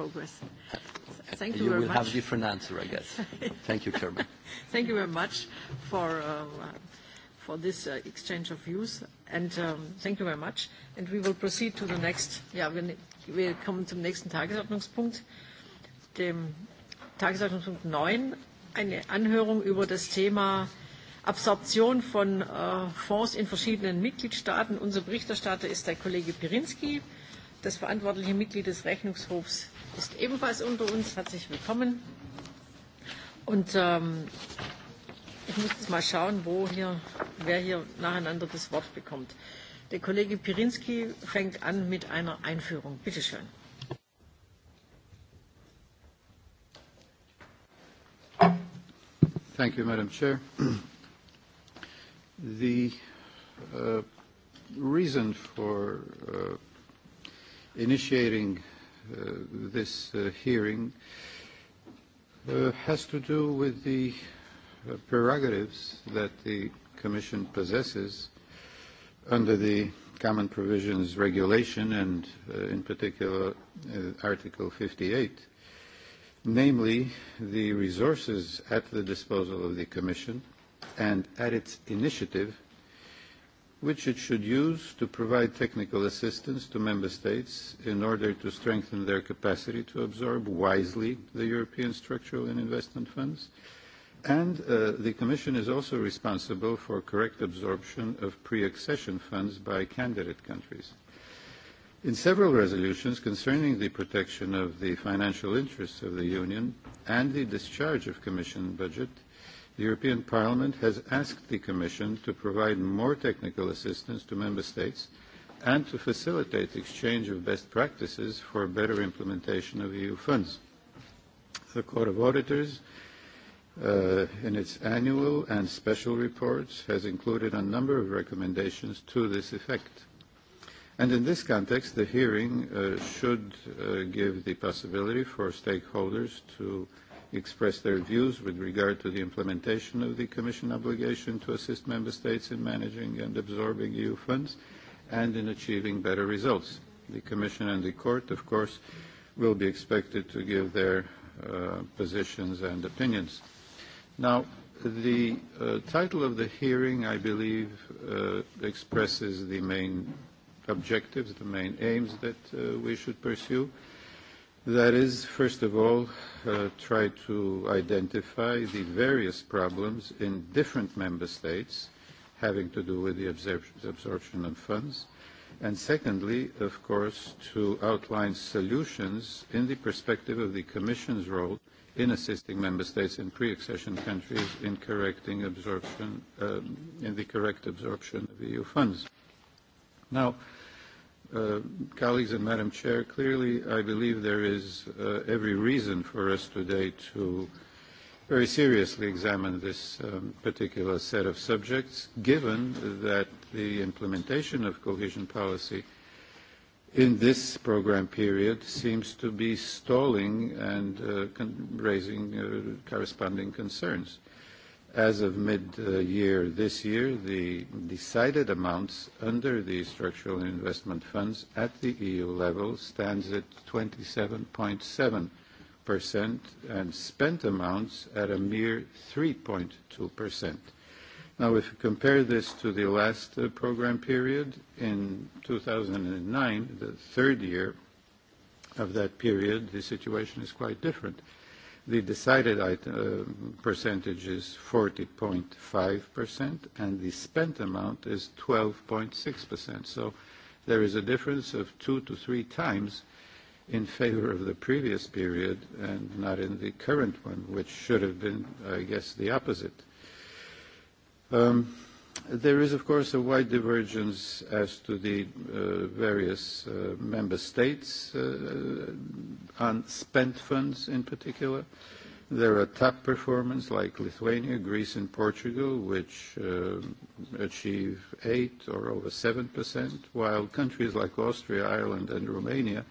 progress. Thank you, you very much. You will have different answer, I guess. Thank you, Chairman. Thank you very much for, uh, for this uh, exchange of views, and um, thank you very much. And we will proceed to the next, Yeah, we will come to the next Tagesordnungspunkt, the Tagesordnungspunkt 9, eine Anhörung über das Thema Absorption von äh, Fonds in verschiedenen Mitgliedstaaten. Unser Berichterstatter ist der Kollege Pirinski. Das verantwortliche Mitglied des Rechnungshofs ist ebenfalls unter uns. Herzlich willkommen. Und ähm, ich muss jetzt mal schauen, wo hier, wer hier nacheinander das Wort bekommt. Der Kollege Pirinski fängt an mit einer Einführung. Bitte schön. Thank you, Madam Chair. The uh, reason for uh, initiating uh, this uh, hearing uh, has to do with the uh, prerogatives that the Commission possesses under the Common Provisions Regulation and, uh, in particular, uh, Article 58, namely the resources at the disposal of the Commission and at its initiative – which it should use to provide technical assistance to member states in order to strengthen their capacity to absorb wisely the European structural and investment funds. And uh, the Commission is also responsible for correct absorption of pre-accession funds by candidate countries. In several resolutions concerning the protection of the financial interests of the Union and the discharge of Commission budget, the European Parliament has asked the Commission to provide more technical assistance to Member States and to facilitate exchange of best practices for better implementation of EU funds. The Court of Auditors, uh, in its annual and special reports, has included a number of recommendations to this effect. And in this context, the hearing uh, should uh, give the possibility for stakeholders to uh, Express their views with regard to the implementation of the Commission obligation to assist Member States in managing and absorbing EU funds and in achieving better results. The Commission and the Court, of course, will be expected to give their uh, positions and opinions. Now, the uh, title of the hearing, I believe, uh, expresses the main objectives, the main aims that uh, we should pursue. Uh, That is, first of all, uh, try to identify the various problems in different member states having to do with the absor absorption of funds. And secondly, of course, to outline solutions in the perspective of the Commission's role in assisting member states and pre-accession countries in correcting absorption, um, in the correct absorption of EU funds. Now, uh, Uh, colleagues and Madam Chair, clearly I believe there is uh, every reason for us today to very seriously examine this um, particular set of subjects, given that the implementation of cohesion policy in this program period seems to be stalling and uh, con raising uh, corresponding concerns. As of mid-year this year, the decided amounts under the structural investment funds at the EU level stands at 27.7% and spent amounts at a mere 3.2%. Now, if you compare this to the last uh, program period in 2009, the third year of that period, the situation is quite different The decided item, uh, percentage is 40.5%, and the spent amount is 12.6%. So there is a difference of two to three times in favor of the previous period and not in the current one, which should have been, I guess, the opposite. Um, There is, of course, a wide divergence as to the uh, various uh, member states uh, on spent funds in particular. There are top performers like Lithuania, Greece, and Portugal, which uh, achieve 8 or over 7%, while countries like Austria, Ireland, and Romania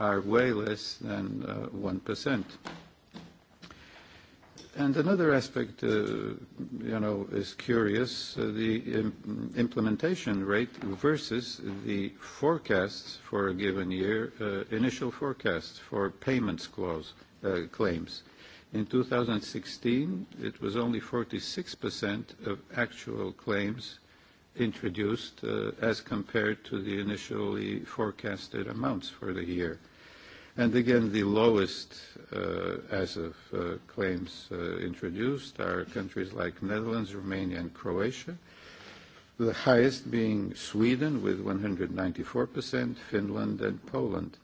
are way less than uh, 1%. And another aspect, uh, you know, is curious, uh, the um, implementation rate versus the forecasts for a given year, uh, initial forecasts for payments clause, uh, claims. In 2016, it was only 46% of actual claims introduced uh, as compared to the initially forecasted amounts for the year. And again, the lowest uh, as of uh, claims uh, introduced are countries like Netherlands, Romania, and Croatia. The highest being Sweden with 194%, Finland, and Poland.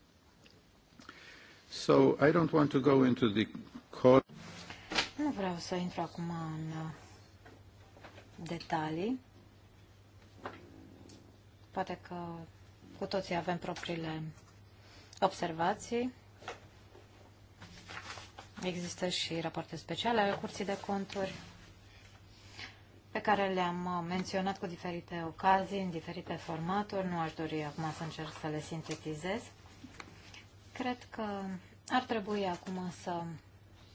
So I don't want to go into the cause. Nu vreau să intru acum în uh, detalii. Poate că cu toții avem propriile observații. Există și rapoarte speciale ale Curții de Conturi pe care le-am uh, menționat cu diferite ocazii, în diferite formaturi. Nu aș dori acum să încerc să le sintetizez. Cred că ar trebui acum să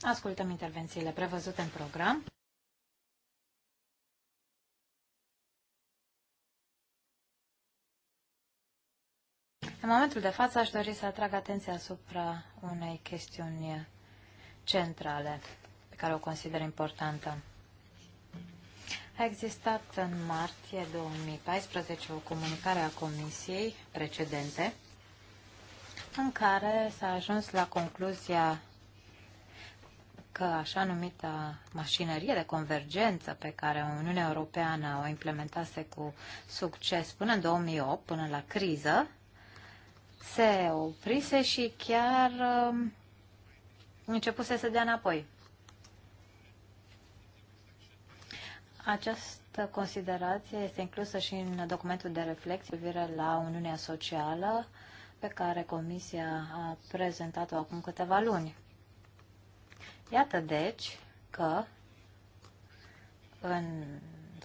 ascultăm intervențiile prevăzute în program. În momentul de față aș dori să atrag atenția asupra unei chestiuni centrale pe care o consider importantă. A existat în martie 2014 o comunicare a Comisiei precedente în care s-a ajuns la concluzia că așa numita mașinărie de convergență pe care Uniunea Europeană o implementase cu succes până în 2008, până la criză, se oprise și chiar um, începuse să dea înapoi. Această considerație este inclusă și în documentul de reflecție privire la Uniunea Socială pe care Comisia a prezentat-o acum câteva luni. Iată deci că în,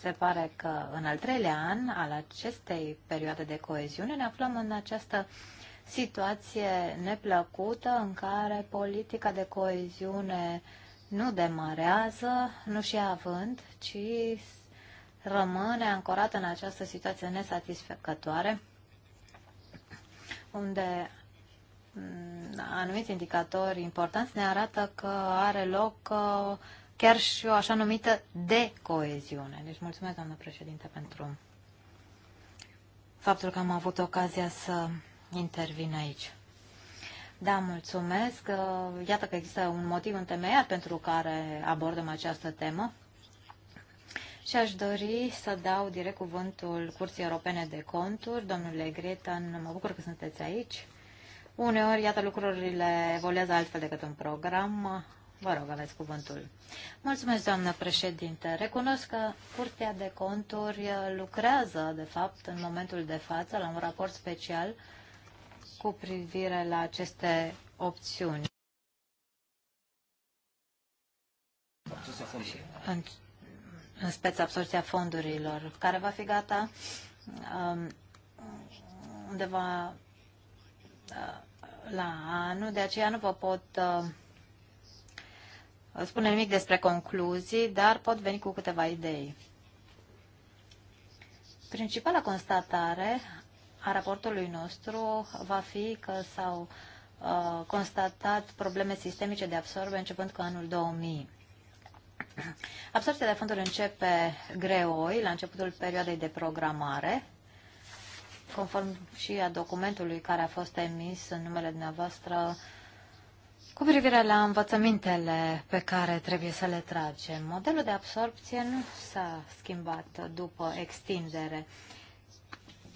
se pare că în al treilea an al acestei perioade de coeziune ne aflăm în această uh, situație neplăcută în care politica de coeziune nu demarează, nu și având, ci rămâne ancorată în această situație nesatisfăcătoare, unde mm, anumiți indicatori importanți ne arată că are loc uh, chiar și o așa numită decoeziune. Deci mulțumesc, doamnă președinte, pentru faptul că am avut ocazia să intervin aici. Da, mulțumesc. Uh, iată că există un motiv întemeiat pentru care abordăm această temă. Și aș dori să dau direct cuvântul Curții Europene de Conturi. Domnule Gretan, mă bucur că sunteți aici. Uneori, iată, lucrurile evoluează altfel decât un program. Vă rog, aveți cuvântul. Mulțumesc, doamnă președinte. Recunosc că Curtea de Conturi lucrează, de fapt, în momentul de față, la un raport special cu privire la aceste opțiuni. În, în speță absorția fondurilor, care va fi gata um, undeva uh, la anul, de aceea nu vă pot uh, spune nimic despre concluzii, dar pot veni cu câteva idei. Principala constatare a raportului nostru va fi că s-au uh, constatat probleme sistemice de absorbe începând cu anul 2000. Absorția de fonduri începe greoi la începutul perioadei de programare, conform și a documentului care a fost emis în numele dumneavoastră cu privire la învățămintele pe care trebuie să le tragem. Modelul de absorpție nu s-a schimbat după extindere. Uh,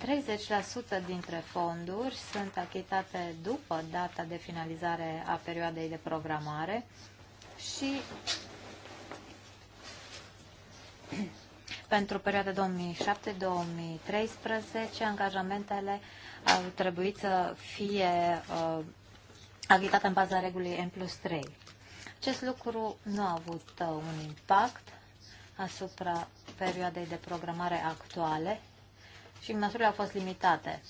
30% dintre fonduri sunt achitate după data de finalizare a perioadei de programare și pentru perioada 2007-2013 angajamentele au trebuit să fie uh, achitate în baza regulii N plus 3. Acest lucru nu a avut uh, un impact asupra perioadei de programare actuale, și măsurile au fost limitate.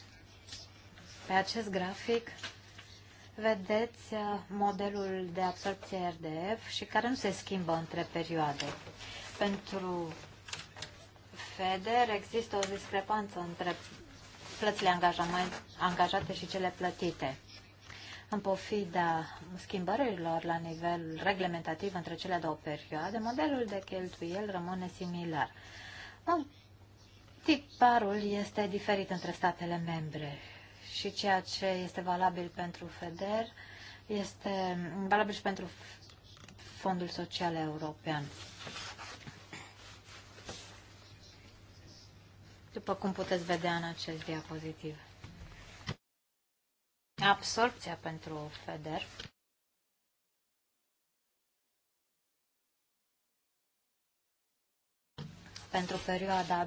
Pe acest grafic vedeți uh, modelul de absorpție RDF și care nu se schimbă între perioade. Pentru FEDER există o discrepanță între plățile angajate și cele plătite. În pofida schimbărilor la nivel reglementativ între cele două perioade, modelul de cheltuiel rămâne similar. Tiparul este diferit între statele membre și ceea ce este valabil pentru FEDER este valabil și pentru Fondul Social European. După cum puteți vedea în acest diapozitiv. Absorpția pentru FEDER pentru perioada 2000-2006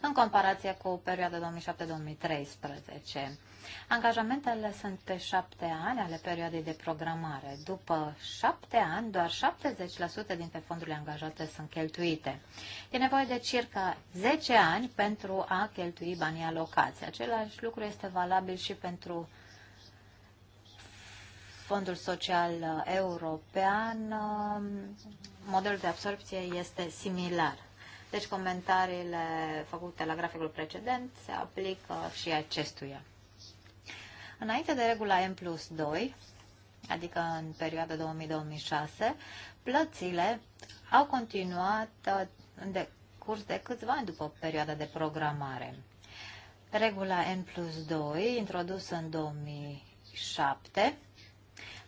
în comparație cu perioada 2007-2013. Angajamentele sunt pe șapte ani ale perioadei de programare. După șapte ani, doar 70% dintre fondurile angajate sunt cheltuite. E nevoie de circa 10 ani pentru a cheltui banii alocați. Același lucru este valabil și pentru Fondul Social uh, European, um, modelul de absorpție este similar. Deci comentariile făcute la graficul precedent se aplică și acestuia. Înainte de regula M plus 2, adică în perioada 2000-2006, plățile au continuat uh, în decurs de câțiva ani după perioada de programare. Regula N plus 2, introdusă în 2007,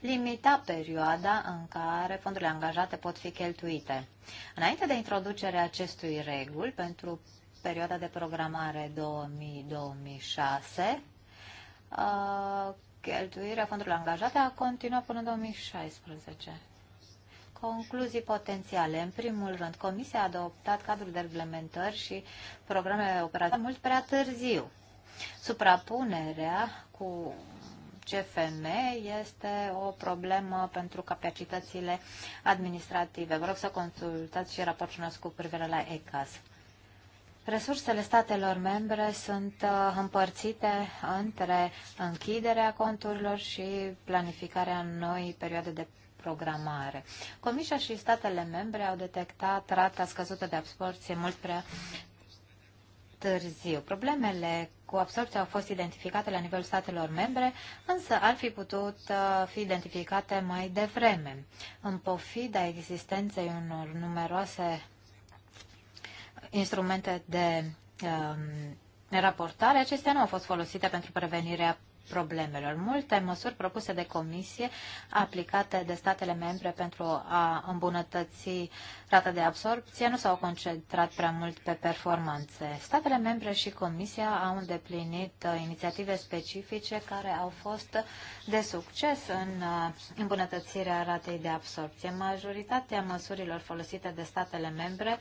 limita perioada în care fondurile angajate pot fi cheltuite. Înainte de introducerea acestui reguli pentru perioada de programare 2000-2006, uh, cheltuirea fondurilor angajate a continuat până în 2016. Concluzii potențiale. În primul rând, Comisia a adoptat cadrul de reglementări și programe operative mult prea târziu. Suprapunerea cu CFM este o problemă pentru capacitățile administrative. Vă rog să consultați și raportul nostru cu privire la ECAS. Resursele statelor membre sunt uh, împărțite între închiderea conturilor și planificarea noi perioade de programare. Comisia și statele membre au detectat rata scăzută de absorție mult prea târziu. Problemele cu absorpția au fost identificate la nivelul statelor membre, însă ar fi putut uh, fi identificate mai devreme. În pofida existenței unor numeroase instrumente de um, raportare, acestea nu au fost folosite pentru prevenirea problemelor. Multe măsuri propuse de comisie aplicate de statele membre pentru a îmbunătăți rata de absorpție nu s-au concentrat prea mult pe performanțe. Statele membre și comisia au îndeplinit uh, inițiative specifice care au fost de succes în uh, îmbunătățirea ratei de absorpție. Majoritatea măsurilor folosite de statele membre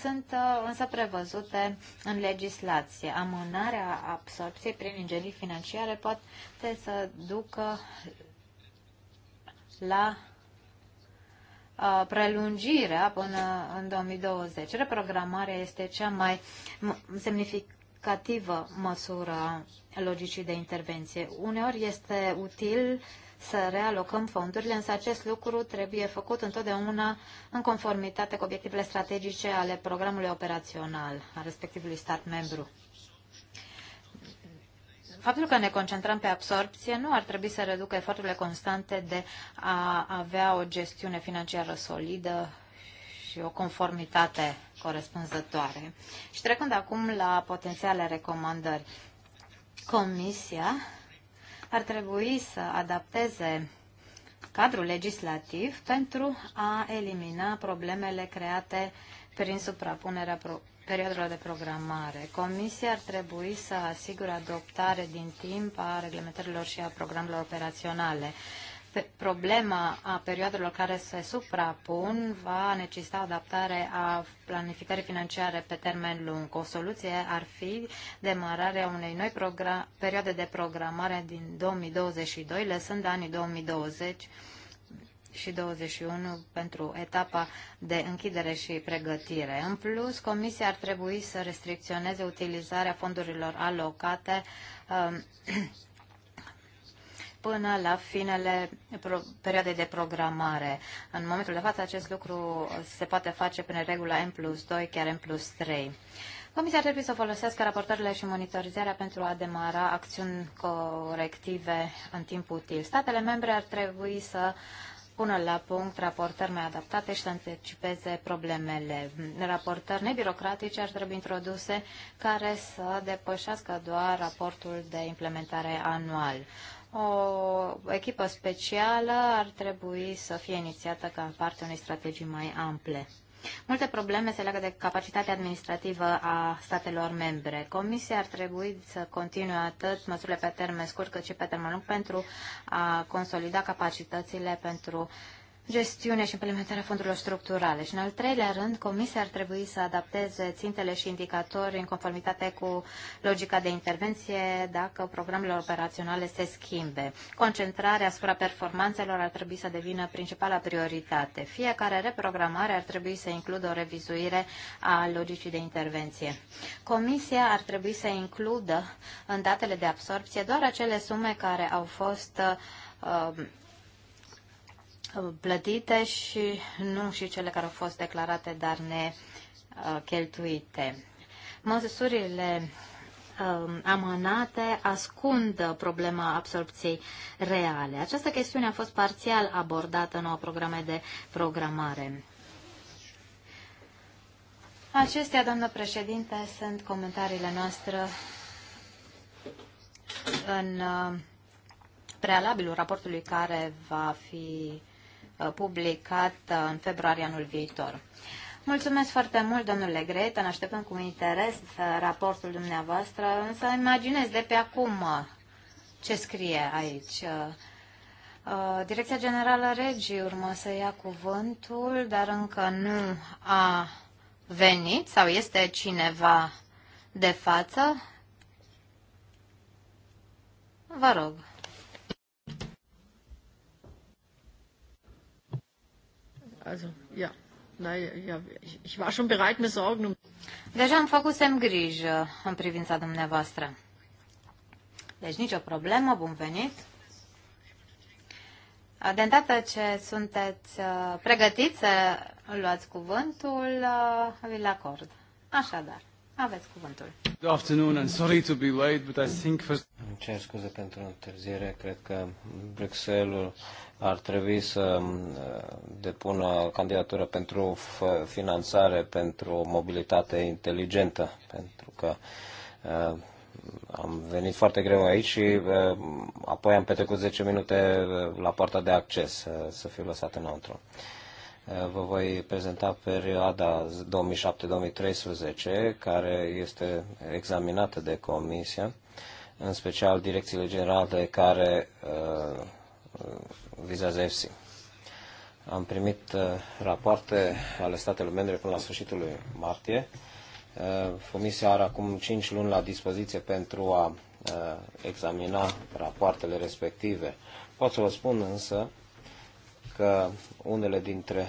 sunt uh, însă prevăzute în legislație. Amânarea absorpției prin ingerii financiare poate trebuie să ducă la prelungirea până în 2020. Reprogramarea este cea mai semnificativă măsură logicii de intervenție. Uneori este util să realocăm fondurile, însă acest lucru trebuie făcut întotdeauna în conformitate cu obiectivele strategice ale programului operațional a respectivului stat membru. Faptul că ne concentrăm pe absorpție nu ar trebui să reducă eforturile constante de a avea o gestiune financiară solidă și o conformitate corespunzătoare. Și trecând acum la potențiale recomandări, Comisia ar trebui să adapteze cadrul legislativ pentru a elimina problemele create prin suprapunerea pro- perioadelor de programare. Comisia ar trebui să asigure adoptare din timp a reglementărilor și a programelor operaționale. Pe problema a perioadelor care se suprapun va necesita adaptare a planificării financiare pe termen lung. O soluție ar fi demararea unei noi perioade de programare din 2022, lăsând anii 2020 și 21 pentru etapa de închidere și pregătire. În plus, Comisia ar trebui să restricționeze utilizarea fondurilor alocate um, până la finele perioadei de programare. În momentul de față, acest lucru se poate face prin regula M plus 2, chiar M plus 3. Comisia trebuie să folosească raportările și monitorizarea pentru a demara acțiuni corective în timp util. Statele membre ar trebui să pună la punct raportări mai adaptate și să anticipeze problemele. Raportări nebirocratice ar trebui introduse care să depășească doar raportul de implementare anual. O echipă specială ar trebui să fie inițiată ca parte unei strategii mai ample. Multe probleme se legă de capacitatea administrativă a statelor membre. Comisia ar trebui să continue atât măsurile pe termen scurt cât și pe termen lung pentru a consolida capacitățile pentru gestiunea și implementarea fondurilor structurale. Și în al treilea rând, Comisia ar trebui să adapteze țintele și indicatori în conformitate cu logica de intervenție dacă programele operaționale se schimbe. Concentrarea asupra performanțelor ar trebui să devină principala prioritate. Fiecare reprogramare ar trebui să includă o revizuire a logicii de intervenție. Comisia ar trebui să includă în datele de absorpție doar acele sume care au fost uh, plătite și nu și cele care au fost declarate, dar necheltuite. Uh, Măsurile um, amânate ascund problema absorpției reale. Această chestiune a fost parțial abordată în noua programe de programare. Acestea, doamnă președinte, sunt comentariile noastre în uh, prealabilul raportului care va fi Uh, publicat uh, în februarie anul viitor. Mulțumesc foarte mult, domnule Greta, ne așteptăm cu interes uh, raportul dumneavoastră, însă imaginez de pe acum ce scrie aici. Direcția Generală Regii urmă să ia cuvântul, dar încă nu a venit sau este cineva de față? Vă rog. Also, ja. Deja am făcut semn grijă în privința dumneavoastră. Deci nicio problemă, bun venit. De îndată ce sunteți uh, pregătiți să luați cuvântul, uh, vi-l acord. Așadar, aveți cuvântul. Good afternoon and sorry to be late, but I think first... Îmi cer scuze pentru întârziere, cred că Bruxelles ar trebui să uh, depună candidatură pentru finanțare, pentru mobilitate inteligentă, pentru că uh, am venit foarte greu aici și uh, apoi am petrecut 10 minute la poarta de acces să fiu lăsat înăuntru. Vă voi prezenta perioada 2007-2013, care este examinată de Comisia, în special direcțiile generale care vizează EFSI. Am primit uh, rapoarte ale statelor membre până la sfârșitul lui martie. Uh, Comisia are acum 5 luni la dispoziție pentru a uh, examina rapoartele respective. Pot să vă spun însă că unele dintre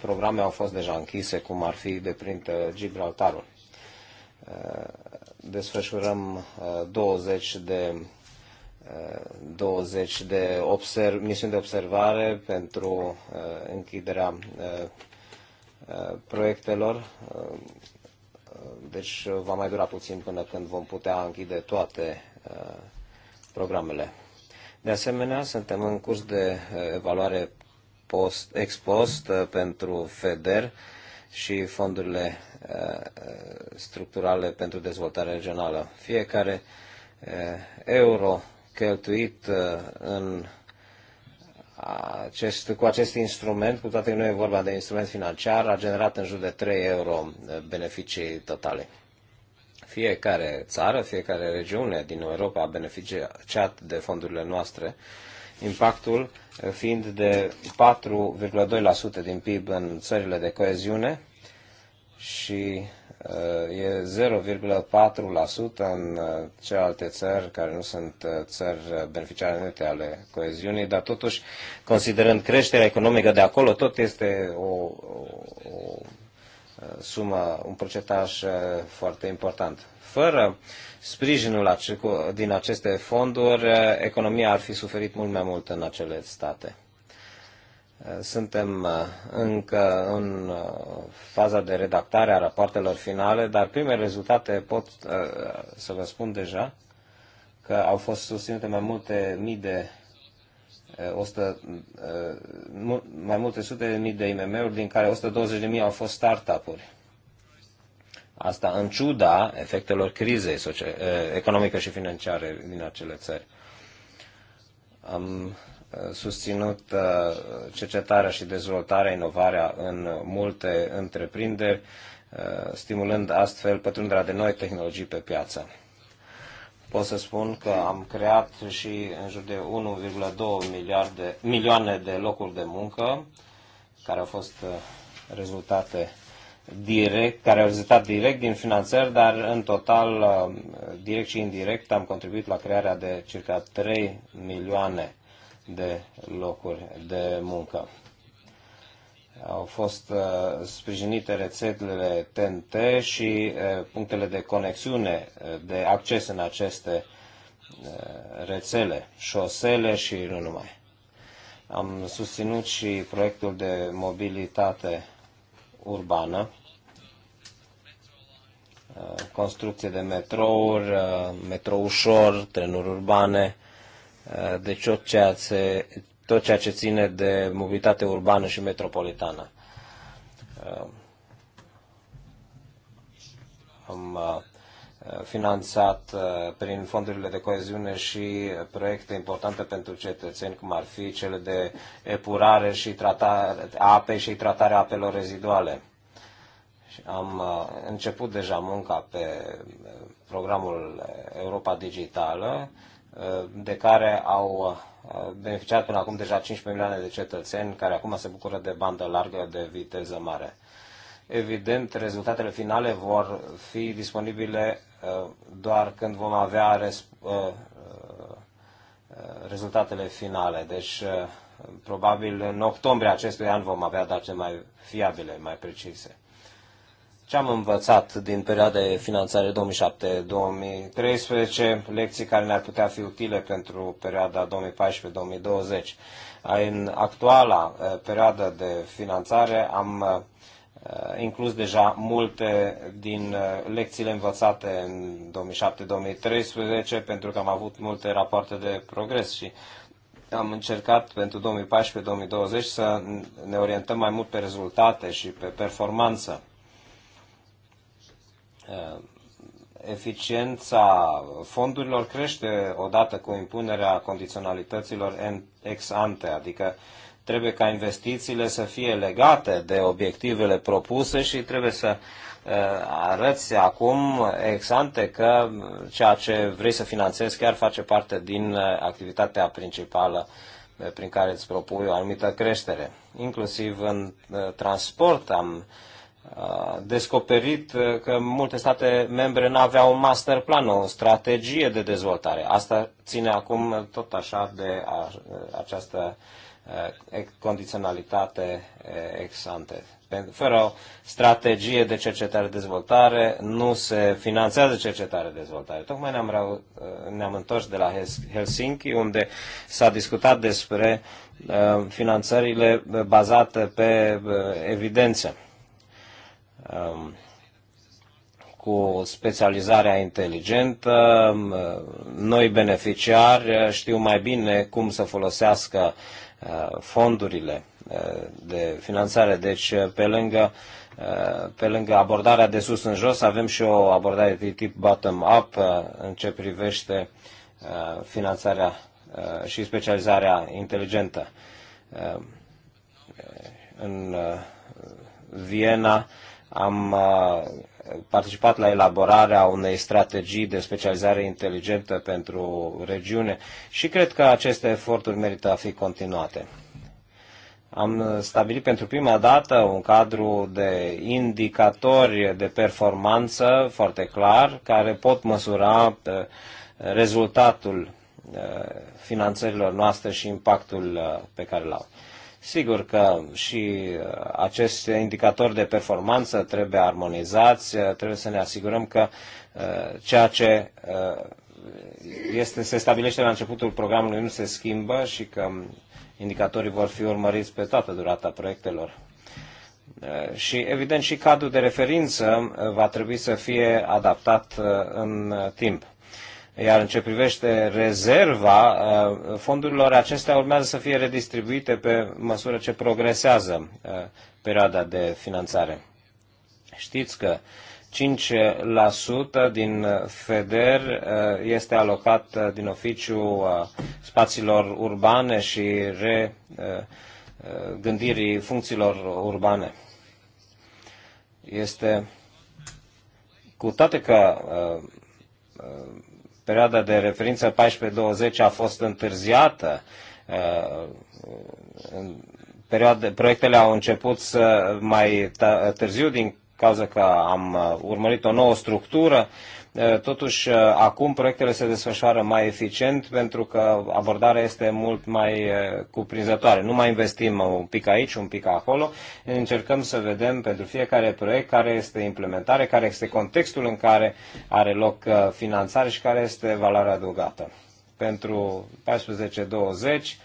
programe au fost deja închise, cum ar fi de print Gibraltarul. Desfășurăm 20 de 20 de observ- misiuni de observare pentru uh, închiderea uh, uh proiectelor. Uh, deci uh, va mai dura puțin până când vom putea închide toate programele. De asemenea, suntem în curs de evaluare post, ex post pentru FEDER și fondurile structurale pentru dezvoltare regională. Fiecare euro cheltuit uh, în acest, cu acest instrument, cu toate că nu e vorba de instrument financiar, a generat în jur de 3 euro uh, beneficii totale. Fiecare țară, fiecare regiune din Europa a beneficiat de fondurile noastre, impactul fiind de 4,2% din PIB în țările de coeziune și Uh, e 0,4% în uh, celelalte țări care nu sunt uh, țări beneficiare nete ale coeziunii, dar totuși, considerând creșterea economică de acolo, tot este o, o, o sumă, un procentaj foarte important. Fără sprijinul din aceste fonduri, economia ar fi suferit mult mai mult în acele state. Suntem uh, încă în uh, faza de redactare a rapoartelor finale, dar primele rezultate pot uh, să vă spun deja că au fost susținute mai multe mii de 100, mai multe sute de mii de IMM-uri, din care 120 de mii au fost startup-uri. Asta în ciuda efectelor crizei economică și financiare din acele țări. Am susținut uh, cercetarea și dezvoltarea, inovarea în multe întreprinderi, uh, stimulând astfel pătrunderea de noi tehnologii pe piață. Pot să spun că am creat și în jur de 1,2 miliarde, milioane de locuri de muncă, care au fost uh, rezultate direct, care au rezultat direct din finanțări, dar în total, direct și indirect, am contribuit la crearea de circa 3 milioane de locuri de muncă. Au fost uh, sprijinite rețelele TNT și uh, punctele de conexiune, uh, de acces în aceste rețele, șosele și nu numai. Am susținut și proiectul de mobilitate urbană, construcție de metrouri, metrou ușor, trenuri urbane, Eh, de deci tot ceea ce, tot ceea ce ține de mobilitate urbană și metropolitană. Eh, am eh, finanțat prin fondurile de coeziune și proiecte importante pentru cetățeni, cum ar fi cele de epurare și tratare a apei și tratarea apelor reziduale. Am început deja munca pe programul Europa Digitală, de care au uh, beneficiat până acum deja 15 milioane de cetățeni care acum se bucură de bandă largă de viteză mare. Evident, rezultatele finale vor fi disponibile uh, doar când vom avea uh, rezultatele finale. Deci, probabil în octombrie acestui an vom avea date mai fiabile, mai precise ce am învățat din perioada de finanțare 2007-2013, lecții care ne-ar putea fi utile pentru perioada 2014-2020. În actuala uh, perioadă de finanțare am uh, inclus deja multe din uh, lecțiile învățate în 2007-2013 pentru că am avut multe rapoarte de progres și am încercat pentru 2014-2020 să ne orientăm mai mult pe rezultate și pe performanță Uh, eficiența fondurilor crește odată cu impunerea condiționalităților ex ante, adică trebuie ca investițiile să fie legate de obiectivele propuse și trebuie să uh, arăți acum ex ante că ceea ce vrei să finanțezi chiar face parte din uh, activitatea principală prin care îți propui o anumită creștere. Inclusiv în transport am uh, descoperit uh, că multe state membre nu aveau un master plan, o strategie de dezvoltare. Asta ține acum tot așa de această uh, condiționalitate uh, ex ante. Fără o strategie de cercetare-dezvoltare nu se finanțează cercetare-dezvoltare. Tocmai ne-am, ne-am întors de la Helsinki, unde s-a discutat despre finanțările bazate pe evidență Um, cu specializarea inteligentă, um, noi beneficiari uh, știu mai bine cum să folosească uh, fondurile uh, de finanțare. Deci, pe lângă, pe lângă abordarea de sus în jos, avem și o abordare de tip bottom-up în ce privește finanțarea și specializarea inteligentă. În Viena, am uh, participat la elaborarea unei strategii de specializare inteligentă pentru regiune și cred că aceste eforturi merită a fi continuate. Am stabilit pentru prima dată un cadru de indicatori de performanță foarte clar care pot măsura uh, rezultatul uh, finanțărilor noastre și impactul pe care l-au. Sigur că și uh, aceste indicatori de performanță trebuie armonizați, uh, trebuie să ne asigurăm că uh, ceea ce este, se stabilește la începutul programului nu se schimbă și că indicatorii vor fi urmăriți pe toată durata proiectelor. Și evident și cadrul de referință va trebui să fie adaptat în timp. Iar în ce privește rezerva, uh, fondurilor acestea urmează să fie redistribuite pe măsură ce progresează uh, perioada de finanțare. Știți că 5% din FEDER uh, este alocat din oficiu spațiilor urbane și regândirii funcțiilor urbane. Este cu toate că perioada de referință 14-20 a fost întârziată. Uh, perioade, proiectele au început să mai târziu din cauza că am uh, urmărit o nouă structură, Uh, totuși, uh, acum proiectele se desfășoară mai eficient pentru că abordarea este mult mai uh, cuprinzătoare. Nu mai investim un pic aici, un pic acolo. Încercăm să vedem pentru fiecare proiect care este implementare, care este contextul în care are loc finanțare și care este valoarea adăugată. Pentru 14-20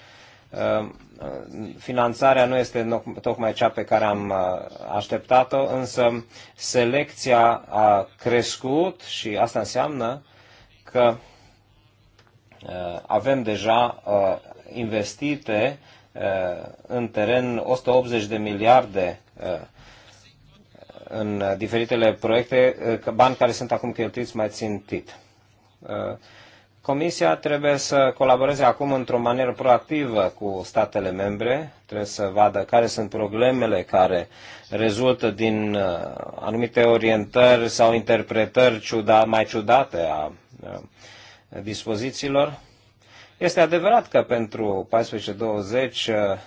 Uh, finanțarea nu este tocmai cea pe care am uh, așteptat-o, însă selecția a crescut și asta înseamnă că uh, avem deja investite în teren 180 de miliarde în diferitele proiecte, bani care sunt acum cheltuiți mai țintit. Comisia trebuie să colaboreze acum într-o manieră proactivă cu statele membre, trebuie să vadă care sunt problemele care rezultă din uh, anumite orientări sau interpretări ciuda, mai ciudate a uh, dispozițiilor. Este adevărat că pentru 1420 am,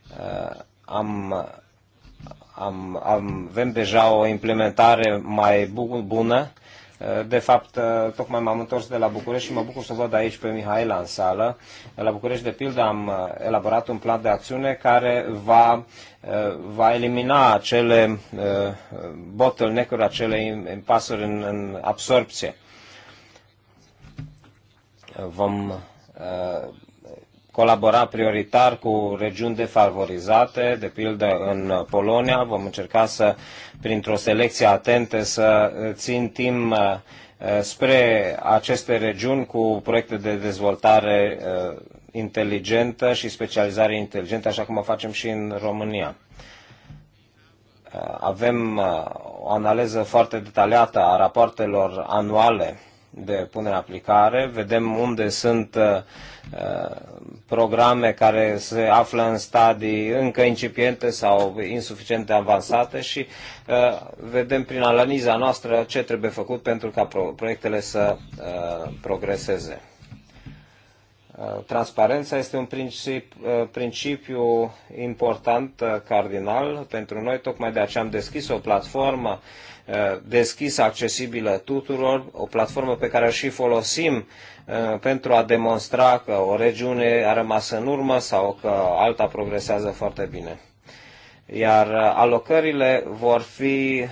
uh, am, am, avem deja o implementare mai bună, Eh, de fapt, eh, tocmai m-am întors de la București și mă bucur să văd aici pe Mihaela în sală. La București, de pildă, am eh, elaborat un plan de acțiune care va, va elimina acele bottleneck-uri, acele impasuri în, în absorpție. Vom colabora prioritar cu regiuni defavorizate, de pildă în Polonia. Vom încerca să, printr-o selecție atentă, să timp uh, spre aceste regiuni cu proiecte de dezvoltare uh, inteligentă și specializare inteligentă, așa cum o facem și în România. Uh, avem o analiză foarte detaliată a rapoartelor anuale de punere în aplicare, vedem unde sunt uh, uh, programe care se află în stadii încă incipiente sau insuficient de avansate și uh, vedem prin analiza noastră ce trebuie făcut pentru ca proiectele să progreseze. Transparența este un princip, principiu important, cardinal pentru noi, tocmai de aceea am deschis o platformă uh, Uh, deschisă, accesibilă tuturor, o platformă pe care o și folosim uh, pentru a demonstra că o regiune a rămas în urmă sau că alta progresează foarte bine. Iar uh, alocările vor fi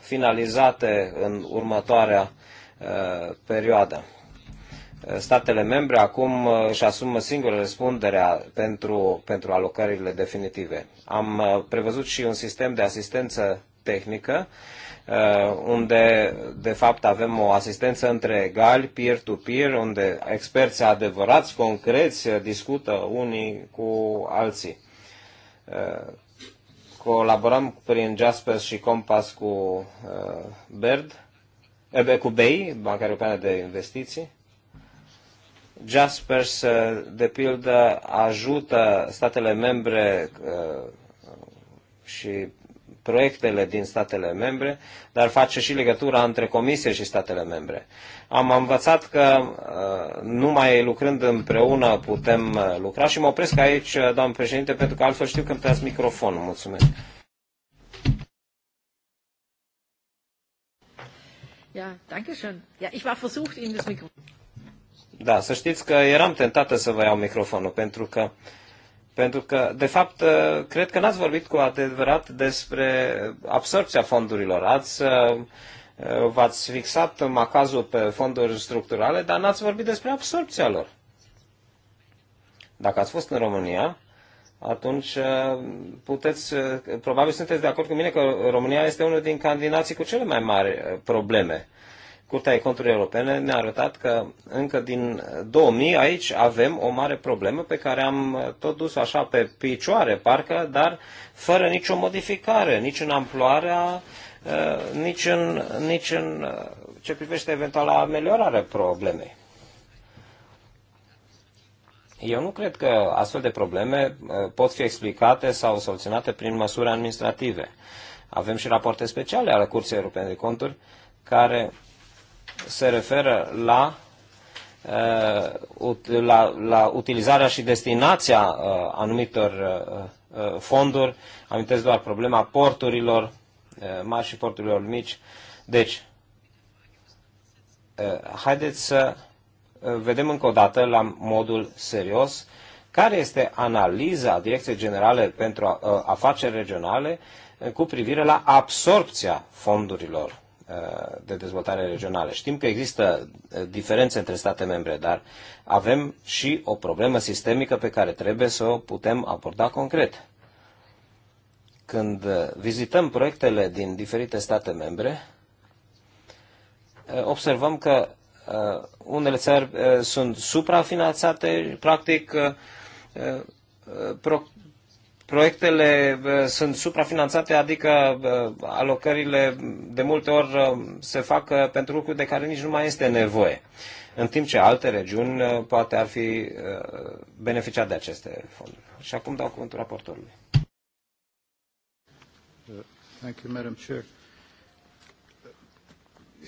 finalizate în următoarea perioadă statele membre acum își asumă singură răspunderea pentru, pentru alocările definitive. Am prevăzut și un sistem de asistență tehnică Uh, unde de fapt avem o asistență între egali, peer-to-peer, -peer, unde experți adevărați, concreți, discută unii cu alții. Uh, colaborăm prin Jasper și Compass cu uh, Bird, eh, cu BEI, Banca Europeană de Investiții, Jaspers, de pildă, ajută statele membre și proiectele din statele membre, dar face și legătura între Comisie și statele membre. Am învățat că uh, numai lucrând împreună putem uh, lucra și mă opresc aici, uh, doamnă președinte, pentru că altfel știu că îmi tăiați microfonul. Mulțumesc. Ja, danke schön. Ja, ich war versucht, Ihnen das Mikrofon. Da, să știți că eram tentată să vă iau microfonul, pentru că uh, pentru că, de fapt, uh, cred că n-ați vorbit cu adevărat despre absorpția fondurilor. Ați, uh, uh, v-ați fixat macazul pe fonduri structurale, dar n-ați vorbit despre absorpția lor. Dacă ați fost în România, atunci puteți, probabil sunteți de acord cu mine că România este unul din candidații cu cele mai mari probleme Curtea de Conturi Europene ne-a arătat că încă din 2000 aici avem o mare problemă pe care am tot dus așa pe picioare, parcă, dar fără nicio modificare, nici în amploarea, uh, nici în, nici în uh, ce privește eventuala ameliorare problemei. Eu nu cred că astfel de probleme uh, pot fi explicate sau soluționate prin măsuri administrative. Avem și rapoarte speciale ale Curții Europene de Conturi care se referă la, uh, la, la utilizarea și destinația uh, anumitor uh, fonduri. Amintesc doar problema porturilor mari și porturilor mici. Deci, haideți să vedem încă o dată la modul serios care este analiza Direcției Generale pentru Afaceri Regionale cu privire la absorpția fondurilor Uh, de dezvoltare regională. Știm că există uh, diferențe între state membre, dar avem și o problemă sistemică pe care trebuie să o putem aborda concret. Când uh, vizităm proiectele din diferite state membre, observăm că unele țări sunt suprafinanțate, practic proiectele uh, sunt suprafinanțate, adică uh, alocările de multe ori uh, se fac pentru lucruri de care nici nu mai este nevoie, în timp ce alte regiuni poate ar fi beneficiat de aceste fonduri. Și acum dau cuvântul raportorului. Thank you, Madam Chair.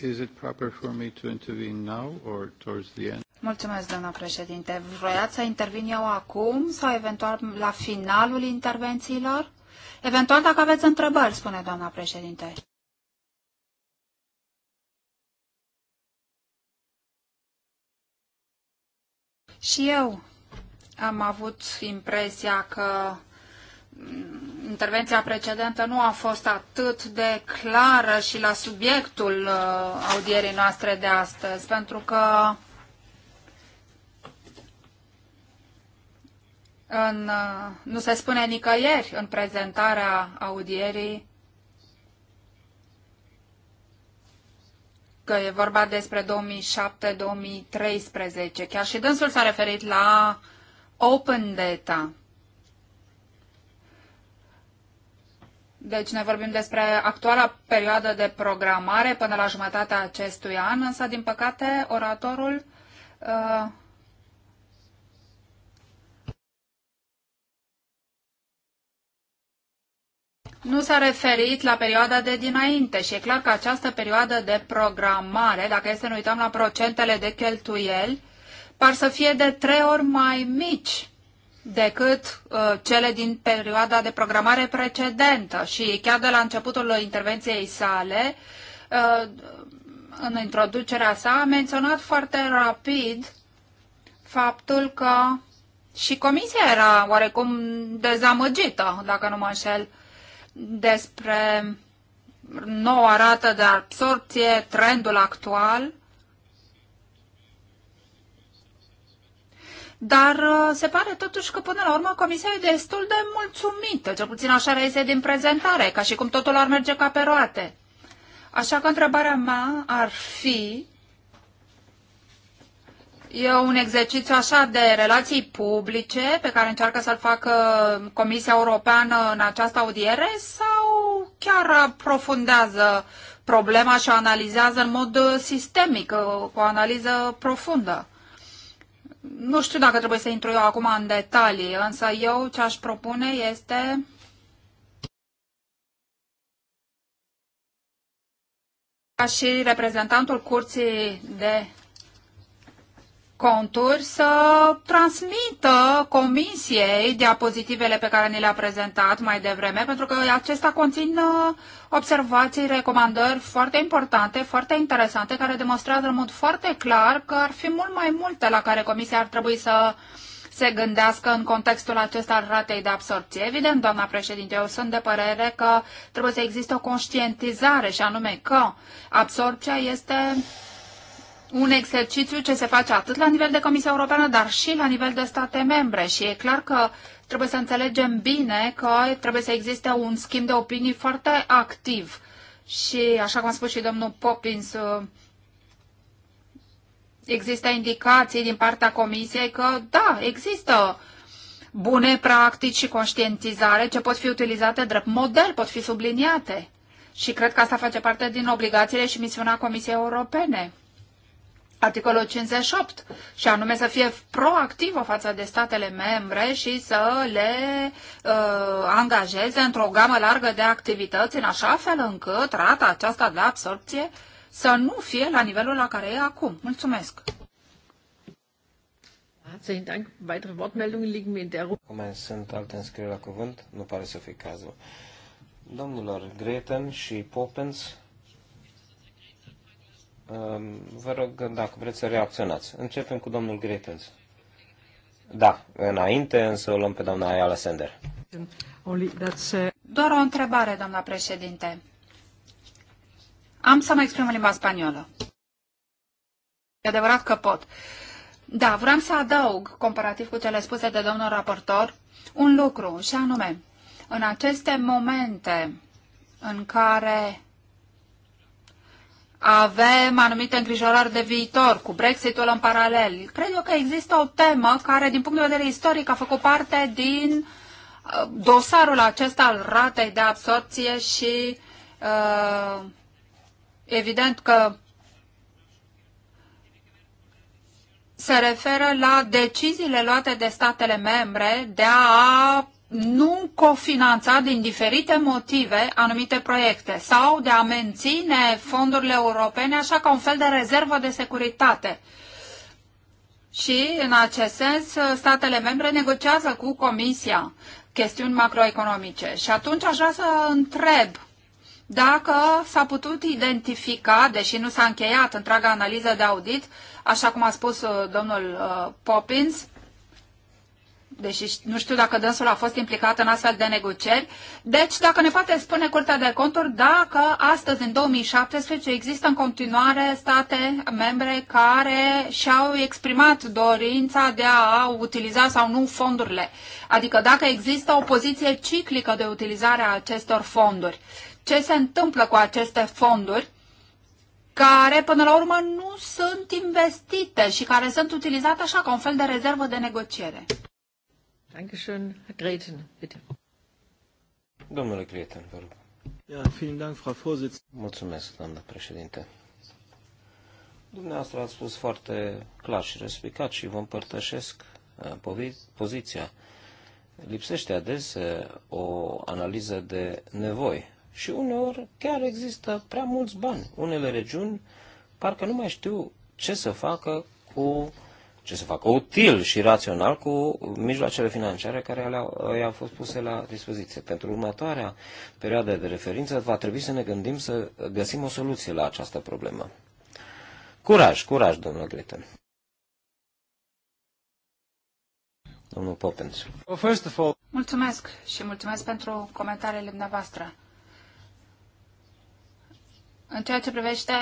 Is it proper for me to intervene now or towards the end? Mulțumesc, doamna președinte. Vroiați să intervin eu acum sau eventual la finalul intervențiilor? Eventual dacă aveți întrebări, spune doamna președinte. Și eu am avut impresia că intervenția precedentă nu a fost atât de clară și la subiectul uh, audierii noastre de astăzi, pentru că în, uh, nu se spune nicăieri în prezentarea audierii că e vorba despre 2007-2013. Chiar și dânsul s-a referit la Open Data. Deci ne vorbim despre actuala perioadă de programare până la jumătatea acestui an, însă, din păcate, oratorul uh, nu s-a referit la perioada de dinainte și e clar că această perioadă de programare, dacă este să ne uităm la procentele de cheltuieli, par să fie de trei ori mai mici decât uh, cele din perioada de programare precedentă și chiar de la începutul intervenției sale, uh, în introducerea sa, a menționat foarte rapid faptul că și comisia era oarecum dezamăgită, dacă nu mă înșel, despre noua rată de absorpție, trendul actual – dar uh, se pare totuși că până la urmă Comisia e destul de mulțumită, cel puțin așa reiese din prezentare, ca și cum totul ar merge ca pe roate. Așa că întrebarea mea ar fi, E un exercițiu așa de relații publice pe care încearcă să-l facă Comisia Europeană în această audiere sau chiar aprofundează problema și o analizează în mod uh, sistemic, uh, cu o analiză profundă? Nu știu dacă trebuie să intru eu acum în detalii, însă eu ce aș propune este ca și reprezentantul Curții de conturi să transmită comisiei diapozitivele pe care ni le-a prezentat mai devreme, pentru că acestea conțin uh, observații, recomandări foarte importante, foarte interesante, care demonstrează în mod foarte clar că ar fi mult mai multe la care comisia ar trebui să se gândească în contextul acesta al ratei de absorpție. Evident, doamna președinte, eu sunt de părere că trebuie să existe o conștientizare și anume că absorpția este un exercițiu ce se face atât la nivel de Comisia Europeană, dar și la nivel de state membre. Și e clar că trebuie să înțelegem bine că trebuie să existe un schimb de opinii foarte activ. Și, așa cum a spus și domnul Poppins, uh, există indicații din partea Comisiei că, da, există bune practici și conștientizare ce pot fi utilizate drept model, pot fi subliniate. Și cred că asta face parte din obligațiile și misiunea Comisiei Europene articolul 58 și anume să fie proactivă față de statele membre și să le uh, angajeze într-o gamă largă de activități în așa fel încât rata aceasta de absorpție să nu fie la nivelul la care e acum. Mulțumesc! Cum sunt alte înscrieri la cuvânt? Nu pare să fie cazul. Domnilor Greten și Popens, Ehm, vă rog, dacă vreți să reacționați. Începem cu domnul Gretens. Da, înainte însă o luăm pe doamna Ayala Sender. Uh, Doar o întrebare, doamna președinte. Am să mă exprim în limba spaniolă. E adevărat că pot. Da, vreau să adaug, comparativ cu cele spuse de domnul raportor, un lucru, și anume, în aceste momente în care avem anumite îngrijorări de viitor, cu Brexitul în paralel. Cred eu că există o temă care, din punct de vedere istoric, a făcut parte din uh, dosarul acesta al ratei de absorpție și uh, evident că se referă la deciziile luate de statele membre de a nu cofinanța din diferite motive anumite proiecte sau de a menține fondurile europene așa ca un fel de rezervă de securitate. Și, în acest sens, statele membre negociază cu Comisia chestiuni macroeconomice. Și atunci aș vrea să întreb dacă s-a putut identifica, deși nu s-a încheiat întreaga analiză de audit, așa cum a spus uh, domnul uh, Poppins, deși nu știu dacă dânsul a fost implicat în astfel de negocieri. Deci, dacă ne poate spune Curtea de Conturi dacă astăzi, în 2017, există în continuare state membre care și-au exprimat dorința de a utiliza sau nu fondurile. Adică dacă există o poziție ciclică de utilizare a acestor fonduri. Ce se întâmplă cu aceste fonduri? care până la urmă nu sunt investite și care sunt utilizate așa ca un fel de rezervă de negociere. Dankeschön. Herr Greten, bitte. Domnule Greten, vă rog. Ja, vielen Dank, Frau Vorsitz. Mulțumesc, doamnă președinte. Dumneavoastră ați spus foarte clar și respicat și vă împărtășesc uh, poziția. Lipsește ades uh, o analiză de nevoi și uneori chiar există prea mulți bani. Unele regiuni parcă nu mai știu ce să facă cu ce să facă util și rațional cu mijloacele financiare care uh, i-au fost puse la dispoziție. Pentru următoarea perioadă de referință va trebui să ne gândim să găsim o soluție la această problemă. Curaj, curaj, domnule Greten. Domnul Popens. Mulțumesc și mulțumesc pentru comentariile dumneavoastră. În ceea ce privește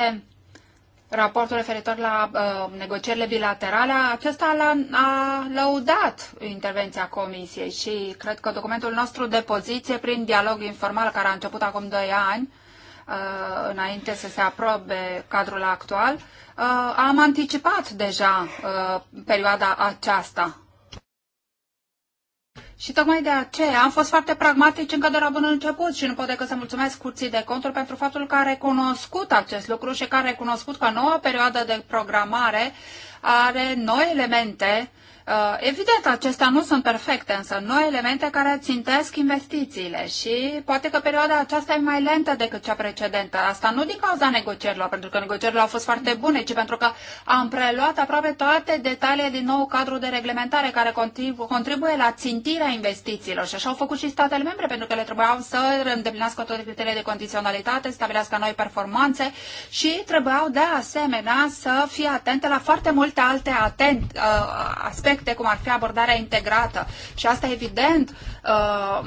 raportul referitor la uh, negocierile bilaterale, acesta l-a, a lăudat intervenția Comisiei și cred că documentul nostru de poziție prin dialog informal care a început acum doi ani, uh, înainte să se aprobe cadrul actual, uh, am anticipat deja uh, perioada aceasta și tocmai de aceea am fost foarte pragmatici încă de la bun început și nu pot decât să mulțumesc curții de conturi pentru faptul că a recunoscut acest lucru și că a recunoscut că noua perioadă de programare are noi elemente Uh, evident, acestea nu sunt perfecte, însă noi elemente care țintesc investițiile și poate că perioada aceasta e mai lentă decât cea precedentă. Asta nu din cauza negocierilor, pentru că negocierile au fost foarte bune, ci pentru că am preluat aproape toate detaliile din nou cadru de reglementare care contribu contribuie la țintirea investițiilor și așa au făcut și statele membre, pentru că le trebuiau să îndeplinească toate criteriile de condiționalitate, stabilească noi performanțe și trebuiau de asemenea să fie atente la foarte multe alte atent, uh, aspecte aspecte, cum ar fi abordarea integrată. Și asta, evident, uh,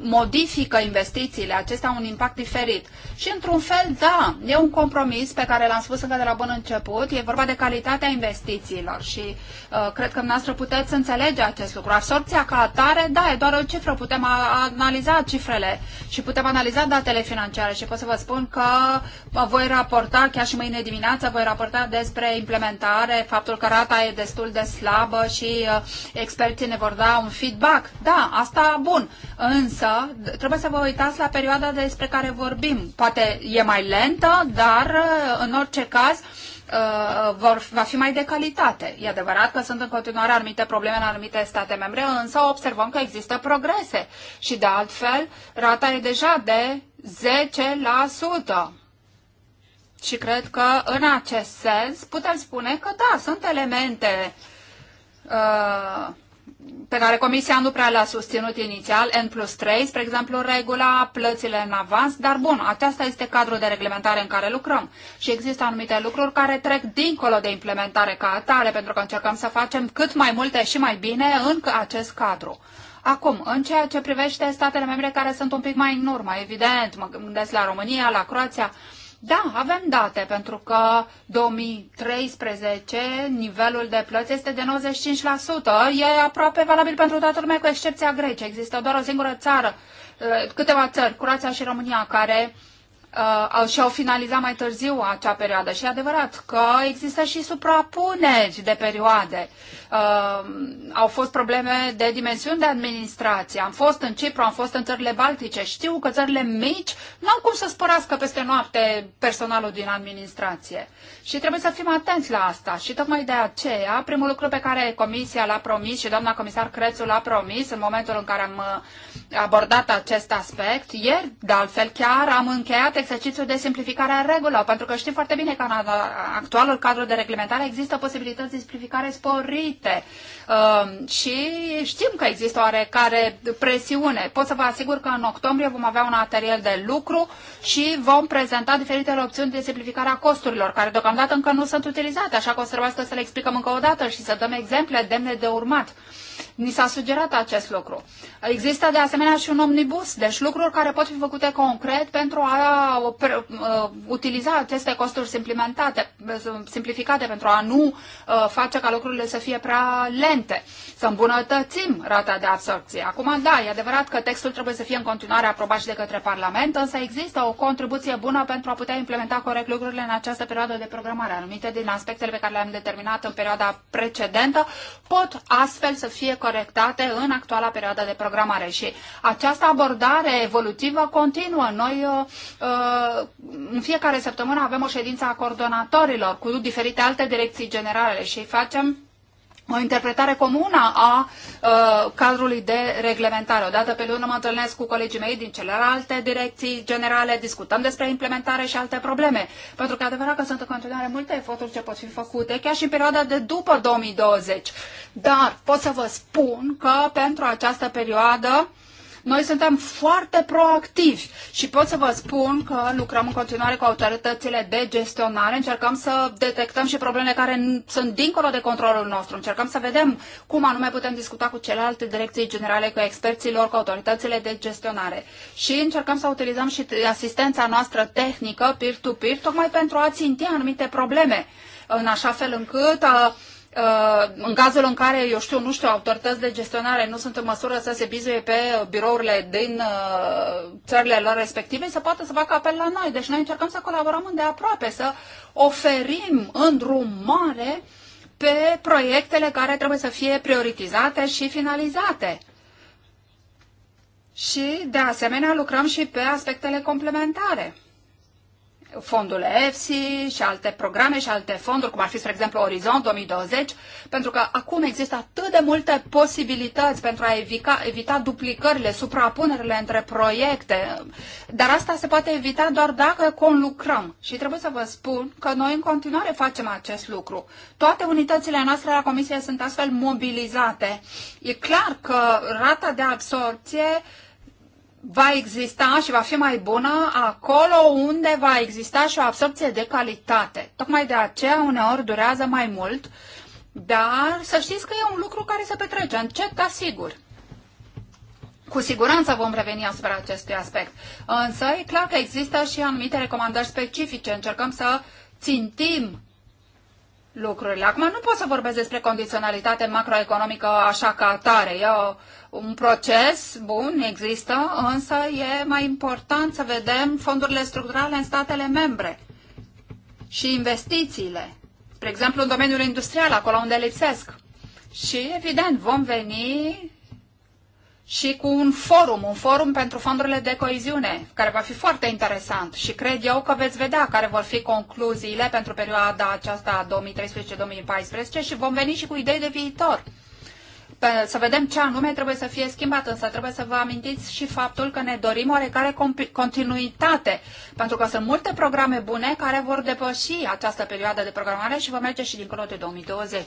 modifică investițiile. Acestea au un impact diferit. Și, într-un fel, da, e un compromis pe care l-am spus încă de la bun început. E vorba de calitatea investițiilor și uh, cred că noastră puteți înțelege acest lucru. Absorpția ca atare, da, e doar o cifră. Putem analiza cifrele și putem analiza datele financiare și pot să vă spun că voi raporta, chiar și mâine dimineață, voi raporta despre implementare, faptul că rata e destul de slabă și și uh, experții ne vor da un feedback. Da, asta bun. Însă, trebuie să vă uitați la perioada despre care vorbim. Poate e mai lentă, dar uh, în orice caz uh, vor, va fi mai de calitate. E adevărat că sunt în continuare anumite probleme în anumite state membre, însă observăm că există progrese. Și de altfel, rata e deja de 10%. Și cred că în acest sens putem spune că da, sunt elemente uh, pe care Comisia nu prea le-a susținut inițial, N plus 3, spre exemplu, regula, plățile în avans, dar bun, aceasta este cadrul de reglementare în care lucrăm și există anumite lucruri care trec dincolo de implementare ca atare, pentru că încercăm să facem cât mai multe și mai bine în acest cadru. Acum, în ceea ce privește statele membre care sunt un pic mai în urmă, evident, mă gândesc la România, la Croația, uh, da, avem date, pentru că 2013 nivelul de plăți este de 95%. E aproape valabil pentru toată lumea, cu excepția Greciei. Există doar o singură țară, eh, câteva țări, Croația și România, care uh, uh, și-au finalizat mai târziu acea perioadă. Și e adevărat că există și suprapuneri de perioade. Uh, au fost probleme de dimensiuni de administrație. Am fost în Cipru, am fost în țările baltice. Știu că țările mici nu au cum să spărească peste noapte personalul din administrație. Și trebuie să fim atenți la asta. Și tocmai de aceea, primul lucru pe care Comisia l-a promis și doamna comisar Crețu l-a promis în momentul în care am uh, abordat acest aspect, ieri, de altfel chiar, am încheiat Exercițiu de simplificare a regulă, pentru că știm foarte bine că în actualul cadru de reglementare există posibilități de simplificare sporite um, și știm că există oarecare presiune. Pot să vă asigur că în octombrie vom avea un material de lucru și vom prezenta diferitele opțiuni de simplificare a costurilor, care deocamdată încă nu sunt utilizate, așa că o să trebuiască să le explicăm încă o dată și să dăm exemple demne de urmat. Ni s-a sugerat acest lucru. Există de asemenea și un omnibus, deci lucruri care pot fi făcute concret pentru a uh, uh, utiliza aceste costuri simplimentate, simplificate, pentru a nu uh, face ca lucrurile să fie prea lente, să îmbunătățim rata de absorpție. Acum, da, e adevărat că textul trebuie să fie în continuare aprobat și de către Parlament, însă există o contribuție bună pentru a putea implementa corect lucrurile în această perioadă de programare. Anumite din aspectele pe care le-am determinat în perioada precedentă pot astfel să fie corect corectate în actuala perioadă de programare și această abordare evolutivă continuă. Noi uh, uh, în fiecare săptămână avem o ședință a coordonatorilor cu diferite alte direcții generale și facem o interpretare comună a uh, cadrului de reglementare. Odată pe lună mă întâlnesc cu colegii mei din celelalte direcții generale, discutăm despre implementare și alte probleme. Pentru că adevărat că sunt în continuare multe eforturi ce pot fi făcute, chiar și în perioada de după 2020. Dar pot să vă spun că pentru această perioadă noi suntem foarte proactivi și pot să vă spun că lucrăm în continuare cu autoritățile de gestionare, încercăm să detectăm și problemele care sunt dincolo de controlul nostru, încercăm să vedem cum anume putem discuta cu celelalte direcții generale, cu lor, cu autoritățile de gestionare și încercăm să utilizăm și asistența noastră tehnică peer-to-peer, -to -peer, tocmai pentru a ținti anumite probleme, în așa fel încât uh, Uh, în cazul în care, eu știu, nu știu, autorități de gestionare nu sunt în măsură să se bizuie pe uh, birourile din uh, țările lor respective, să poată să facă apel la noi. Deci noi încercăm să colaborăm îndeaproape, să oferim îndrumare pe proiectele care trebuie să fie prioritizate și finalizate. Și, de asemenea, lucrăm și pe aspectele complementare fondul EFSI și alte programe și alte fonduri, cum ar fi, spre exemplu, Orizont 2020, pentru că acum există atât de multe posibilități pentru a evita, evita duplicările, suprapunerile între proiecte, dar asta se poate evita doar dacă conlucrăm. Și trebuie să vă spun că noi în continuare facem acest lucru. Toate unitățile noastre la Comisie sunt astfel mobilizate. E clar că rata de absorpție uh, va exista și va fi mai bună acolo unde va exista și o absorpție de calitate. Tocmai de aceea uneori durează mai mult, dar să știți că e un lucru care se petrece încet, dar sigur. Cu siguranță vom reveni asupra acestui aspect. Însă e clar că există și anumite recomandări specifice. Încercăm să țintim lucrurile. Acum nu pot să vorbesc despre condiționalitate macroeconomică așa ca atare. E o, un proces bun, există, însă e mai important să vedem fondurile structurale în statele membre și investițiile. Spre exemplu, în domeniul industrial, acolo unde lipsesc. Și, evident, vom veni și cu un forum, un forum pentru fondurile de coeziune, care va fi foarte interesant și cred eu că veți vedea care vor fi concluziile pentru perioada aceasta 2013-2014 și vom veni și cu idei de viitor. să vedem ce anume trebuie să fie schimbat, însă trebuie să vă amintiți și faptul că ne dorim oarecare continuitate, pentru că sunt multe programe bune care vor depăși această perioadă de programare și vor merge și dincolo de 2020.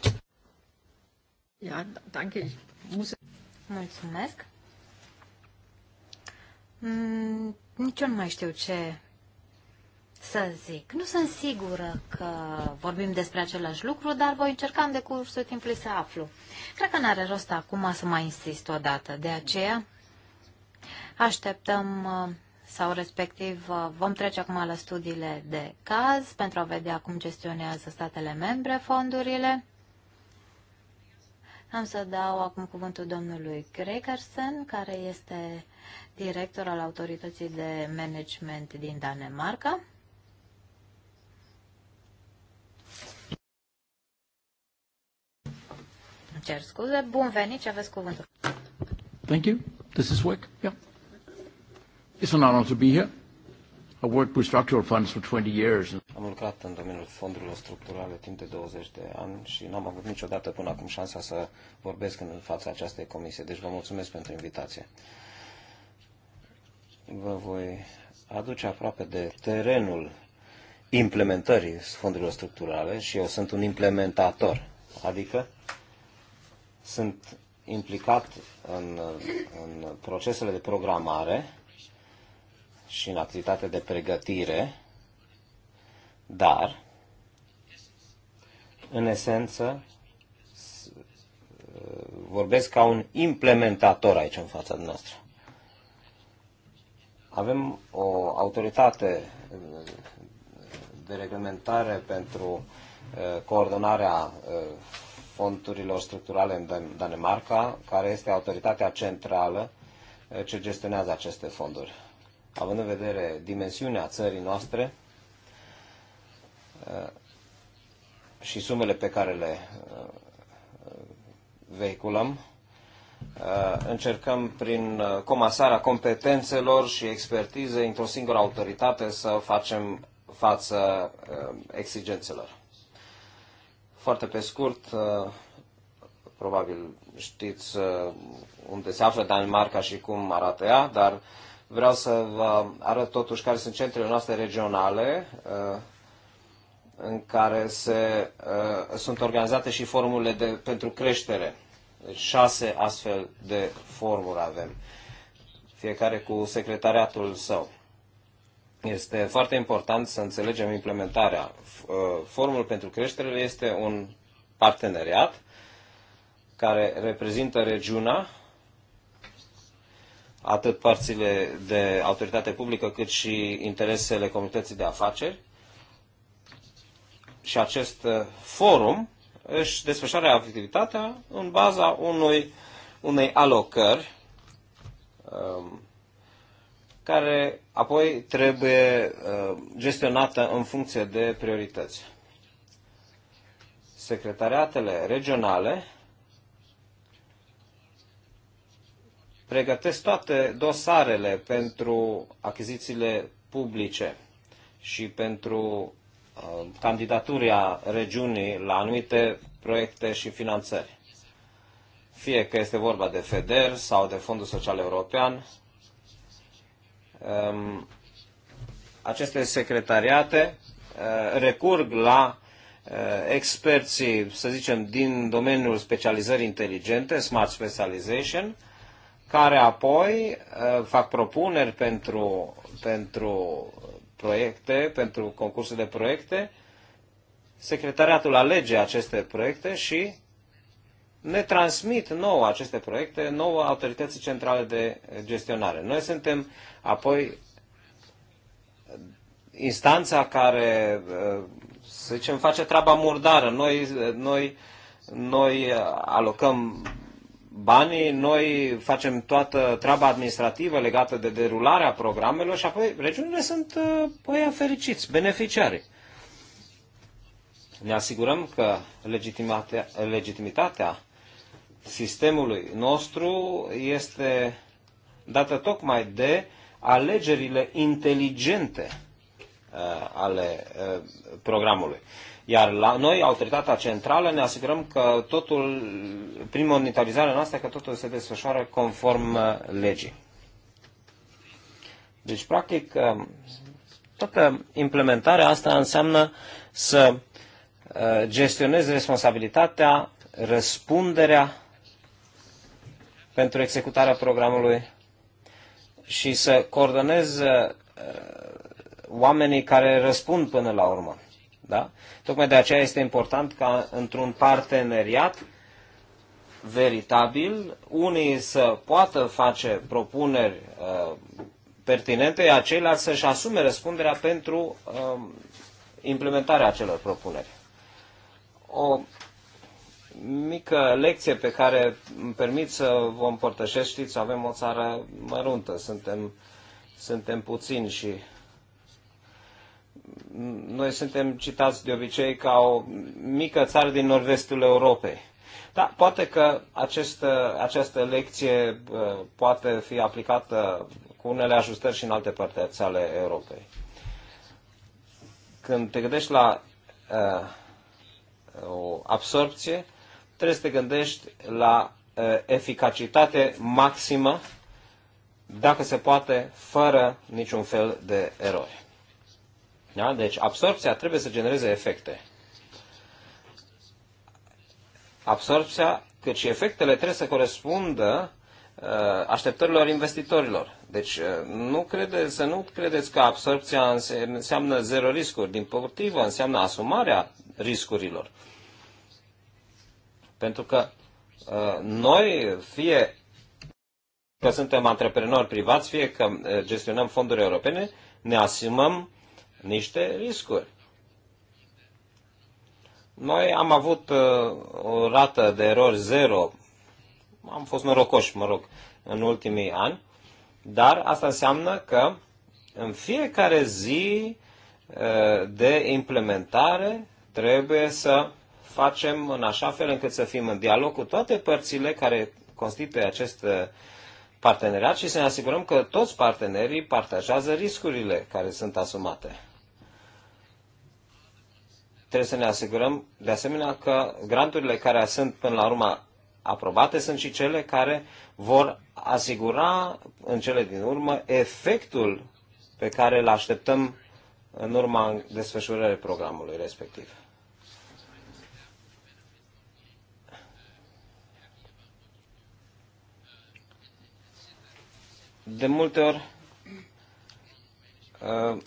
Ja, danke. Ich muss... Mulțumesc. Mm, nici eu nu mai știu ce să zic. Nu sunt sigură că vorbim despre același lucru, dar voi încerca în decursul timpului să aflu. Cred că n-are rost acum să mai insist o dată. De aceea așteptăm uh, sau respectiv uh, vom trece acum la studiile de caz pentru a vedea cum gestionează statele membre fondurile. Am să dau acum cuvântul domnului Gregersen, care este director al autorității de management din Danemarca. Cer scuze. Bun venit și aveți cuvântul. Thank you. This is Wick. Yeah. It's an honor to be here. I worked with structural funds for 20 years. Am lucrat în domeniul fondurilor structurale timp de 20 de ani și n-am avut niciodată până acum șansa să vorbesc în fața acestei comisii. Deci vă mulțumesc pentru invitație vă voi aduce aproape de terenul implementării fondurilor structurale și eu sunt un implementator, adică sunt implicat în, în procesele de programare și în activitatea de pregătire, dar, în esență, vorbesc ca un implementator aici în fața noastră. Avem o autoritate de reglementare pentru eh, coordonarea eh, fondurilor structurale în Danemarca, care este autoritatea centrală eh, ce gestionează aceste fonduri. Având în vedere dimensiunea țării noastre și sumele pe care le vehiculăm, Uh, încercăm prin uh, comasarea competențelor și expertize într-o singură autoritate să facem față uh, exigențelor. Foarte pe scurt, probabil știți unde se află Danemarca și cum arată ea, dar vreau să vă arăt totuși care sunt centrele noastre regionale în care se, sunt organizate și formule de, pentru creștere șase astfel de formuri avem, fiecare cu secretariatul său. Este foarte important să înțelegem implementarea. Uh, formul pentru creștere este un parteneriat care reprezintă regiunea, atât părțile de autoritate publică cât și interesele comunității de afaceri. Și acest uh, forum își desfășoare activitatea în baza unui, unei alocări um, care apoi trebuie uh, gestionată în funcție de priorități. Secretariatele regionale pregătesc toate dosarele pentru achizițiile publice și pentru Uh, candidaturia regiunii la anumite proiecte și finanțări. Fie că este vorba de FEDER sau de Fondul Social European, um, aceste secretariate uh, recurg la uh, experții, să zicem, din domeniul specializării inteligente, Smart Specialization, care apoi fac propuneri pentru, pentru proiecte, pentru concursul de proiecte. Secretariatul alege aceste proiecte și ne transmit nouă aceste proiecte, nouă autorității centrale de gestionare. Noi suntem apoi instanța care, să zicem, face treaba murdară. Noi, noi, noi alocăm banii, noi facem toată treaba administrativă legată de derularea programelor și apoi regiunile sunt păi fericiți, beneficiari. Ne asigurăm că legitimitatea, legitimitatea sistemului nostru este dată tocmai de alegerile inteligente uh, ale uh, programului. Iar la noi, autoritatea centrală, ne asigurăm că totul, prin monitorizarea noastră, că totul se desfășoară conform uh, legii. Deci, practic, uh, toată implementarea asta înseamnă să uh, gestionezi responsabilitatea, răspunderea pentru executarea programului și să coordonezi oamenii care răspund până la urmă. Da? Tocmai de aceea este important ca într-un parteneriat veritabil unii să poată face propuneri uh, pertinente, iar ceilalți să-și asume răspunderea pentru uh, implementarea acelor propuneri. O mică lecție pe care îmi permit să vă împărtășesc, știți, avem o țară măruntă, suntem, suntem puțini și noi suntem citați de obicei ca o mică țară din nord-vestul Europei. Da, poate că această această lecție uh, poate fi aplicată cu unele ajustări și în alte părți ale Europei. Când te gândești la uh, o absorpție, trebuie să te gândești la uh, eficacitate maximă, dacă se poate, fără niciun fel de erori. Da? Deci absorpția trebuie să genereze efecte. Absorpția, cât și efectele trebuie să corespundă uh, așteptărilor investitorilor. Deci uh, nu crede, să nu credeți că absorpția înseamnă zero riscuri. Din potrivă, înseamnă asumarea riscurilor. Pentru că uh, noi, fie că suntem antreprenori privați, fie că gestionăm fonduri europene, ne asumăm niște riscuri. Noi am avut uh, o rată de erori zero, am fost norocoși, mă rog, în ultimii ani, dar asta înseamnă că în fiecare zi uh, de implementare trebuie să facem în așa fel încât să fim în dialog cu toate părțile care constituie acest uh, parteneriat și să ne asigurăm că toți partenerii partajează riscurile care sunt asumate. Trebuie să ne asigurăm, de asemenea, că granturile care sunt până la urmă aprobate sunt și cele care vor asigura în cele din urmă efectul pe care îl așteptăm în urma desfășurării programului respectiv. De multe ori ă,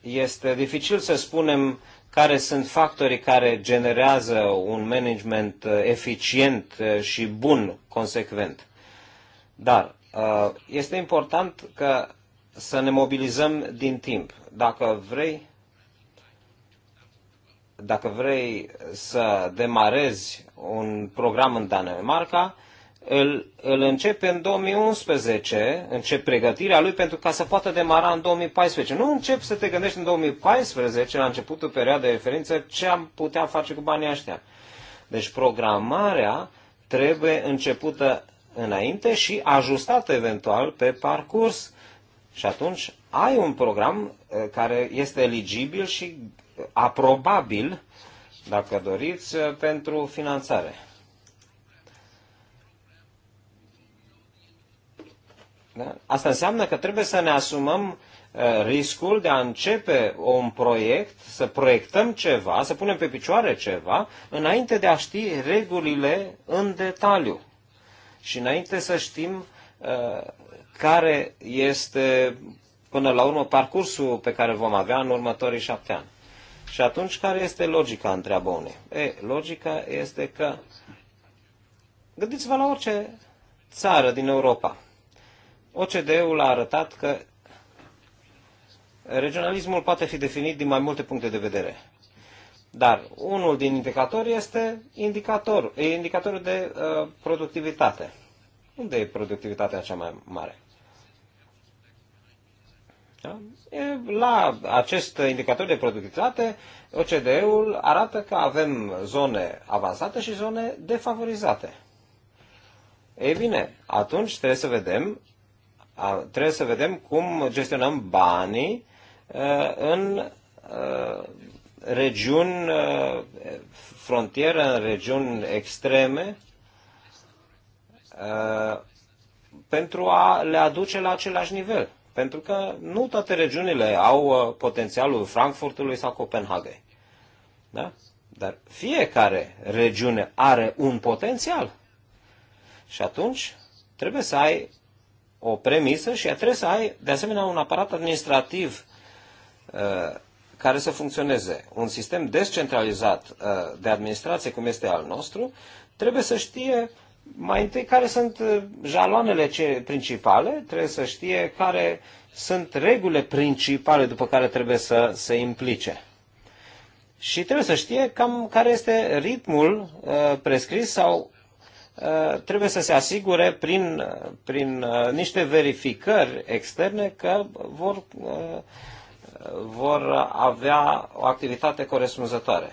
este dificil să spunem care sunt factorii care generează un management uh, eficient uh, și bun, consecvent. Dar uh, este important că să ne mobilizăm din timp. Dacă vrei, dacă vrei să demarezi un program în Danemarca, îl, îl începe în 2011, începe pregătirea lui pentru ca să poată demara în 2014. Nu începi să te gândești în 2014, la începutul perioadei de referință, ce am putea face cu banii ăștia. Deci programarea trebuie începută înainte și ajustată eventual pe parcurs. Și atunci ai un program eh, care este eligibil și eh, aprobabil, dacă doriți, eh, pentru finanțare. Da? Asta înseamnă că trebuie să ne asumăm uh, riscul de a începe un proiect, să proiectăm ceva, să punem pe picioare ceva, înainte de a ști regulile în detaliu și înainte să știm uh, care este până la urmă parcursul pe care vom avea în următorii șapte ani. Și atunci, care este logica, întreabă unii? E, logica este că gândiți-vă la orice țară din Europa OCDE-ul a arătat că regionalismul poate fi definit din mai multe puncte de vedere. Dar unul din indicatori este indicator, e indicatorul de uh, productivitate. Unde e productivitatea cea mai mare? Da? La acest indicator de productivitate, OCDE-ul arată că avem zone avansate și zone defavorizate. Ei bine, atunci trebuie să vedem Trebuie să vedem cum gestionăm banii uh, în uh, regiuni uh, frontieră, în regiuni extreme, pentru a le aduce la același nivel. Pentru că nu toate regiunile au potențialul Frankfurtului sau Copenhagei. Da? Dar fiecare regiune are un potențial. Și atunci trebuie să ai o premisă și trebuie să ai, de asemenea, un aparat administrativ uh, care să funcționeze. Un sistem descentralizat uh, de administrație, cum este al nostru, trebuie să știe mai întâi care sunt uh, jaloanele principale, trebuie să știe care sunt regulile principale după care trebuie să se implice. Și trebuie să știe cam care este ritmul prescris sau Uh, trebuie să se asigure prin, prin uh, niște verificări externe că vor, uh, vor avea o activitate corespunzătoare.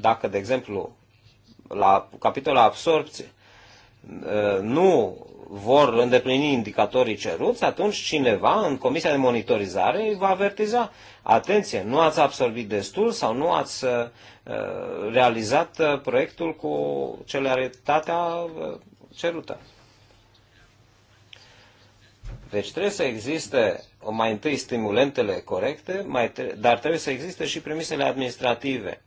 Dacă, de exemplu, la capitolul absorpție nu vor îndeplini indicatorii ceruți, atunci cineva în comisia de monitorizare îi va avertiza. Atenție, nu ați absorbit destul sau nu ați uh, realizat uh, proiectul cu celeritatea uh, cerută. Deci trebuie să existe mai întâi stimulentele corecte, mai tre- dar trebuie să existe și premisele administrative,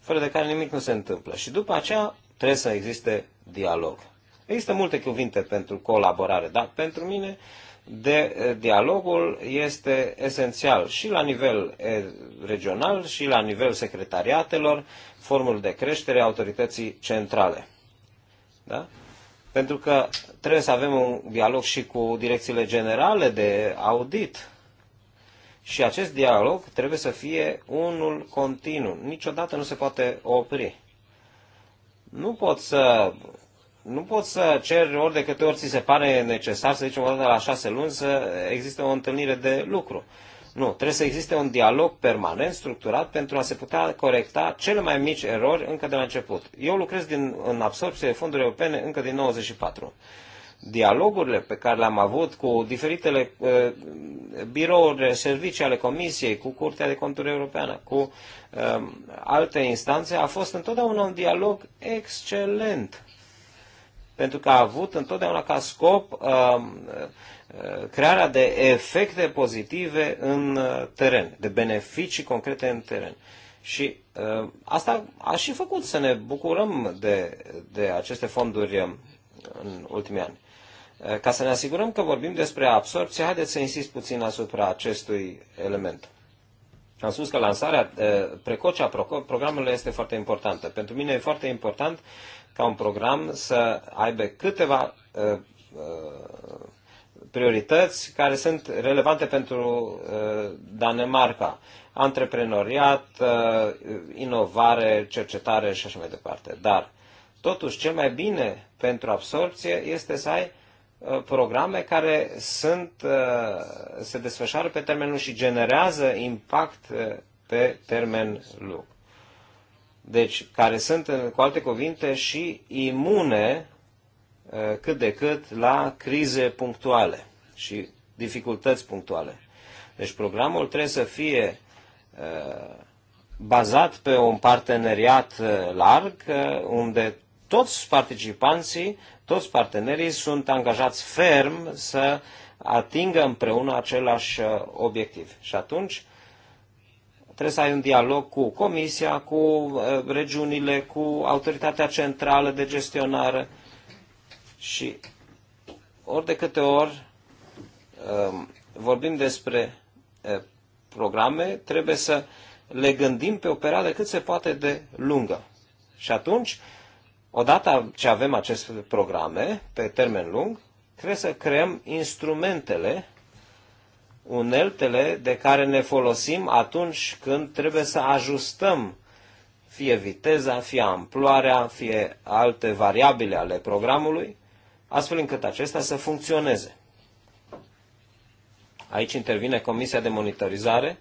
fără de care nimic nu se întâmplă. Și după aceea trebuie să existe dialog. Există multe cuvinte pentru colaborare, dar pentru mine de, eh, dialogul este esențial și la nivel eh, regional și la nivel secretariatelor, formul de creștere a autorității centrale. Da? Pentru că trebuie să avem un dialog și cu direcțiile generale de audit. Și acest dialog trebuie să fie unul continuu. Niciodată nu se poate opri. Nu pot să nu poți să ceri ori de câte ori ți se pare necesar, să zicem o dată la șase luni, să existe o întâlnire de lucru. Nu, trebuie să existe un dialog permanent, structurat, pentru a se putea corecta cele mai mici erori încă de la început. Eu lucrez din, în absorpție de fonduri europene încă din 94. Dialogurile pe care le-am avut cu diferitele uh, birouri, servicii ale Comisiei, cu Curtea de Conturi Europeană, cu uh, alte instanțe, a fost întotdeauna un dialog excelent pentru că a avut întotdeauna ca scop um, uh, crearea de efecte pozitive în uh, teren, de beneficii concrete în teren. Și uh, asta a și făcut să ne bucurăm de, de aceste fonduri um, în ultimii ani. Uh, ca să ne asigurăm că vorbim despre absorpție, haideți să insist puțin asupra acestui element. Am spus că lansarea precoce a programului este foarte importantă. Pentru mine e foarte important ca un program să aibă câteva uh, uh, priorități care sunt relevante pentru uh, Danemarca. Antreprenoriat, inovare, cercetare și așa mai departe. Dar, totuși, cel mai bine pentru absorpție este să ai programe care sunt, se desfășoară pe termen lung și generează impact pe termen lung. Deci, care sunt, cu alte cuvinte, și imune uh, cât de cât la crize punctuale și dificultăți punctuale. Deci programul trebuie să fie uh, bazat pe un parteneriat uh, larg, unde toți participanții, toți partenerii sunt angajați ferm să atingă împreună același obiectiv. Și atunci, Trebuie să ai un dialog cu Comisia, cu uh, regiunile, cu Autoritatea Centrală de Gestionare și ori de câte ori um, vorbim despre uh, programe, trebuie să le gândim pe o perioadă cât se poate de lungă. Și atunci, odată ce avem aceste programe pe termen lung, trebuie să creăm instrumentele uneltele de care ne folosim atunci când trebuie să ajustăm fie viteza, fie amploarea, fie alte variabile ale programului, astfel încât acesta să funcționeze. Aici intervine Comisia de Monitorizare,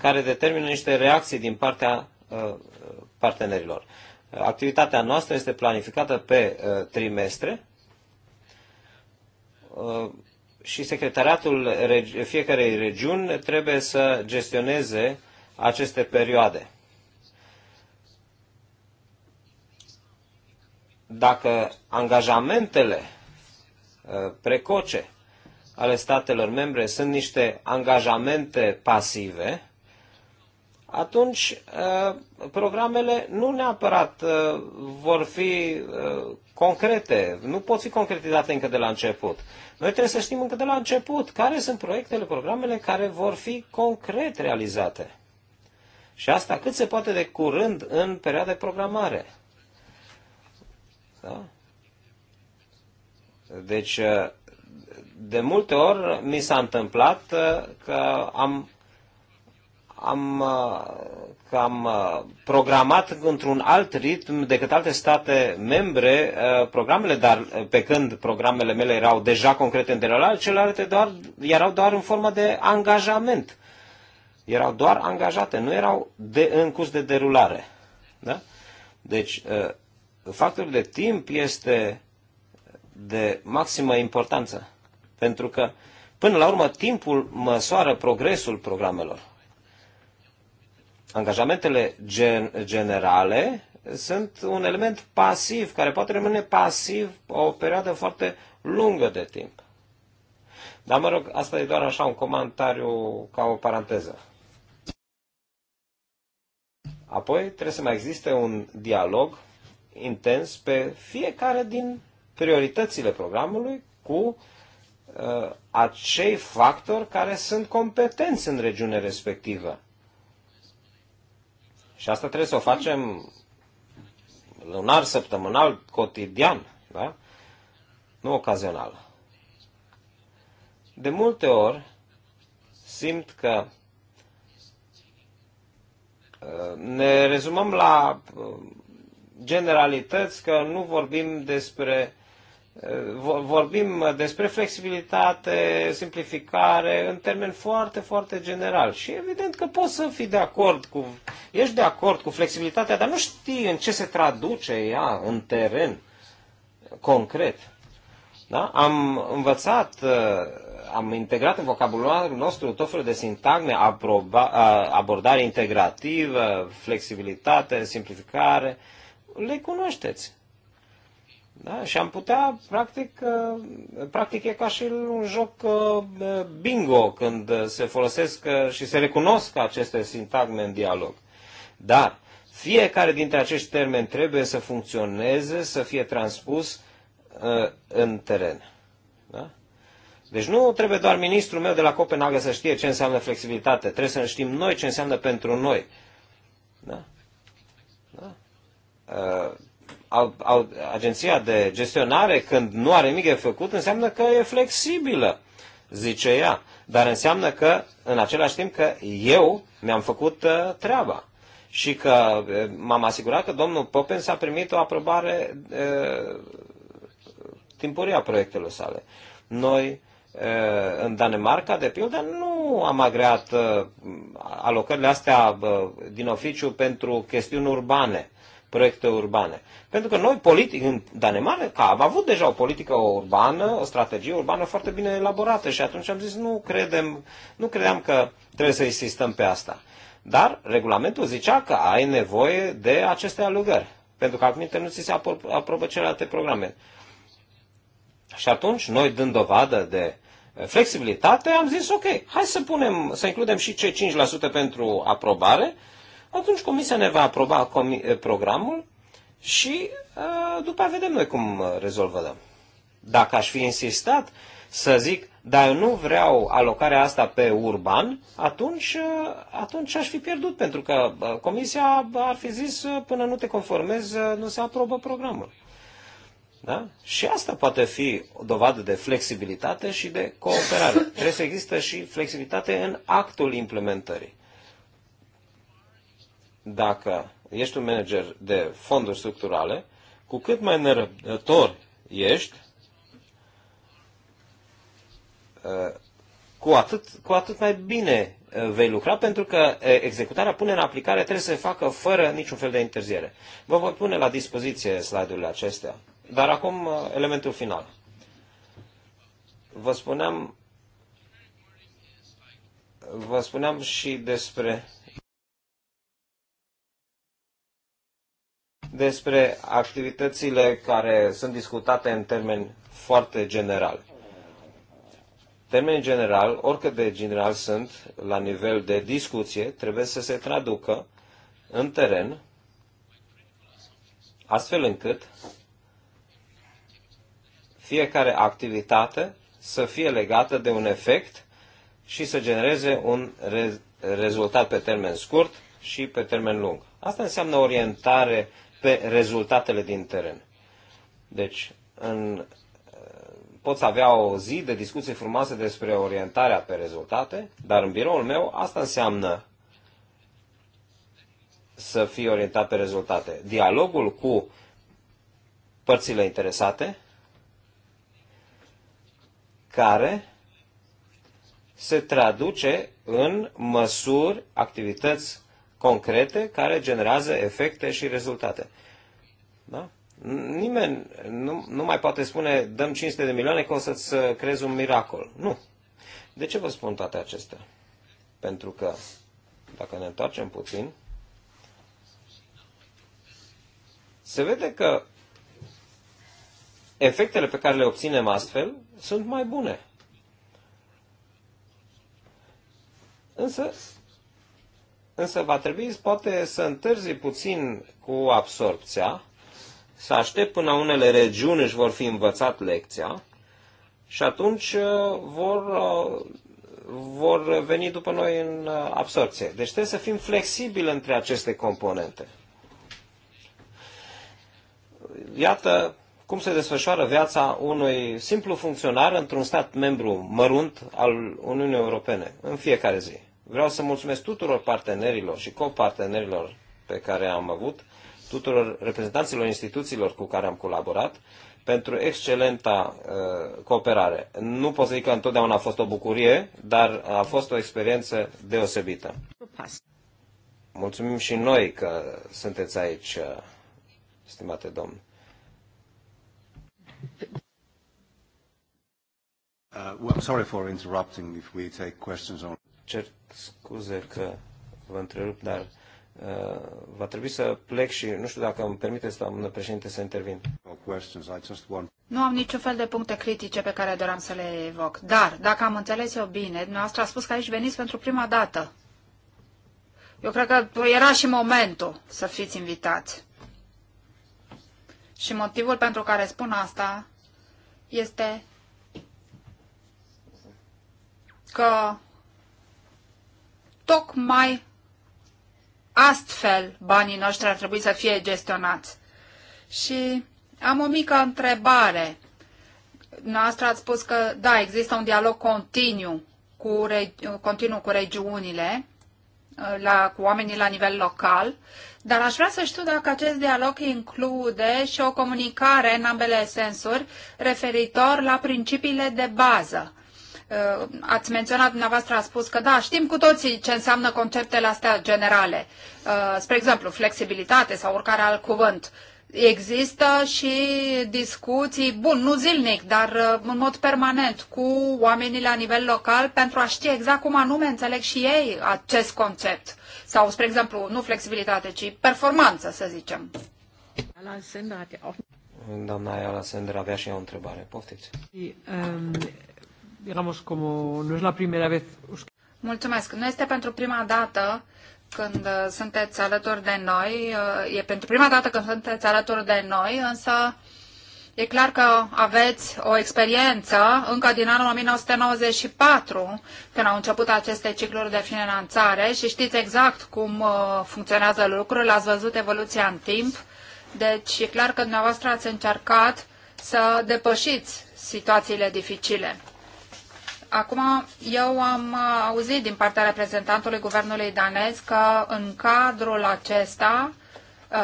care determină niște reacții din partea uh, partenerilor. Activitatea noastră este planificată pe uh, trimestre, uh, și secretariatul fiecarei regiuni trebuie să gestioneze aceste perioade. Dacă angajamentele uh, precoce ale statelor membre sunt niște angajamente pasive, atunci uh, programele nu neapărat uh, vor fi concrete, nu pot fi concretizate încă de la început. Noi trebuie să știm încă de la început care sunt proiectele, programele care vor fi concret realizate. Și asta cât se poate de curând în perioada de programare. Da? Deci, de multe ori mi s-a întâmplat uh, că am am, uh, cam uh, programat într-un alt ritm decât alte state membre uh, programele, dar pe când programele mele erau deja concrete în general, celelalte doar, erau doar în formă de angajament. Erau doar angajate, nu erau de, în curs de derulare. Da? Deci, factorul de timp este de maximă importanță, pentru că, până la urmă, timpul măsoară progresul programelor. Angajamentele gen, generale sunt un element pasiv, care poate rămâne pasiv o perioadă foarte lungă de timp. Dar, mă rog, asta e doar așa un comentariu ca o paranteză. Apoi trebuie să mai existe un dialog intens pe fiecare din prioritățile programului cu uh, acei factori care sunt competenți în regiunea respectivă. Și asta trebuie să o facem lunar, săptămânal, cotidian, da? Nu ocazional. De multe ori simt că uh, ne rezumăm la uh, generalități că nu vorbim despre vorbim despre flexibilitate, simplificare, în termen foarte, foarte general. Și evident că poți să fii de acord cu, ești de acord cu flexibilitatea, dar nu știi în ce se traduce ea în teren concret. Da? Am învățat, uh, am integrat în vocabularul nostru tot felul de sintagme, aproba, uh, abordare integrativă, flexibilitate, simplificare. Le cunoașteți. Da? Și am putea, practic, practic e ca și un joc bingo când se folosesc și se recunosc aceste sintagme în dialog. Dar fiecare dintre acești termeni trebuie să funcționeze, să fie transpus ă, în teren. Da? Deci nu trebuie doar ministrul meu de la Copenhaga să știe ce înseamnă flexibilitate, trebuie să știm noi ce înseamnă pentru noi. Da? Da? Ă, agenția de gestionare, când nu are nimic de făcut, înseamnă că e flexibilă, zice ea. Dar înseamnă că, în același timp, că eu mi-am făcut uh, treaba și că uh, m-am asigurat că domnul Popens a primit o aprobare e, uh, timpurie a proiectelor sale. Noi, e, în Danemarca, de pildă, nu am agreat e, alocările astea din oficiu pentru chestiuni urbane proiecte urbane. Pentru că noi, politic, în Danemarca, am avut deja o politică urbană, o strategie urbană foarte bine elaborată și atunci am zis nu, credem, nu credeam că trebuie să insistăm pe asta. Dar regulamentul zicea că ai nevoie de aceste alugări, pentru că acum nu ți se aprobă celelalte programe. Și atunci, noi dând dovadă de flexibilitate, am zis ok, hai să punem, să includem și cei 5% pentru aprobare, atunci Comisia ne va aproba eh, programul și eh, după aia vedem noi cum eh, rezolvăm. Dacă aș fi insistat să zic, dar eu nu vreau alocarea asta pe urban, atunci, atunci aș fi pierdut, pentru că Comisia ar fi zis, până nu te conformezi, nu se aprobă programul. Da? Și asta poate fi o dovadă de flexibilitate și de cooperare. Trebuie să există și flexibilitate în actul implementării dacă ești un manager de fonduri structurale, cu cât mai nerăbdător ești, uh, cu atât, cu atât mai bine uh, vei lucra, pentru că uh, executarea, pune în aplicare, trebuie să se facă fără niciun fel de interziere. Vă voi pune la dispoziție slide-urile acestea. Dar acum elementul final. Vă spuneam, vă spuneam și despre despre activitățile care sunt discutate în termeni foarte generali. Termeni general, oricât de general sunt, la nivel de discuție, trebuie să se traducă în teren, astfel încât fiecare activitate să fie legată de un efect și să genereze un re- rezultat pe termen scurt și pe termen lung. Asta înseamnă orientare pe rezultatele din teren. Deci, în, poți avea o zi de discuții frumoase despre orientarea pe rezultate, dar în biroul meu asta înseamnă să fii orientat pe rezultate. Dialogul cu părțile interesate, care se traduce în măsuri, activități concrete care generează efecte și rezultate. Da? Nimeni nu, nu mai poate spune dăm 500 de milioane că o să-ți crezi un miracol. Nu. De ce vă spun toate acestea? Pentru că, dacă ne întoarcem puțin, se vede că efectele pe care le obținem astfel sunt mai bune. Însă, însă va trebui poate să întârzi puțin cu absorpția, să aștept până unele regiuni își vor fi învățat lecția și atunci uh, vor, uh, vor veni după noi în uh, absorpție. Deci trebuie să fim flexibili între aceste componente. Iată cum se desfășoară viața unui simplu funcționar într-un stat membru mărunt al Uniunii Europene în fiecare zi. Vreau să mulțumesc tuturor partenerilor și copartenerilor pe care am avut, tuturor reprezentanților instituțiilor cu care am colaborat, pentru excelenta uh, cooperare. Nu pot să zic că întotdeauna a fost o bucurie, dar a fost o experiență deosebită. Mulțumim și noi că sunteți aici, uh, stimate domn. Uh, well, sorry for interrupting if we take questions on... Cer scuze că vă întrerup, dar uh, va trebui să plec și nu știu dacă îmi permiteți, doamnă președinte, să intervin. Nu am niciun fel de puncte critice pe care doream să le evoc, dar dacă am înțeles eu bine, dumneavoastră a spus că aici veniți pentru prima dată. Eu cred că era și momentul să fiți invitați. Și motivul pentru care spun asta este că Tocmai astfel banii noștri ar trebui să fie gestionați. Și am o mică întrebare. Noastră ați spus că, da, există un dialog continuu cu, continuu cu regiunile, la, cu oamenii la nivel local, dar aș vrea să știu dacă acest dialog include și o comunicare în ambele sensuri referitor la principiile de bază Uh, ați menționat dumneavoastră, a spus că da, știm cu toții ce înseamnă conceptele astea generale. Uh, spre exemplu, flexibilitate sau oricare alt cuvânt. Există și discuții, bun, nu zilnic, dar uh, în mod permanent cu oamenii la nivel local pentru a ști exact cum anume înțeleg și ei acest concept. Sau, spre exemplu, nu flexibilitate, ci performanță, să zicem. Doamna Ayala Sender avea și ea o întrebare. Poftiți. Um, digamos, como no es la primera vez. Mulțumesc. Nu este pentru prima dată când uh, sunteți alături de noi, uh, e pentru prima dată când sunteți alături de noi, însă e clar că aveți o experiență încă din anul 1994, când au început aceste cicluri de finanțare și știți exact cum uh, funcționează lucrurile, ați văzut evoluția în timp, deci e clar că dumneavoastră ați încercat să depășiți situațiile dificile. Acum, eu am uh, auzit din partea reprezentantului guvernului danez că în cadrul acesta uh,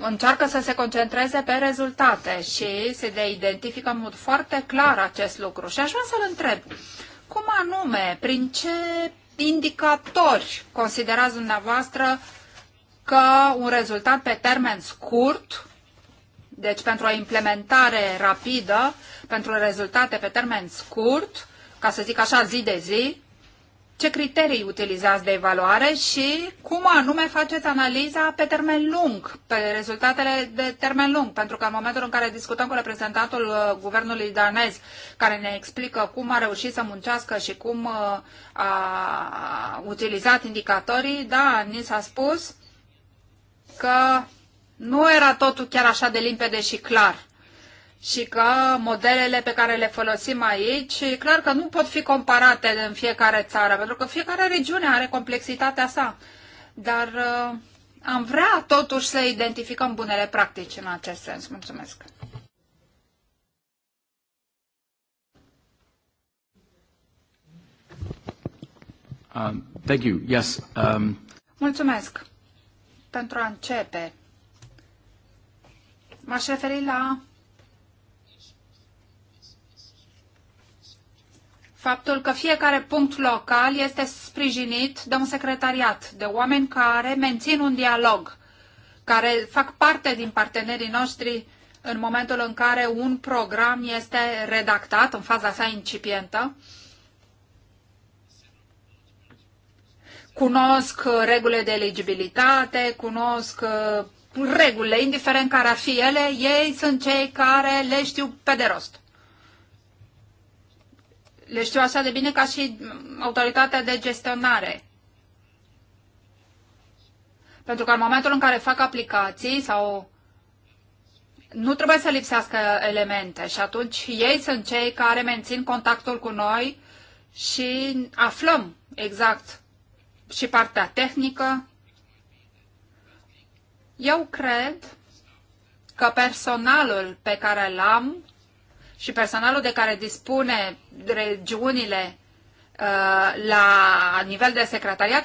încearcă să se concentreze pe rezultate și se de identifică în mod foarte clar acest lucru. Și aș vrea să-l întreb, cum anume, prin ce indicatori considerați dumneavoastră că un rezultat pe termen scurt, deci pentru o implementare rapidă, pentru rezultate pe termen scurt, ca să zic așa, zi de zi, ce criterii utilizați de evaluare și cum anume faceți analiza pe termen lung, pe rezultatele de termen lung. Pentru că în momentul în care discutăm cu reprezentantul uh, guvernului danez, care ne explică cum a reușit să muncească și cum uh, a utilizat indicatorii, da, ni s-a spus că nu era totul chiar așa de limpede și clar și că modelele pe care le folosim aici, clar că nu pot fi comparate în fiecare țară, pentru că fiecare regiune are complexitatea sa. Dar uh, am vrea totuși să identificăm bunele practici în acest sens. Mulțumesc! Um, thank you. Yes, um... Mulțumesc! Pentru a începe, m-aș referi la faptul că fiecare punct local este sprijinit de un secretariat, de oameni care mențin un dialog, care fac parte din partenerii noștri în momentul în care un program este redactat în faza sa incipientă. Cunosc regulile de eligibilitate, cunosc uh, regulile, indiferent care ar fi ele, ei sunt cei care le știu pe de rost le știu așa de bine ca și autoritatea de gestionare. Pentru că în momentul în care fac aplicații sau nu trebuie să lipsească elemente și atunci ei sunt cei care mențin contactul cu noi și aflăm exact și partea tehnică. Eu cred că personalul pe care l-am și personalul de care dispune regiunile uh, la nivel de secretariat,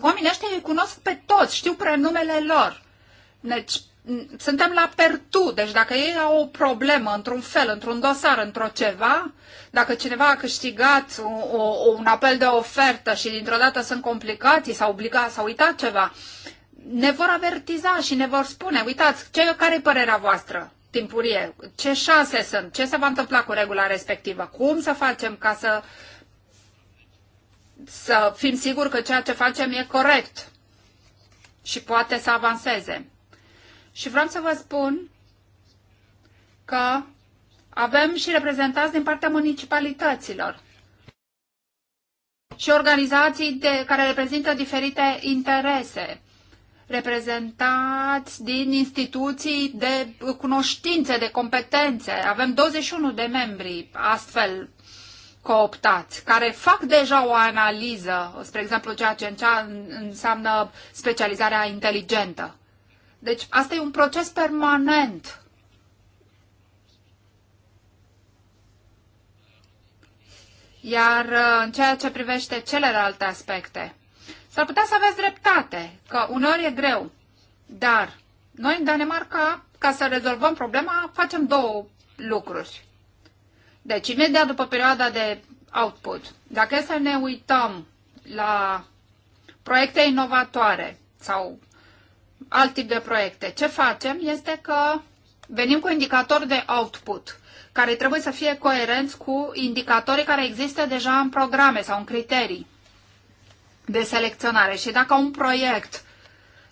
oamenii ăștia îi cunosc pe toți, știu prenumele lor. Deci, suntem la pertu, deci dacă ei au o problemă într-un fel, într-un dosar, într-o ceva, dacă cineva a câștigat o, o, un apel de ofertă și dintr-o dată sunt complicații, s au obligat, s au uitat ceva, ne vor avertiza și ne vor spune, uitați, ce, care e părerea voastră? timpurie, ce șanse sunt, ce se va întâmpla cu regula respectivă, cum să facem ca să, să fim siguri că ceea ce facem e corect și poate să avanseze. Și vreau să vă spun că avem și reprezentanți din partea municipalităților și organizații de, care reprezintă diferite interese reprezentați din instituții de cunoștințe, de competențe. Avem 21 de membri astfel cooptați, care fac deja o analiză, spre exemplu ceea ce înseamnă specializarea inteligentă. Deci asta e un proces permanent. Iar uh, în ceea ce privește celelalte aspecte, S-ar putea să aveți dreptate, că uneori e greu, dar noi în Danemarca, ca să rezolvăm problema, facem două lucruri. Deci, imediat după perioada de output, dacă e să ne uităm la proiecte inovatoare sau alt tip de proiecte, ce facem este că venim cu indicatori de output care trebuie să fie coerenți cu indicatorii care există deja în programe sau în criterii de selecționare și dacă un proiect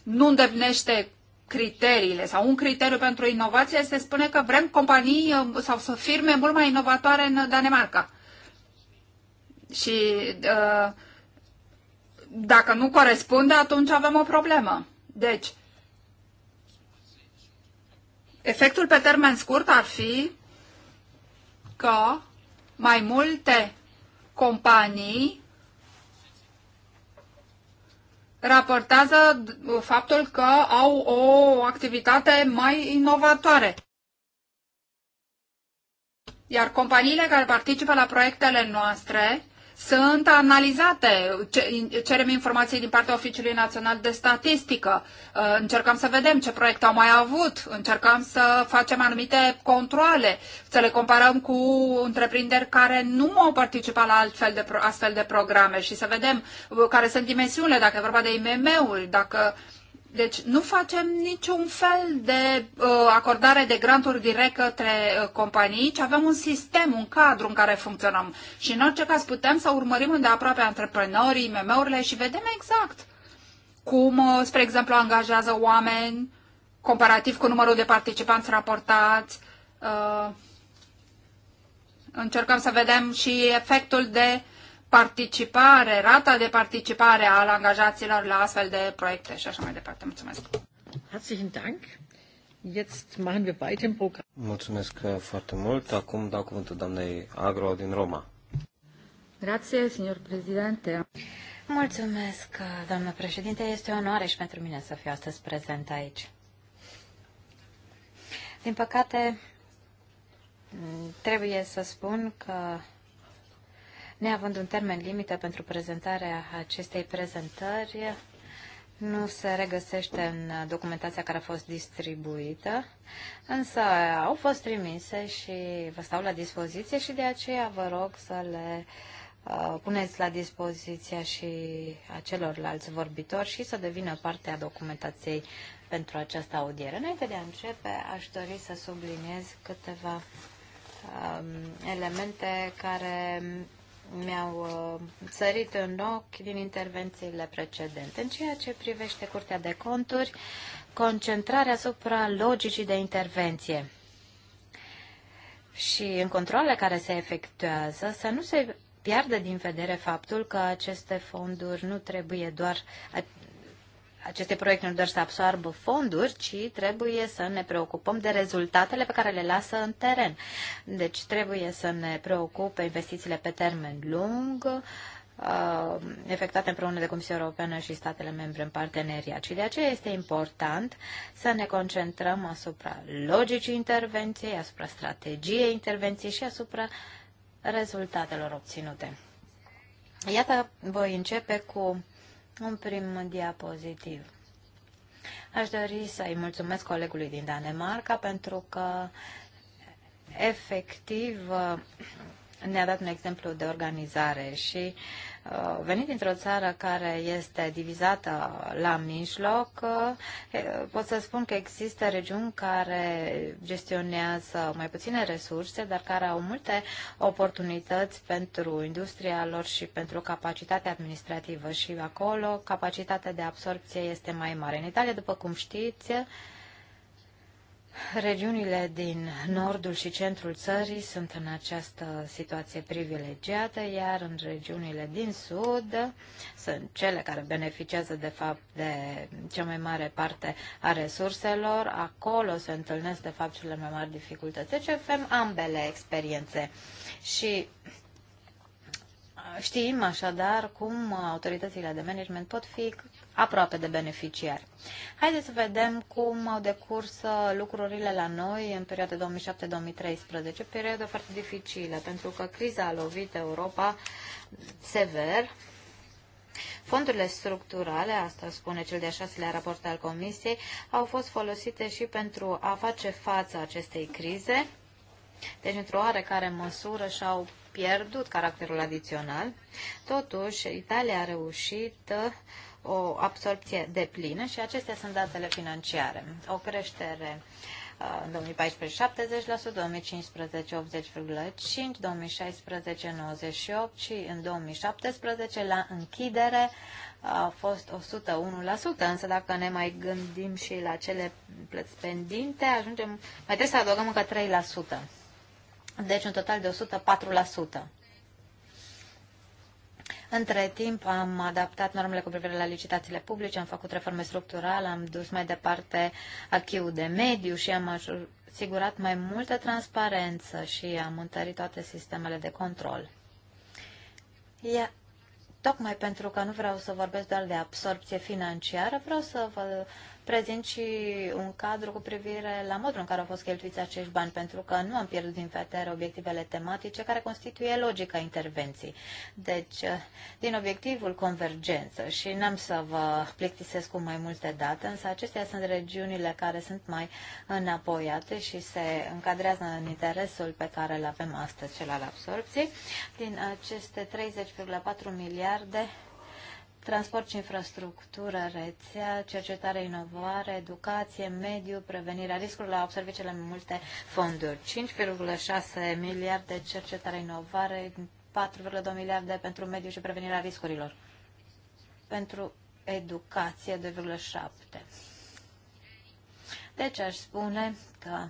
nu îndeplinește criteriile sau un criteriu pentru inovație se spune că vrem companii uh, sau să firme mult mai inovatoare în Danemarca. Și uh, dacă nu corespunde, atunci avem o problemă. Deci, efectul pe termen scurt ar fi că mai multe companii raportează faptul că au o activitate mai inovatoare. Iar companiile care participă la proiectele noastre sunt analizate. Cerem informații din partea Oficiului Național de Statistică. Uh, încercăm să vedem ce proiecte au mai avut. Încercăm să facem anumite controle, să le comparăm cu întreprinderi care nu au participat la altfel de, astfel de programe și să vedem uh, care sunt dimensiunile, dacă e vorba de IMM-uri, dacă uh, deci nu facem niciun fel de uh, acordare de granturi direct către uh, companii, ci avem un sistem, un cadru în care funcționăm. Și în orice caz putem să urmărim îndeaproape antreprenorii, MM-urile și vedem exact cum, uh, spre exemplu, angajează oameni comparativ cu numărul de participanți raportați. Uh, încercăm să vedem și efectul de participare, rata de participare al angajaților la astfel de proiecte și așa mai departe. Mulțumesc! Herzlichen Dank! Jetzt machen wir weiter im Programm. Mulțumesc uh, foarte mult. Acum dau cuvântul doamnei Agro din Roma. Grazie, signor Presidente. Mulțumesc, uh, doamnă președinte. Este o onoare și pentru mine să fiu astăzi prezent aici. Din păcate, trebuie să spun că Neavând un termen limită pentru prezentarea acestei prezentări, nu se regăsește în documentația care a fost distribuită, însă au fost trimise și vă stau la dispoziție și de aceea vă rog să le uh, puneți la dispoziția și a celorlalți vorbitori și să devină parte a documentației pentru această audiere. Înainte de a începe, aș dori să subliniez câteva um, elemente care mi-au uh, sărit în ochi din intervențiile precedente. În ceea ce privește Curtea de Conturi, concentrarea asupra logicii de intervenție și în controlele care se efectuează să nu se piardă din vedere faptul că aceste fonduri nu trebuie doar aceste proiecte nu doar să absorbă fonduri, ci trebuie să ne preocupăm de rezultatele pe care le lasă în teren. Deci trebuie să ne preocupe investițiile pe termen lung, uh, efectuate împreună de Comisia Europeană și statele membre în parteneriat. Și de aceea este important să ne concentrăm asupra logicii intervenției, asupra strategiei intervenției și asupra rezultatelor obținute. Iată, voi începe cu un prim diapozitiv. Aș dori să-i mulțumesc colegului din Danemarca pentru că efectiv ne-a dat un exemplu de organizare și uh, Uh, venit dintr-o țară care este divizată la mijloc, uh, pot să spun că există regiuni care gestionează mai puține resurse, dar care au multe oportunități pentru industria lor și pentru capacitatea administrativă și acolo capacitatea de absorpție este mai mare. În Italia, după cum știți, Regiunile din nordul și centrul țării sunt în această situație privilegiată, iar în regiunile din sud sunt cele care beneficiază de fapt de cea mai mare parte a resurselor. Acolo se întâlnesc de fapt cele mai mari dificultăți. Deci avem ambele experiențe și știm așadar cum autoritățile de management pot fi aproape de beneficiari. Haideți să vedem cum au decurs uh, lucrurile la noi în perioada 2007-2013, perioadă foarte dificilă, pentru că criza a lovit Europa sever. Fondurile structurale, asta spune cel de-a șaselea raport al Comisiei, au fost folosite și pentru a face față acestei crize, deci într-o oarecare măsură și-au pierdut caracterul adițional. Totuși, Italia a reușit uh, o absorpție de plină și acestea sunt datele financiare. O creștere uh, în 2014 70%, 2015 80,5%, 2016 98% și în 2017 la închidere a fost 101%, însă dacă ne mai gândim și la cele plăți pendinte, ajungem, mai trebuie să adăugăm încă 3%. Deci un total de 104%. Între timp am adaptat normele cu privire la licitațiile publice, am făcut reforme structurale, am dus mai departe achiul de mediu și am asigurat mai multă transparență și am întărit toate sistemele de control. Ia, tocmai pentru că nu vreau să vorbesc doar de absorpție financiară, vreau să vă prezint și un cadru cu privire la modul în care au fost cheltuiți acești bani, pentru că nu am pierdut din vedere obiectivele tematice care constituie logica intervenției. Deci, din obiectivul convergență și n-am să vă plictisesc cu mai multe date, însă acestea sunt regiunile care sunt mai înapoiate și se încadrează în interesul pe care îl avem astăzi, cel al absorpției. Din aceste 30,4 miliarde, transport și infrastructură, rețea, cercetare, inovare, educație, mediu, prevenirea riscurilor, au observat cele mai multe fonduri. 5,6 miliarde cercetare, inovare, 4,2 miliarde pentru mediu și prevenirea riscurilor. Pentru educație, 2,7. Deci aș spune că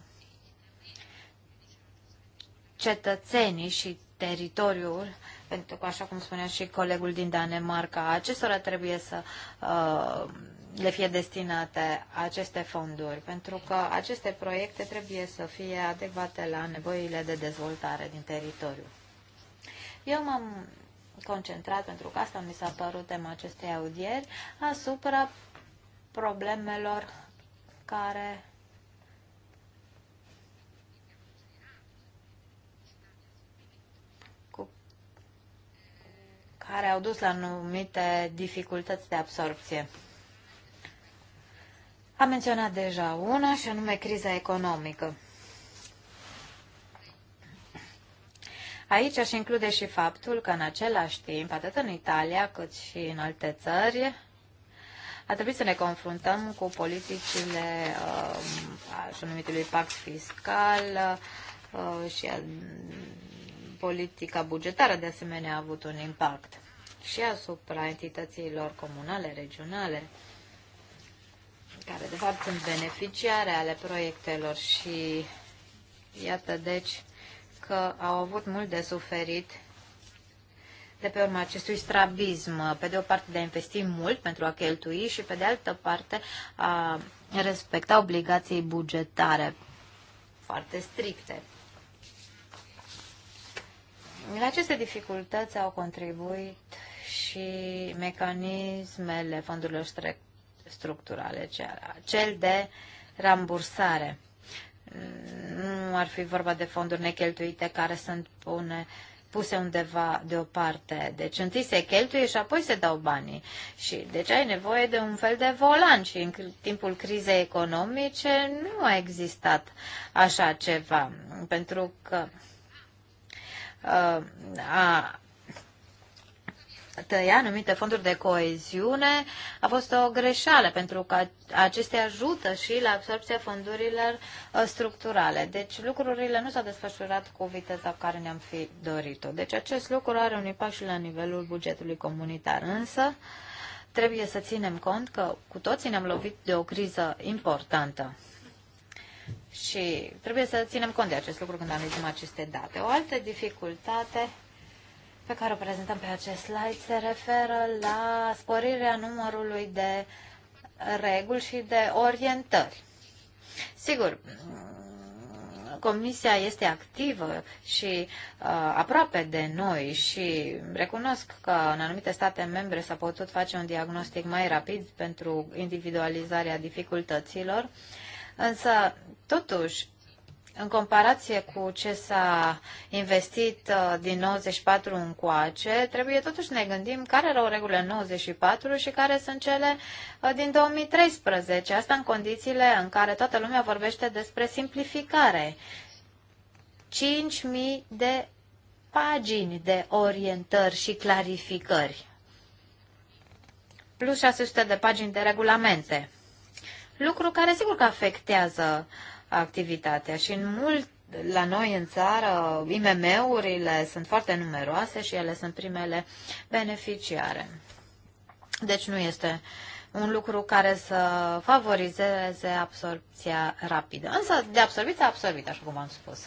cetățenii și teritoriul pentru că, așa cum spunea și colegul din Danemarca, acestora trebuie să uh, le fie destinate aceste fonduri, pentru că aceste proiecte trebuie să fie adecvate la nevoile de dezvoltare din teritoriu. Eu m-am concentrat, pentru că asta mi s-a părut tema acestei audieri, asupra problemelor care care au dus la anumite dificultăți de absorpție. Am menționat deja una și anume criza economică. Aici aș include și faptul că în același timp, atât în Italia cât și în alte țări, a trebuit să ne confruntăm cu politicile uh, așa numitului pact fiscal uh, și uh, politica bugetară de asemenea a avut un impact și asupra entităților comunale, regionale, care de fapt sunt beneficiare ale proiectelor și iată deci că au avut mult de suferit de pe urma acestui strabism, pe de o parte de a investi mult pentru a cheltui și pe de altă parte a respecta obligații bugetare foarte stricte. La aceste dificultăți au contribuit și mecanismele fondurilor structurale, cel de rambursare. Nu ar fi vorba de fonduri necheltuite care sunt pune, puse undeva deoparte. Deci întâi se cheltuie și apoi se dau banii. Și deci ai nevoie de un fel de volan și în timpul crizei economice nu a existat așa ceva. Pentru că uh, a, tăia anumite fonduri de coeziune a fost o greșeală, pentru că acestea ajută și la absorpția fondurilor uh, structurale. Deci lucrurile nu s-au desfășurat cu viteza care ne-am fi dorit-o. Deci acest lucru are un impact și la nivelul bugetului comunitar. Însă trebuie să ținem cont că cu toții ne-am lovit de o criză importantă. Și trebuie să ținem cont de acest lucru când analizăm aceste date. O altă dificultate pe care o prezentăm pe acest slide se referă la sporirea numărului de reguli și de orientări. Sigur, Comisia este activă și uh, aproape de noi și recunosc că în anumite state membre s-a putut face un diagnostic mai rapid pentru individualizarea dificultăților, însă totuși în comparație cu ce s-a investit uh, din 94 coace, trebuie totuși ne gândim care erau regulile 94 și care sunt cele uh, din 2013. Asta în condițiile în care toată lumea vorbește despre simplificare. 5.000 de pagini de orientări și clarificări, plus 600 de pagini de regulamente. Lucru care sigur că afectează uh, activitatea. Și în mult, la noi în țară, IMM-urile sunt foarte numeroase și ele sunt primele beneficiare. Deci nu este un lucru care să favorizeze absorpția rapidă. Însă de absorbit a absorbit, așa cum am spus.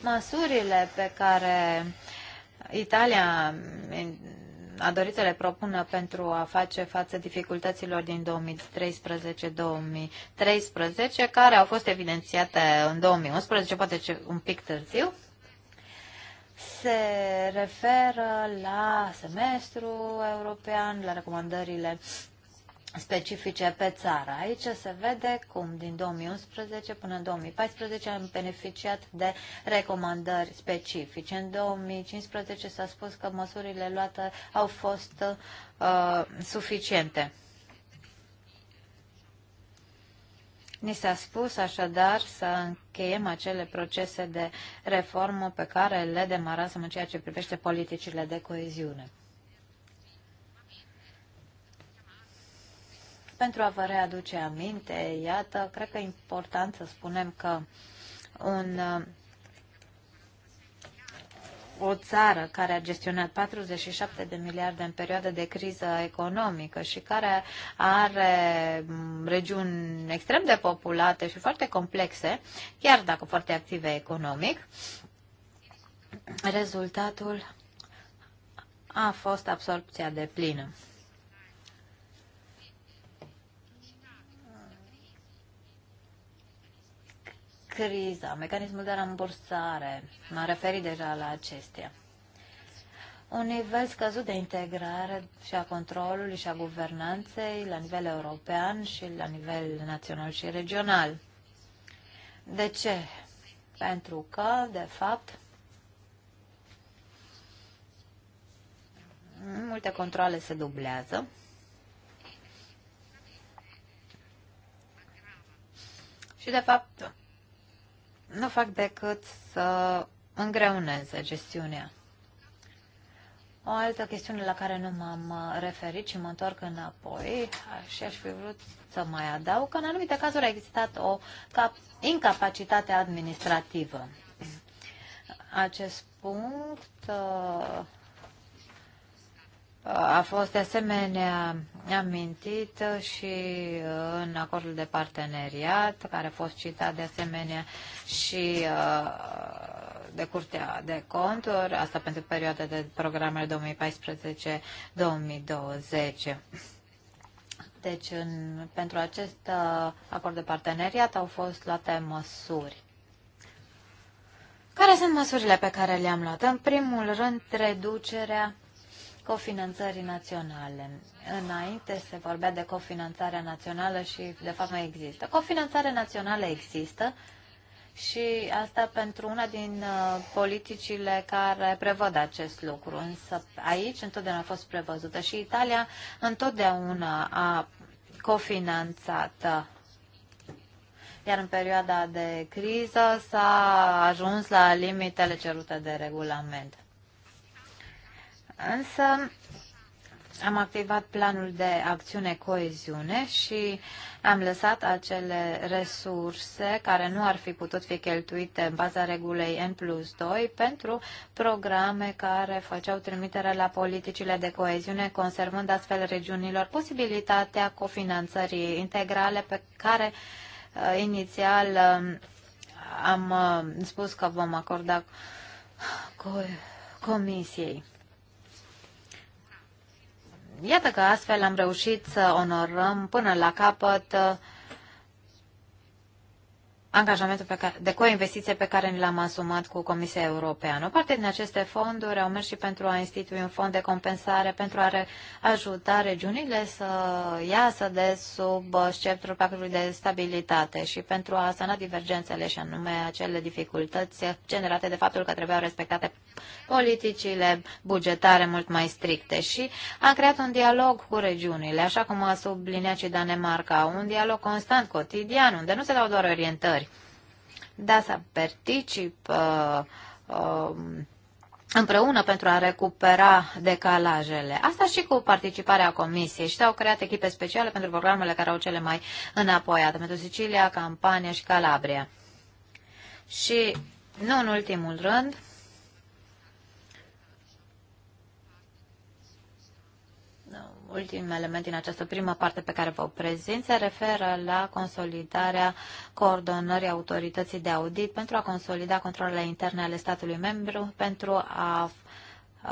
Măsurile pe care Italia a dorit să le propună pentru a face față dificultăților din 2013-2013, care au fost evidențiate în 2011, poate un pic târziu, se referă la semestru european, la recomandările specifice pe țară. Aici se vede cum din 2011 până în 2014 am beneficiat de recomandări specifice. În 2015 s-a spus că măsurile luate au fost uh, suficiente. Ni s-a spus așadar să încheiem acele procese de reformă pe care le demarasem în ceea ce privește politicile de coeziune. Pentru a vă readuce aminte, iată, cred că e important să spunem că un, uh, o țară care a gestionat 47 de miliarde în perioada de criză economică și care are mm, regiuni extrem de populate și foarte complexe, chiar dacă foarte active economic, rezultatul a fost absorpția de plină. criza, mecanismul de rambursare, m a referit deja la acestea. Un nivel scăzut de integrare și a controlului și a guvernanței la nivel european și la nivel național și regional. De ce? Pentru că, de fapt, multe controle se dublează. Și, de fapt, nu fac decât să îngreuneze gestiunea. O altă chestiune la care nu m-am referit și mă întorc înapoi și aș fi vrut să mai adaug că în anumite cazuri a existat o incapacitate administrativă. Acest punct uh, a fost de asemenea amintit și în acordul de parteneriat, care a fost citat de asemenea și uh, de Curtea de Conturi, asta pentru perioada de programare 2014-2020. Deci, în, pentru acest uh, acord de parteneriat au fost luate măsuri. Care sunt măsurile pe care le-am luat? În primul rând, reducerea cofinanțării naționale. Înainte se vorbea de cofinanțarea națională și de fapt nu există. Cofinanțarea națională există și asta pentru una din uh, politicile care prevăd acest lucru. Însă aici întotdeauna a fost prevăzută și Italia întotdeauna a cofinanțat iar în perioada de criză s-a ajuns la limitele cerute de regulament. Însă am activat planul de acțiune coeziune și am lăsat acele resurse care nu ar fi putut fi cheltuite în baza regulei N plus 2 pentru programe care făceau trimitere la politicile de coeziune, conservând astfel regiunilor posibilitatea cofinanțării integrale pe care uh, inițial um, am uh, spus că vom acorda comisiei. Iată că astfel am reușit să onorăm până la capăt angajamentul pe care, de coinvestiție pe care ni l-am asumat cu Comisia Europeană. O parte din aceste fonduri au mers și pentru a institui un fond de compensare pentru a re- ajuta regiunile să iasă de sub sceptrul pactului de stabilitate și pentru a sana divergențele și anume acele dificultăți generate de faptul că trebuiau respectate politicile bugetare mult mai stricte și am creat un dialog cu regiunile, așa cum a subliniat și Danemarca, un dialog constant, cotidian, unde nu se dau doar orientări, da, să particip uh, um, uh, împreună pentru a recupera decalajele. Asta și cu participarea comisiei. Și s-au creat echipe speciale pentru programele care au cele mai înapoiate, pentru Sicilia, Campania și Calabria. Și, nu în ultimul rând, ultim element din această primă parte pe care vă prezint se referă la consolidarea coordonării autorității de audit pentru a consolida controlele interne ale statului membru, pentru a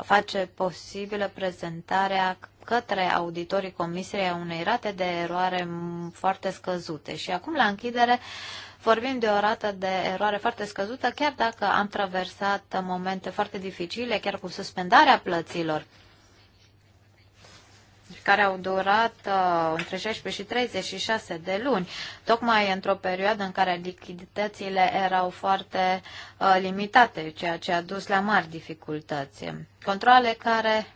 face posibilă prezentarea către auditorii Comisiei a unei rate de eroare foarte scăzute. Și acum, la închidere, vorbim de o rată de eroare foarte scăzută, chiar dacă am traversat momente foarte dificile, chiar cu suspendarea plăților care au durat uh, între 16 și 36 de luni, tocmai într-o perioadă în care lichiditățile erau foarte uh, limitate, ceea ce a dus la mari dificultăți. Controle care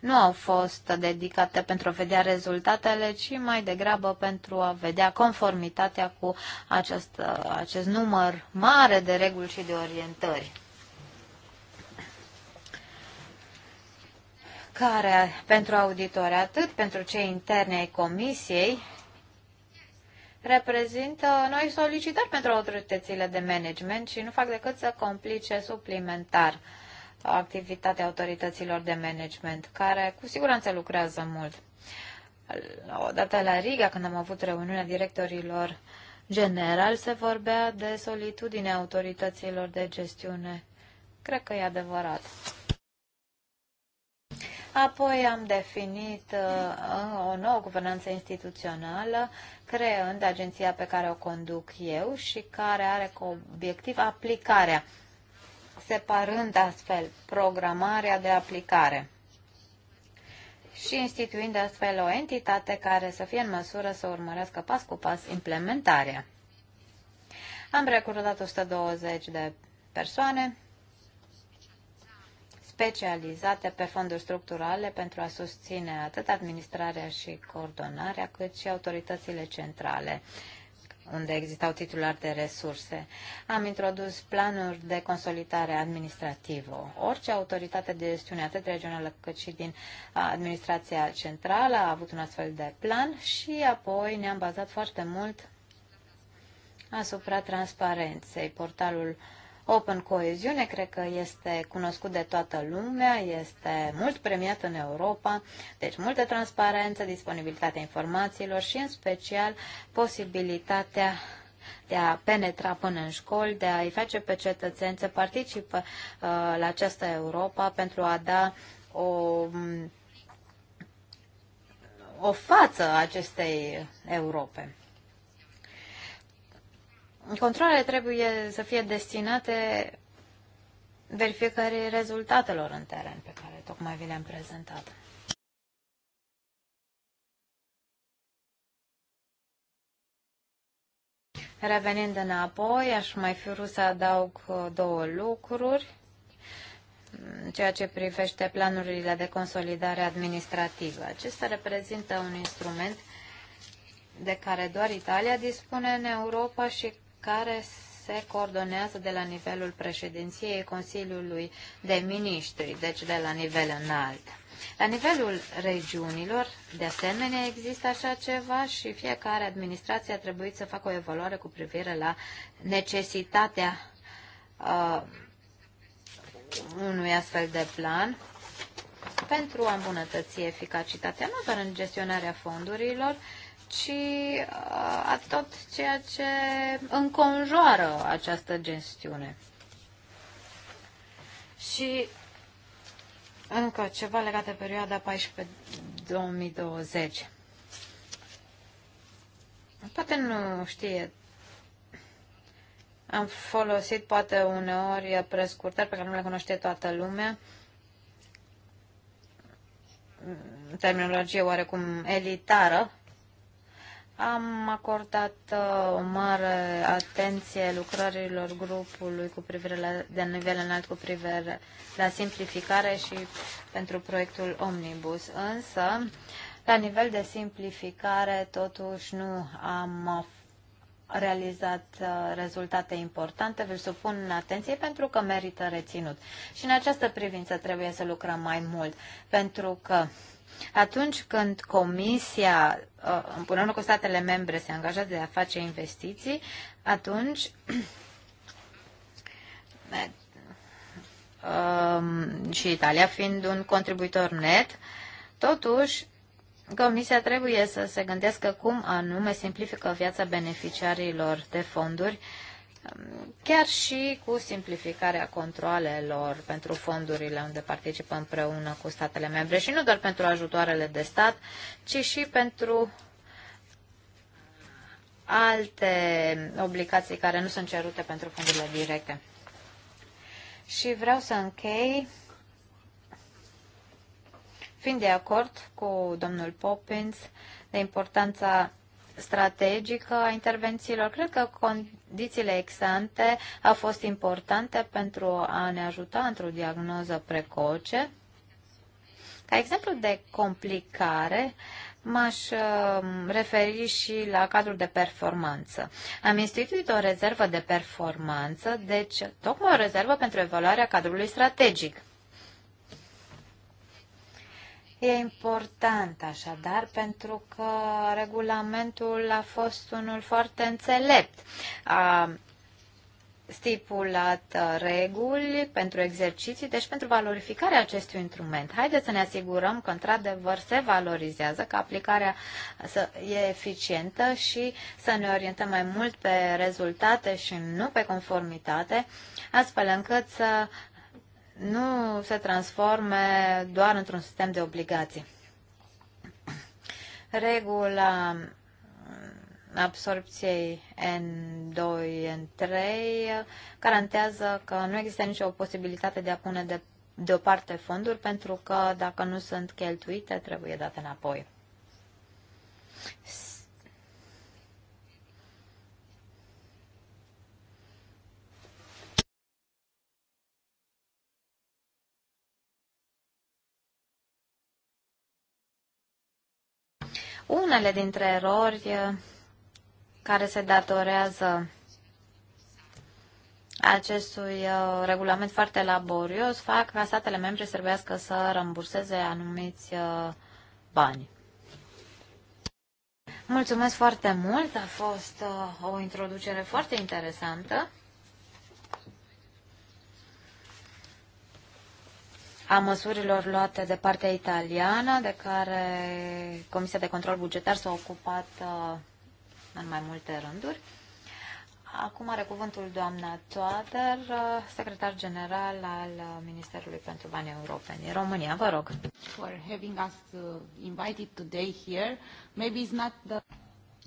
nu au fost dedicate pentru a vedea rezultatele, ci mai degrabă pentru a vedea conformitatea cu acest, uh, acest număr mare de reguli și de orientări. care pentru auditori, atât pentru cei interne ai comisiei, reprezintă noi solicitări pentru autoritățile de management și nu fac decât să complice suplimentar activitatea autorităților de management, care cu siguranță lucrează mult. Odată la Riga, când am avut reuniunea directorilor general, se vorbea de solitudine autorităților de gestiune. Cred că e adevărat. Apoi am definit uh, o nouă guvernanță instituțională, creând agenția pe care o conduc eu și care are ca obiectiv aplicarea, separând astfel programarea de aplicare și instituind astfel o entitate care să fie în măsură să urmărească pas cu pas implementarea. Am recrutat 120 de persoane specializate pe fonduri structurale pentru a susține atât administrarea și coordonarea, cât și autoritățile centrale unde existau titulari de resurse. Am introdus planuri de consolidare administrativă. Orice autoritate de gestiune, atât regională cât și din administrația centrală, a avut un astfel de plan și apoi ne-am bazat foarte mult asupra transparenței. Portalul uh, Open Coeziune cred că este cunoscut de toată lumea, este mult premiat în Europa, deci multă transparență, disponibilitatea informațiilor și în special posibilitatea de a penetra până în școli, de a-i face pe cetățeni să participă uh, la această Europa pentru a da o, mm, o față acestei Europe. Controlele trebuie să fie destinate verificării rezultatelor în teren pe care tocmai vi le-am prezentat. Revenind înapoi, aș mai fi vrut să adaug două lucruri ceea ce privește planurile de consolidare administrativă. Acesta reprezintă un instrument de care doar Italia dispune în Europa și care se coordonează de la nivelul președinției Consiliului de Ministri, deci de la nivel înalt. La nivelul regiunilor, de asemenea, există așa ceva și fiecare administrație a trebuit să facă o evaluare cu privire la necesitatea uh, unui astfel de plan pentru a îmbunătăți eficacitatea, nu doar în gestionarea fondurilor, ci uh, a tot ceea ce înconjoară această gestiune. Și încă ceva legat de perioada 14-2020. Poate nu știe. Am folosit poate uneori prescurtări pe care nu le cunoște toată lumea. Terminologie oarecum elitară, am acordat uh, o mare atenție lucrărilor grupului cu privire la, de nivel înalt cu privire la simplificare și pentru proiectul Omnibus. Însă, la nivel de simplificare, totuși nu am realizat uh, rezultate importante, Vă supun în atenție pentru că merită reținut. Și în această privință trebuie să lucrăm mai mult, pentru că atunci când Comisia, uh, împunând cu statele membre, se angajează de a face investiții, atunci um, și Italia fiind un contribuitor net, totuși Comisia trebuie să se gândească cum anume simplifică viața beneficiarilor de fonduri chiar și cu simplificarea controalelor pentru fondurile unde participăm împreună cu statele membre și nu doar pentru ajutoarele de stat, ci și pentru alte obligații care nu sunt cerute pentru fondurile directe. Și vreau să închei fiind de acord cu domnul Poppins de importanța strategică a intervențiilor. Cred că con- condițiile exante au fost importante pentru a ne ajuta într-o diagnoză precoce. Ca exemplu de complicare, m-aș uh, referi și la cadrul de performanță. Am instituit o rezervă de performanță, deci tocmai o rezervă pentru evaluarea cadrului strategic. E important așadar pentru că regulamentul a fost unul foarte înțelept. A stipulat uh, reguli pentru exerciții, deci pentru valorificarea acestui instrument. Haideți să ne asigurăm că într-adevăr se valorizează, că aplicarea să e eficientă și să ne orientăm mai mult pe rezultate și nu pe conformitate, astfel încât să nu se transforme doar într-un sistem de obligații. Regula absorpției N2, N3 garantează că nu există nicio posibilitate de a pune de, deoparte fonduri pentru că dacă nu sunt cheltuite, trebuie date înapoi. Unele dintre erori uh, care se datorează acestui uh, regulament foarte laborios fac ca statele membre să trebuiască să ramburseze anumiți uh, bani. Mulțumesc foarte mult, a fost o introducere foarte interesantă. a măsurilor luate de partea italiană, de care Comisia de Control Bugetar s-a ocupat uh, în mai multe rânduri. Acum are cuvântul doamna Toader, uh, secretar general al uh, Ministerului pentru Bani Europeni. România, vă rog. For having us invited today here, maybe it's not the...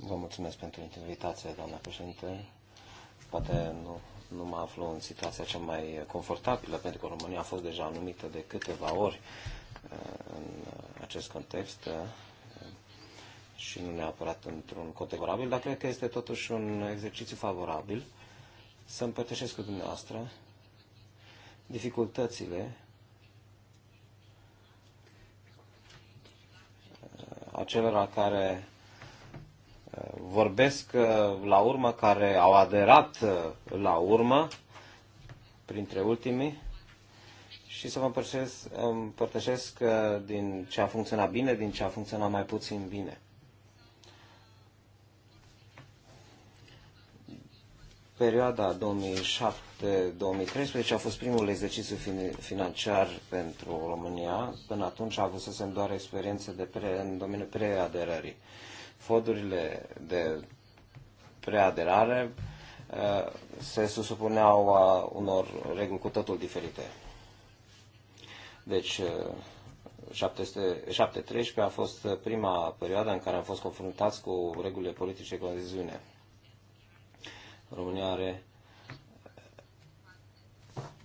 Vă mulțumesc pentru invitație, doamna președinte. Poate nu nu mă aflu în situația cea mai confortabilă, pentru că România a fost deja numită de câteva ori uh, în acest context uh, și nu neapărat într-un cod favorabil, dar cred că este totuși un exercițiu favorabil să împărtășesc cu dumneavoastră dificultățile uh, acelora care vorbesc uh, la urmă, care au aderat uh, la urmă, printre ultimii, și să vă împărtășesc, împărtășesc uh, din ce a funcționat bine, din ce a funcționat mai puțin bine. Perioada 2007-2013 a fost primul exercițiu financiar pentru România. Până atunci a avusesem doar experiențe de pre, în domeniul preaderării. Uh, fondurile de preaderare uh, se susupuneau a uh, unor reguli cu totul diferite. Deci, 713 uh, a fost prima perioadă în care am fost confruntați cu regulile politice ziune. România are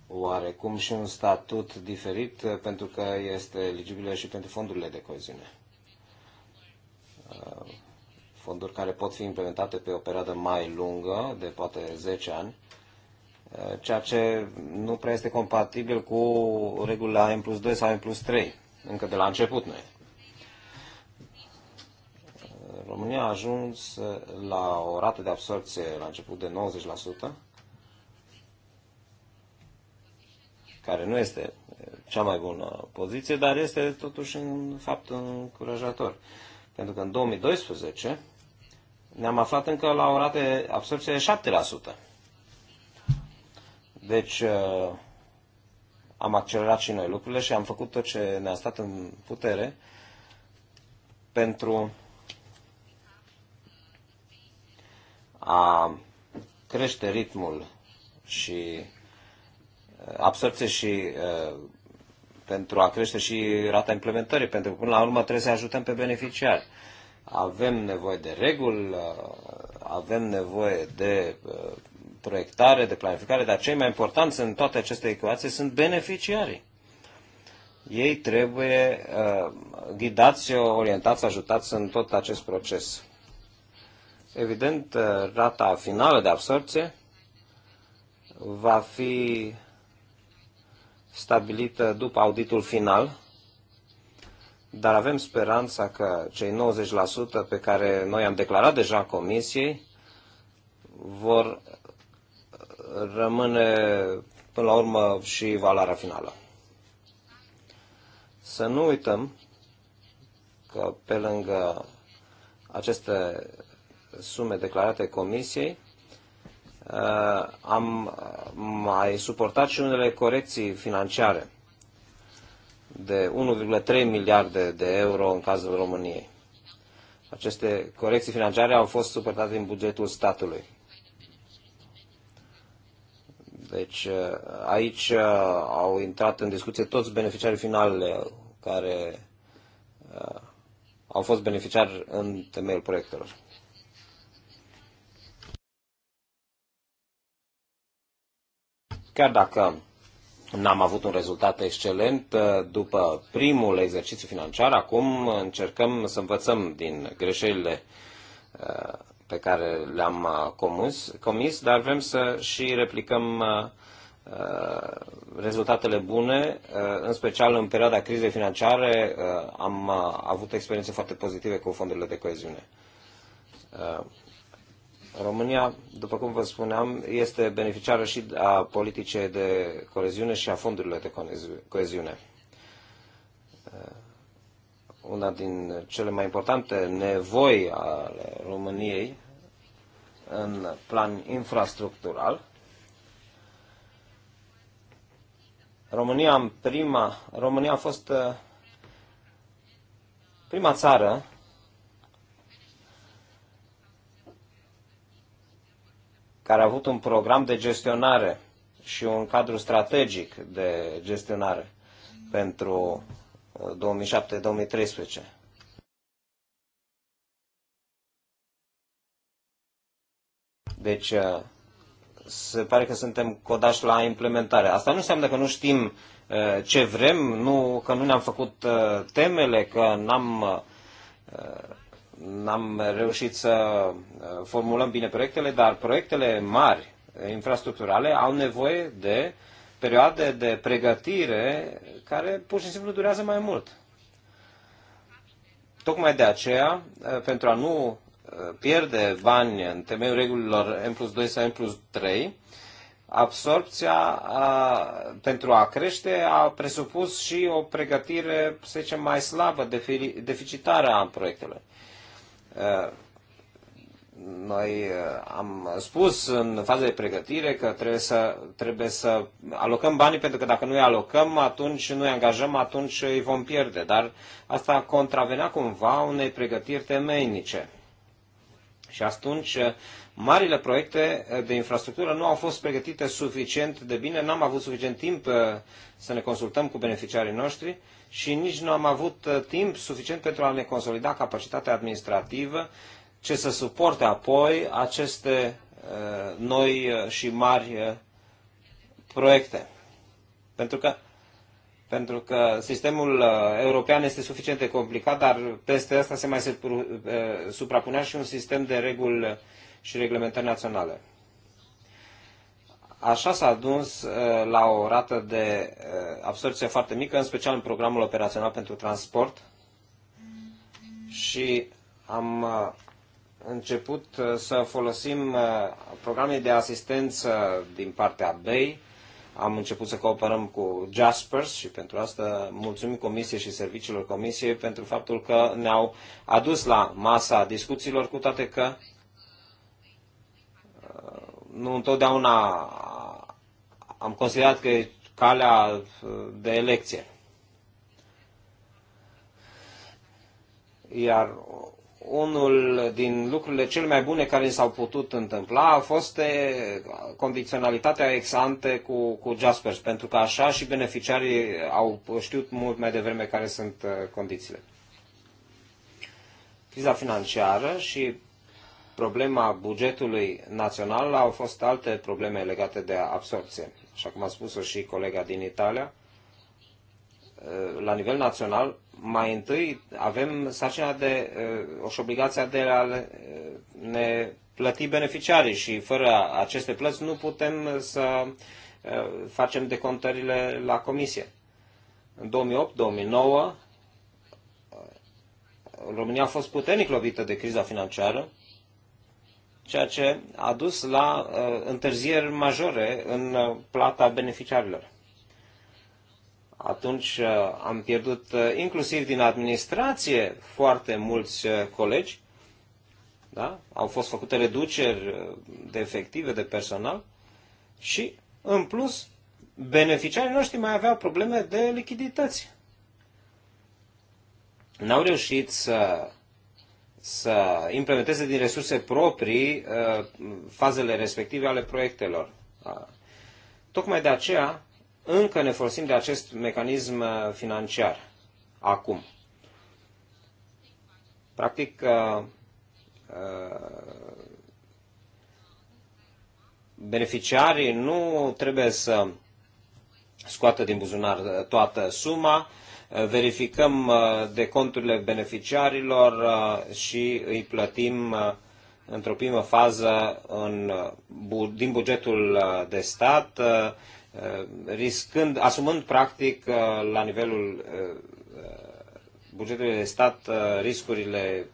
oarecum și un statut diferit pentru că este eligibilă și pentru fondurile de coeziune fonduri care pot fi implementate pe o perioadă mai lungă, de poate 10 ani, eh, ceea ce nu prea este compatibil cu regula AM plus 2 sau AM plus 3, încă de la început noi. Eh, România a ajuns la o rată de absorpție la început de 90%, care nu este eh, cea mai bună poziție, dar este totuși un fapt încurajator. Pentru că în 2012 ne-am aflat încă la o rată absorpție de 7%. Deci uh, am accelerat și noi lucrurile și am făcut tot ce ne-a stat în putere pentru a crește ritmul și uh, absorpție și uh, pentru a crește și rata implementării, pentru că până la urmă trebuie să ajutăm pe beneficiari. Uh, avem nevoie de reguli, uh, avem nevoie de uh, proiectare, de planificare, dar cei mai importanți în toate aceste ecuații sunt beneficiarii. Ei trebuie uh, ghidați, orientați, ajutați în tot acest proces. Evident, rata finală de absorpție va fi stabilită după auditul final, dar avem speranța că cei 90% pe care noi am declarat deja comisiei vor rămâne până la urmă și valoarea finală. Să nu uităm că pe lângă aceste sume declarate comisiei, uh, am mai suportat și unele corecții financiare de 1,3 miliarde de euro în cazul României. Aceste corecții financiare au fost suportate din bugetul statului. Deci eh, aici eh, au intrat în discuție toți beneficiarii finale care eh, au fost beneficiari în temeiul proiectelor. Chiar dacă N-am avut un rezultat excelent uh, după primul exercițiu financiar. Acum încercăm să învățăm din greșelile uh, pe care le-am uh, comis, comis, dar vrem să și replicăm rezultatele bune, în special în perioada crizei financiare am avut experiențe foarte pozitive cu fondurile de coeziune. România, după cum vă spuneam, este beneficiară și a politicii de coeziune și a fondurilor de coeziune. Uh, una din cele mai importante nevoi ale României în plan infrastructural. România, în prima, România a fost uh, prima țară care a avut un program de gestionare și un cadru strategic de gestionare pentru 2007-2013. Uh, deci, uh, se pare că suntem codași la implementare. Asta nu înseamnă că nu știm uh, ce vrem, nu, că nu ne-am făcut temele, că n-am n-am reușit să uh, formulăm bine proiectele, dar proiectele mari, eh, infrastructurale, au nevoie de perioade de pregătire care pur și simplu durează mai mult. Tocmai de aceea, eh, pentru a nu eh, pierde bani în temeiul regulilor M plus 2 sau M plus 3, absorpția a, pentru a crește a presupus și o pregătire, să zicem, mai slabă, deficitară a proiectelor. Uh, noi uh, am spus în faza de pregătire că trebuie să, trebuie să alocăm banii, pentru că dacă nu îi alocăm, atunci nu îi angajăm, atunci îi vom pierde. Dar asta contravenea cumva unei pregătiri temeinice. Și atunci uh, Marile proiecte eh, de infrastructură nu au fost pregătite suficient de bine, n-am avut suficient timp eh, să ne consultăm cu beneficiarii noștri și nici nu am avut eh, timp suficient pentru a ne consolida capacitatea administrativă ce să suporte apoi aceste noi și mari proiecte. Pentru că pentru că sistemul european este suficient de complicat, dar peste asta se mai se suprapunea și un sistem de reguli și reglementări naționale. Așa s-a adus uh, la o rată de uh, absorție foarte mică, în special în programul operațional pentru transport. Și am uh, început să folosim programe de asistență din partea BEI. Am început să cooperăm cu Jaspers și pentru asta mulțumim Comisiei și serviciilor Comisiei pentru faptul că ne-au adus la masa discuțiilor, cu toate că nu întotdeauna am considerat că e calea uh, de elecție. Iar unul din lucrurile cele mai bune care s-au putut întâmpla a fost uh, condiționalitatea ex ante cu, cu Jaspers, pentru că așa și beneficiarii au știut mult mai devreme care sunt uh, condițiile. Criza financiară și problema bugetului național au fost alte probleme legate de absorpție. Așa cum a spus-o și colega din Italia, la nivel național, mai întâi avem sarcina de, eh, și obligația de a eh, ne plăti beneficiarii și fără aceste plăți nu putem să eh, facem decontările la comisie. În 2008-2009, România a fost puternic lovită de criza financiară ceea ce a dus la uh, întârzieri majore în uh, plata beneficiarilor. Atunci uh, am pierdut inclusiv din administrație foarte mulți colegi, da? au fost făcute reduceri de efective, de personal și, în plus, beneficiarii noștri mai aveau probleme de lichidități. N-au reușit să să implementeze din resurse proprii uh, fazele respective ale proiectelor. Uh, tocmai de aceea încă ne folosim de acest mecanism uh, financiar acum. Practic, beneficiarii nu trebuie să scoată din buzunar toată suma, Eh, verificăm eh, de conturile beneficiarilor eh, și îi plătim într-o primă fază în, din bugetul de stat, riscând, asumând practic la nivelul bugetului de stat riscurile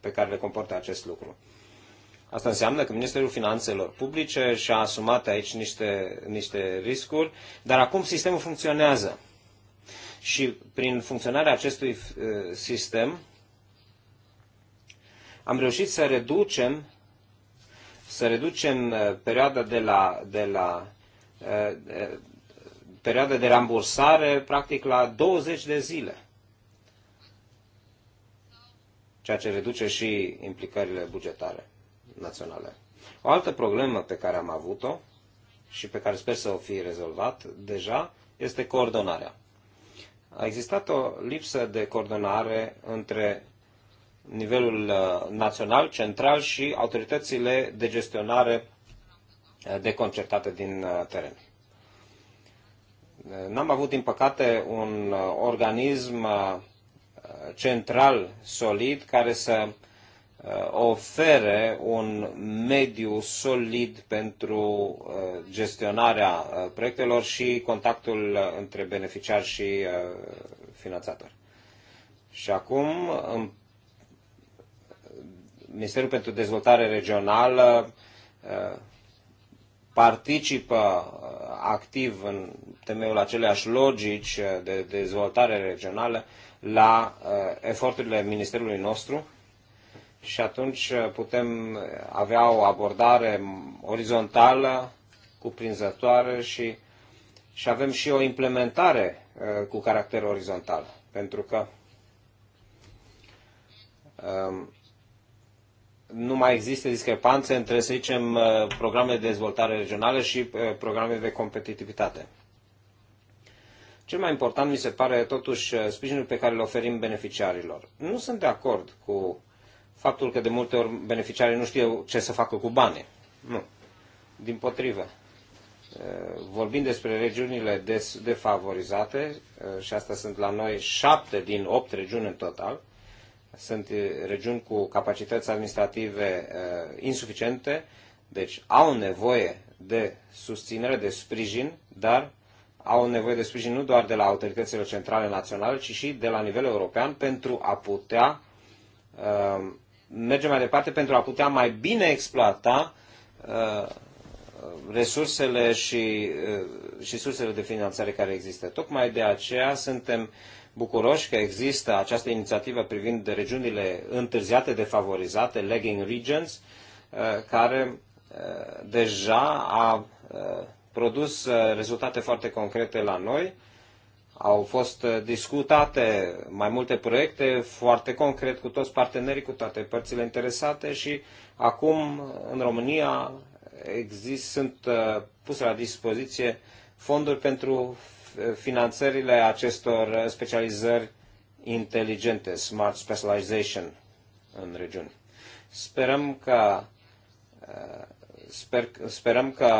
pe care le comportă acest lucru. Asta înseamnă că Ministerul Finanțelor Publice și-a asumat aici niște, niște riscuri, dar acum sistemul funcționează. Și prin funcționarea acestui uh, sistem am reușit să reducem să reducem uh, perioada de la, de la uh, perioada de rambursare practic la 20 de zile. Ceea ce reduce și implicările bugetare naționale. O altă problemă pe care am avut-o și pe care sper să o fi rezolvat deja este coordonarea. A existat o lipsă de coordonare între nivelul uh, național, central și autoritățile de gestionare uh, deconcertate din uh, teren. N-am avut, din păcate, un organism central solid care să Uh, ofere un mediu solid pentru uh, gestionarea uh, proiectelor și contactul între beneficiar și finanțator. Și acum, Ministerul pentru Dezvoltare Regională participă activ în temeiul aceleași logici de dezvoltare regională la eforturile Ministerului nostru și atunci uh, putem avea o abordare orizontală, cuprinzătoare și, și avem și o implementare uh, cu caracter orizontal. Pentru că um, nu mai există discrepanțe între, să zicem, uh, programe de dezvoltare regională și programe de competitivitate. Cel mai important mi se pare totuși sprijinul pe care îl oferim beneficiarilor. Nu sunt de acord cu faptul că de multe ori beneficiarii nu știu ce să facă cu bani, Nu. Din potrivă. Vorbim despre regiunile defavorizate și asta sunt la noi șapte din opt regiuni în total. Sunt regiuni cu capacități administrative insuficiente, deci au nevoie de susținere, de sprijin, dar au nevoie de sprijin nu doar de la autoritățile centrale naționale, ci și de la nivel european pentru a putea uh, merge mai departe pentru a putea mai bine exploata uh, resursele și, uh, și sursele de finanțare care există. Tocmai de aceea suntem bucuroși că există această inițiativă privind de regiunile întârziate, defavorizate, lagging regions, uh, care deja a produs rezultate foarte concrete la noi au fost uh, discutate mai multe proiecte foarte concret cu toți partenerii, cu toate părțile interesate și acum în România exist, sunt uh, puse la dispoziție fonduri pentru uh, finanțările acestor specializări inteligente, smart specialization în regiuni. Sperăm că Sper, sperăm că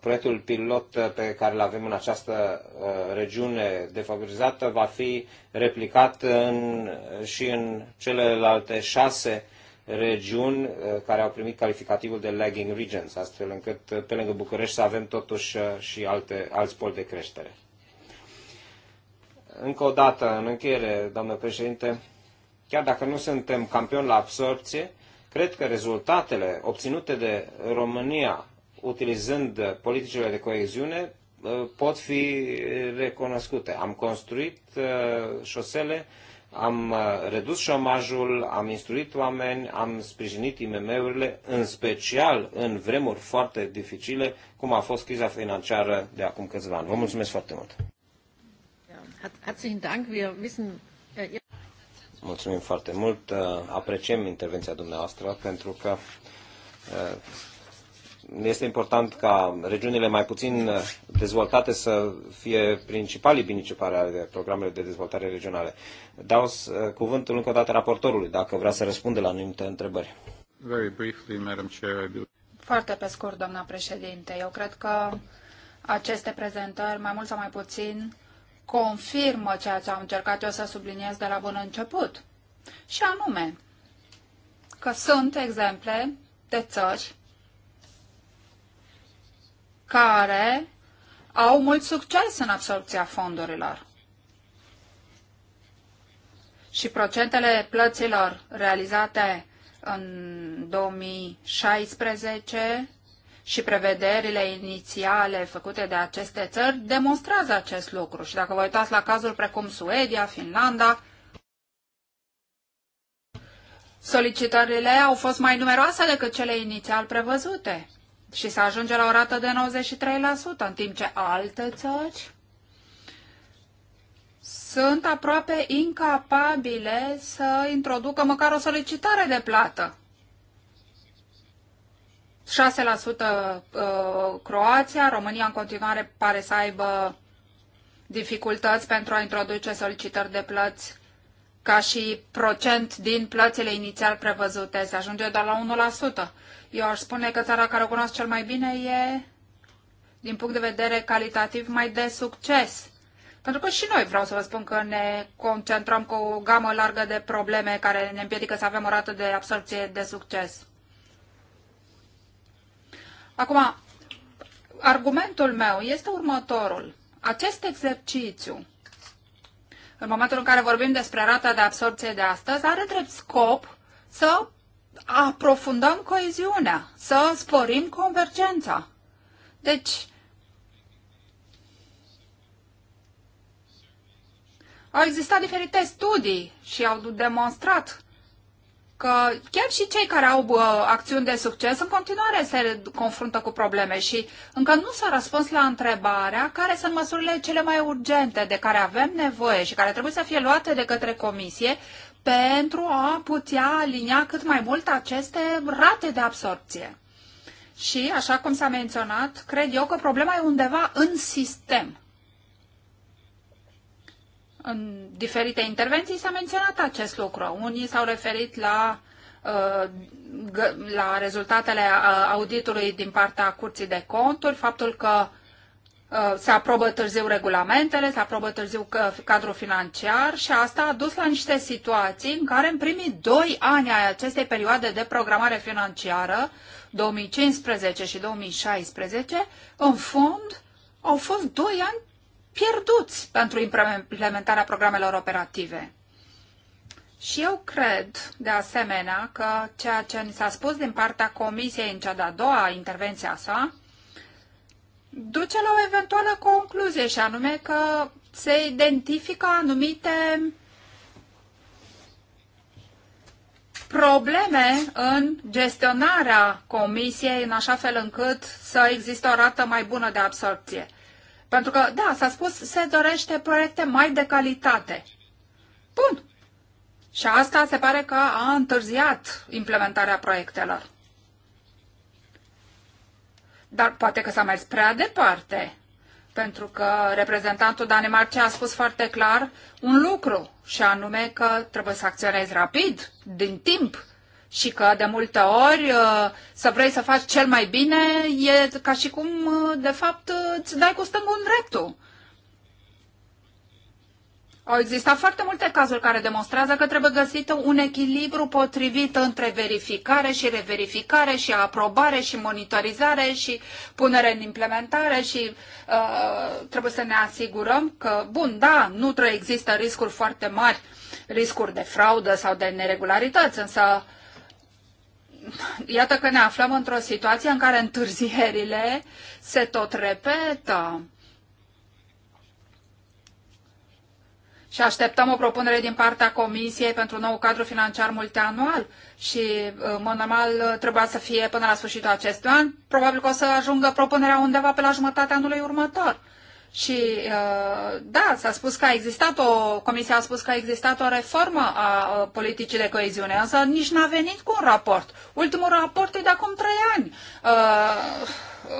proiectul pilot pe care îl avem în această uh, regiune defavorizată va fi replicat în, și în celelalte șase regiuni uh, care au primit calificativul de lagging regions, astfel încât uh, pe lângă București să avem totuși și alte, alți poli de creștere. Încă o dată, în încheiere, doamnă președinte, chiar dacă nu suntem campioni la absorpție, Cred că rezultatele obținute de România utilizând politicile de coeziune uh, pot fi recunoscute. Am construit uh, șosele, am uh, redus șomajul, am instruit oameni, am sprijinit IMM-urile, în special în vremuri foarte dificile, cum a fost criza financiară de acum câțiva ani. Vă mulțumesc foarte mult! Mulțumim foarte mult. Uh, apreciem intervenția dumneavoastră pentru că uh, este important ca regiunile mai puțin uh, dezvoltate să fie principalii beneficiari ale programelor de dezvoltare regionale. Dau cuvântul încă o dată raportorului, dacă vrea să răspunde la anumite întrebări. Very briefly, Madam Chair, I Foarte pe scurt, doamna președinte. Eu cred că aceste prezentări, mai mult sau mai puțin, confirmă ceea ce am încercat eu să subliniez de la bun început. Și anume, că sunt exemple de țări care au mult succes în absorpția fondurilor. Și procentele plăților realizate în 2016 și prevederile inițiale făcute de aceste țări demonstrează acest lucru. Și dacă vă uitați la cazuri precum Suedia, Finlanda, solicitările au fost mai numeroase decât cele inițial prevăzute și se ajunge la o rată de 93%, în timp ce alte țări sunt aproape incapabile să introducă măcar o solicitare de plată. 6% uh, Croația, România în continuare pare să aibă dificultăți pentru a introduce solicitări de plăți ca și procent din plățile inițial prevăzute. Se ajunge doar la 1%. Eu aș spune că țara care o cunosc cel mai bine e, din punct de vedere calitativ, mai de succes. Pentru că și noi vreau să vă spun că ne concentrăm cu o gamă largă de probleme care ne împiedică să avem o rată de absorpție de succes. Acum, argumentul meu este următorul. Acest exercițiu, în momentul în care vorbim despre rata de absorpție de astăzi, are drept scop să aprofundăm coeziunea, să sporim convergența. Deci, au existat diferite studii și au demonstrat că chiar și cei care au acțiuni de succes în continuare se confruntă cu probleme și încă nu s-a răspuns la întrebarea care sunt măsurile cele mai urgente de care avem nevoie și care trebuie să fie luate de către comisie pentru a putea alinia cât mai mult aceste rate de absorpție. Și, așa cum s-a menționat, cred eu că problema e undeva în sistem. În diferite intervenții s-a menționat acest lucru. Unii s-au referit la, uh, la rezultatele uh, auditului din partea Curții de Conturi, faptul că uh, se aprobă târziu regulamentele, se aprobă târziu cadrul financiar și asta a dus la niște situații în care în primii doi ani ai acestei perioade de programare financiară, 2015 și 2016, în fond, au fost doi ani pierduți pentru implementarea programelor operative. Și eu cred, de asemenea, că ceea ce ni s-a spus din partea Comisiei în cea de-a doua intervenție a sa, duce la o eventuală concluzie, și anume că se identifică anumite probleme în gestionarea comisiei, în așa fel încât să existe o rată mai bună de absorpție. Pentru că, da, s-a spus, se dorește proiecte mai de calitate. Bun. Și asta se pare că a întârziat implementarea proiectelor. Dar poate că s-a mers prea departe, pentru că reprezentantul Danemarcei a spus foarte clar un lucru, și anume că trebuie să acționezi rapid, din timp, și că de multe ori uh, să vrei să faci cel mai bine e ca și cum, uh, de fapt, uh, îți dai cu stângul în dreptul. Au existat foarte multe cazuri care demonstrează că trebuie găsit un echilibru potrivit între verificare și reverificare și aprobare și monitorizare și punere în implementare și uh, trebuie să ne asigurăm că, bun, da, nu trebuie există riscuri foarte mari, riscuri de fraudă sau de neregularități, însă uh, iată că ne aflăm într-o situație în care întârzierile se tot repetă. și așteptăm o propunere din partea Comisiei pentru un nou cadru financiar multianual și, în mod normal, trebuia să fie până la sfârșitul acestui an. Probabil că o să ajungă propunerea undeva pe la jumătatea anului următor. Și uh, da, s-a spus că a existat o, Comisia a spus că a existat o reformă a uh, politicii de coeziune, însă nici n-a venit cu un raport. Ultimul raport e de acum trei ani. Uh,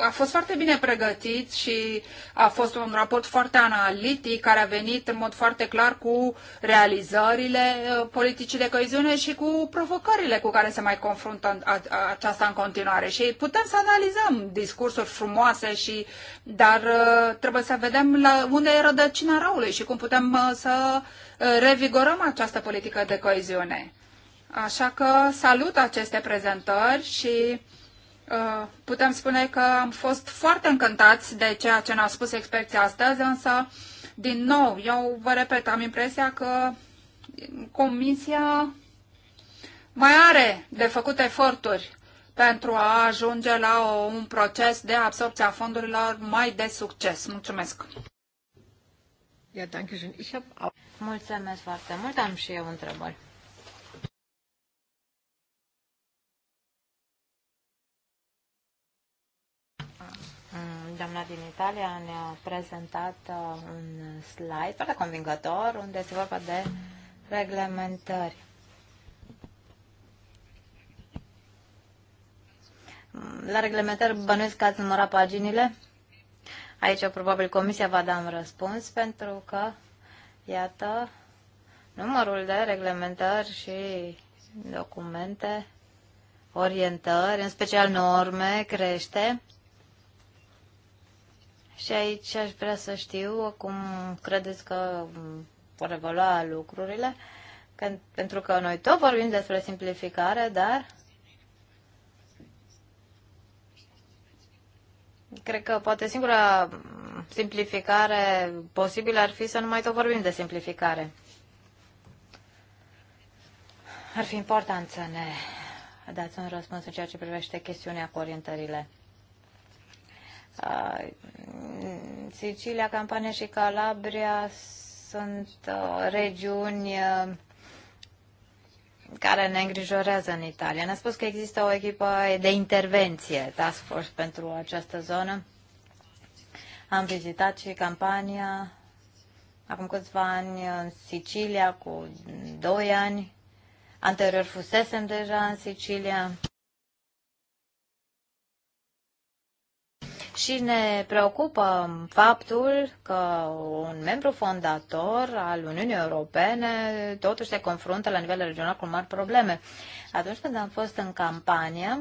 a fost foarte bine pregătit și a fost un raport foarte analitic care a venit în mod foarte clar cu realizările uh, politicii de coeziune și cu provocările cu care se mai confruntă aceasta în continuare. Și putem să analizăm discursuri frumoase și dar uh, trebuie să vedem la unde e rădăcina răului și cum putem uh, să revigorăm această politică de coeziune. Așa că salut aceste prezentări și Uh, putem spune că am fost foarte încântați de ceea ce ne-au spus experții astăzi, însă, din nou, eu vă repet, am impresia că Comisia mai are de făcut eforturi pentru a ajunge la o, un proces de absorpție a fondurilor mai de succes. Mulțumesc! Mulțumesc foarte mult, am și eu întrebări. Doamna din Italia ne-a prezentat uh, un slide foarte convingător unde este vorba de reglementări. La reglementări bănuiesc că ați numărat paginile. Aici probabil comisia va da un răspuns pentru că, iată, numărul de reglementări și documente, orientări, în special norme, crește. Și aici aș vrea să știu cum credeți că vor evolua lucrurile, pentru că noi tot vorbim despre simplificare, dar cred că poate singura simplificare posibilă ar fi să nu mai tot vorbim de simplificare. Ar fi important să ne dați un răspuns în ceea ce privește chestiunea cu orientările. Sicilia, Campania și Calabria sunt regiuni care ne îngrijorează în Italia. Ne-a spus că există o echipă de intervenție, task force, pentru această zonă. Am vizitat și campania acum câțiva ani în Sicilia, cu doi ani. Anterior fusesem deja în Sicilia. și ne preocupă faptul că un membru fondator al Uniunii Europene totuși se confruntă la nivel regional cu mari probleme. Atunci când am fost în campania,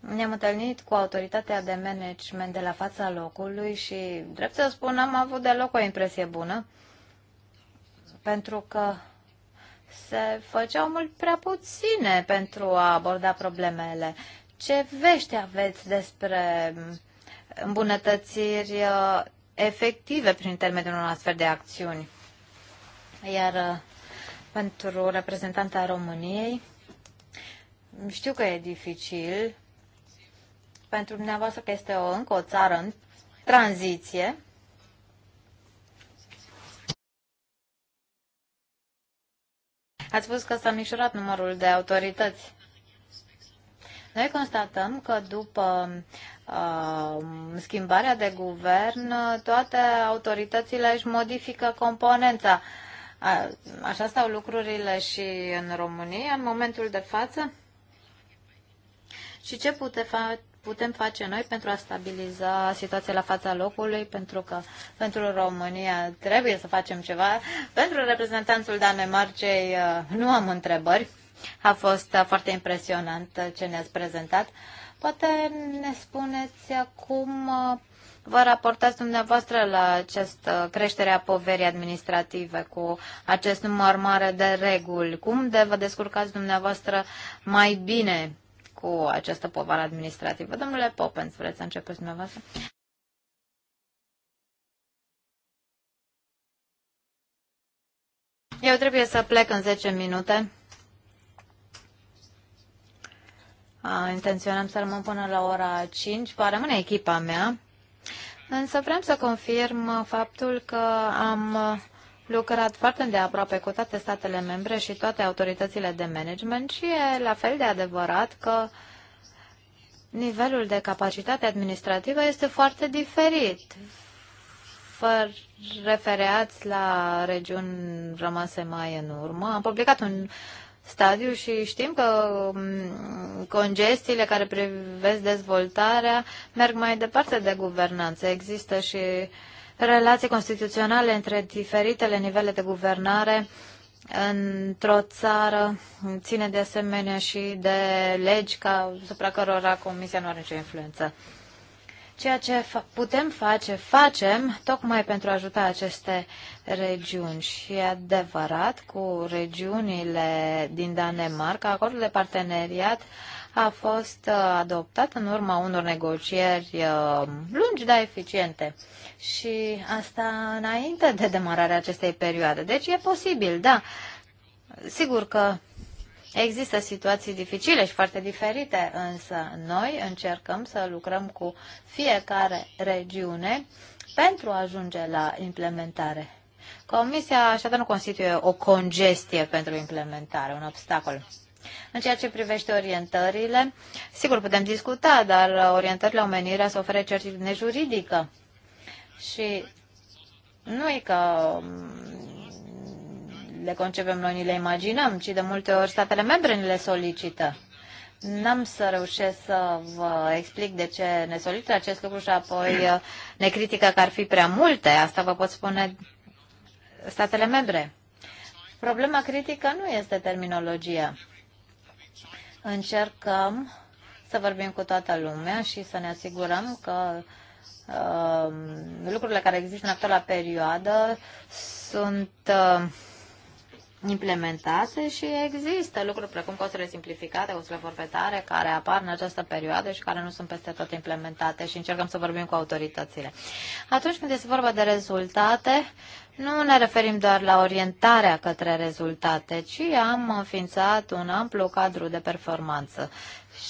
ne-am întâlnit cu autoritatea de management de la fața locului și, drept să spun, am avut deloc o impresie bună, pentru că se făceau mult prea puține pentru a aborda problemele. Ce vești aveți despre îmbunătățiri uh, efective prin intermediul unor astfel de acțiuni? Iar uh, pentru reprezentanta României, știu că e dificil, pentru dumneavoastră că este o, încă o țară în tranziție, Ați spus că s-a micșorat numărul de autorități noi constatăm că după uh, schimbarea de guvern, toate autoritățile își modifică componența. așa stau lucrurile și în România, în momentul de față? Și ce pute fa- putem face noi pentru a stabiliza situația la fața locului, pentru că pentru România trebuie să facem ceva. Pentru reprezentanțul Danemarcei uh, nu am întrebări. A fost foarte impresionant ce ne-ați prezentat. Poate ne spuneți acum vă raportați dumneavoastră la această creștere a poverii administrative cu acest număr mare de reguli? Cum de vă descurcați dumneavoastră mai bine cu această povară administrativă? Domnule Popens, vreți să începeți dumneavoastră? Eu trebuie să plec în 10 minute. intenționăm intenționam să rămân până la ora 5, va rămâne echipa mea, însă vrem să confirm faptul că am lucrat foarte de aproape cu toate statele membre și toate autoritățile de management și e la fel de adevărat că nivelul de capacitate administrativă este foarte diferit. Vă refereați la regiuni rămase mai în urmă. Am publicat un stadiu și știm că mm, congestiile care privesc dezvoltarea merg mai departe de guvernanță. Există și relații constituționale între diferitele nivele de guvernare într-o țară ține de asemenea și de legi ca supra cărora Comisia nu are nicio influență. Ceea ce fa- putem face, facem, tocmai pentru a ajuta aceste regiuni și e adevărat cu regiunile din Danemarca, acordul de parteneriat a fost uh, adoptat în urma unor negocieri uh, lungi, dar eficiente. Și asta înainte de demararea acestei perioade. Deci e posibil, da. Sigur că Există situații dificile și foarte diferite, însă noi încercăm să lucrăm cu fiecare regiune pentru a ajunge la implementare. Comisia așadar nu constituie o congestie pentru implementare, un obstacol. În ceea ce privește orientările, sigur putem discuta, dar orientările omenirea să ofere certitudine juridică. Și nu e că mm, le concepem noi, ni le imaginăm, ci de multe ori statele membre ni le solicită. N-am să reușesc să vă explic de ce ne solicită acest lucru și apoi ne critică că ar fi prea multe. Asta vă pot spune statele membre. Problema critică nu este terminologia. Încercăm să vorbim cu toată lumea și să ne asigurăm că uh, lucrurile care există în actuala perioadă sunt uh, implementate și există lucruri precum costurile simplificate, costurile forfetare care apar în această perioadă și care nu sunt peste tot implementate și încercăm să vorbim cu autoritățile. Atunci când este vorba de rezultate, nu ne referim doar la orientarea către rezultate, ci am înființat un amplu cadru de performanță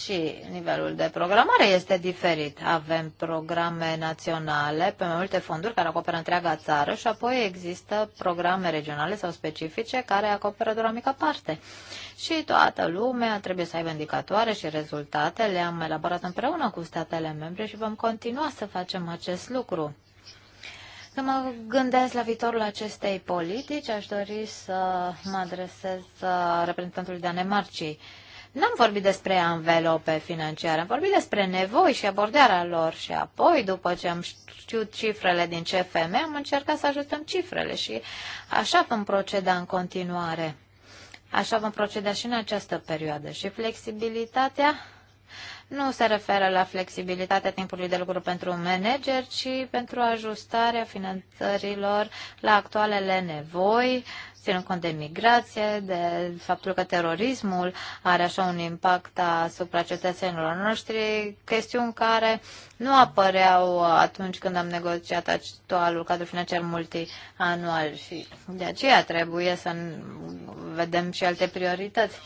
și nivelul de programare este diferit. Avem programe naționale pe mai multe fonduri care acoperă întreaga țară și apoi există programe regionale sau specifice care acoperă doar o mică parte. Și toată lumea trebuie să aibă indicatoare și rezultate. Le-am elaborat împreună cu statele membre și vom continua să facem acest lucru. Să mă gândesc la viitorul acestei politici, aș dori să mă adresez uh, reprezentantului Danemarcii. N-am vorbit despre anvelope financiare, am vorbit despre nevoi și abordarea lor și apoi, după ce am știut cifrele din CFM, am încercat să ajutăm cifrele și așa vom proceda în continuare. Așa vom proceda și în această perioadă și flexibilitatea nu se referă la flexibilitatea timpului de lucru pentru un manager, ci pentru ajustarea finanțărilor la actualele nevoi, ținând cont de migrație, de faptul că terorismul are așa un impact asupra cetățenilor noștri, chestiuni care nu apăreau atunci când am negociat actualul cadru financiar multianual și de aceea trebuie să vedem și alte priorități.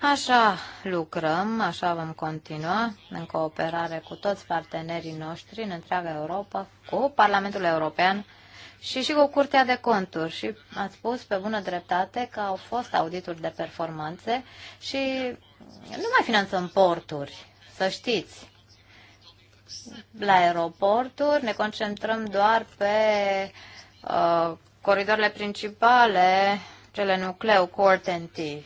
Așa lucrăm, așa vom continua în cooperare cu toți partenerii noștri în întreaga Europa, cu Parlamentul European și și cu Curtea de Conturi. Și ați spus pe bună dreptate că au fost audituri de performanțe și nu mai finanțăm porturi, să știți. La aeroporturi ne concentrăm doar pe uh, coridoarele principale, cele nucleu, and tea.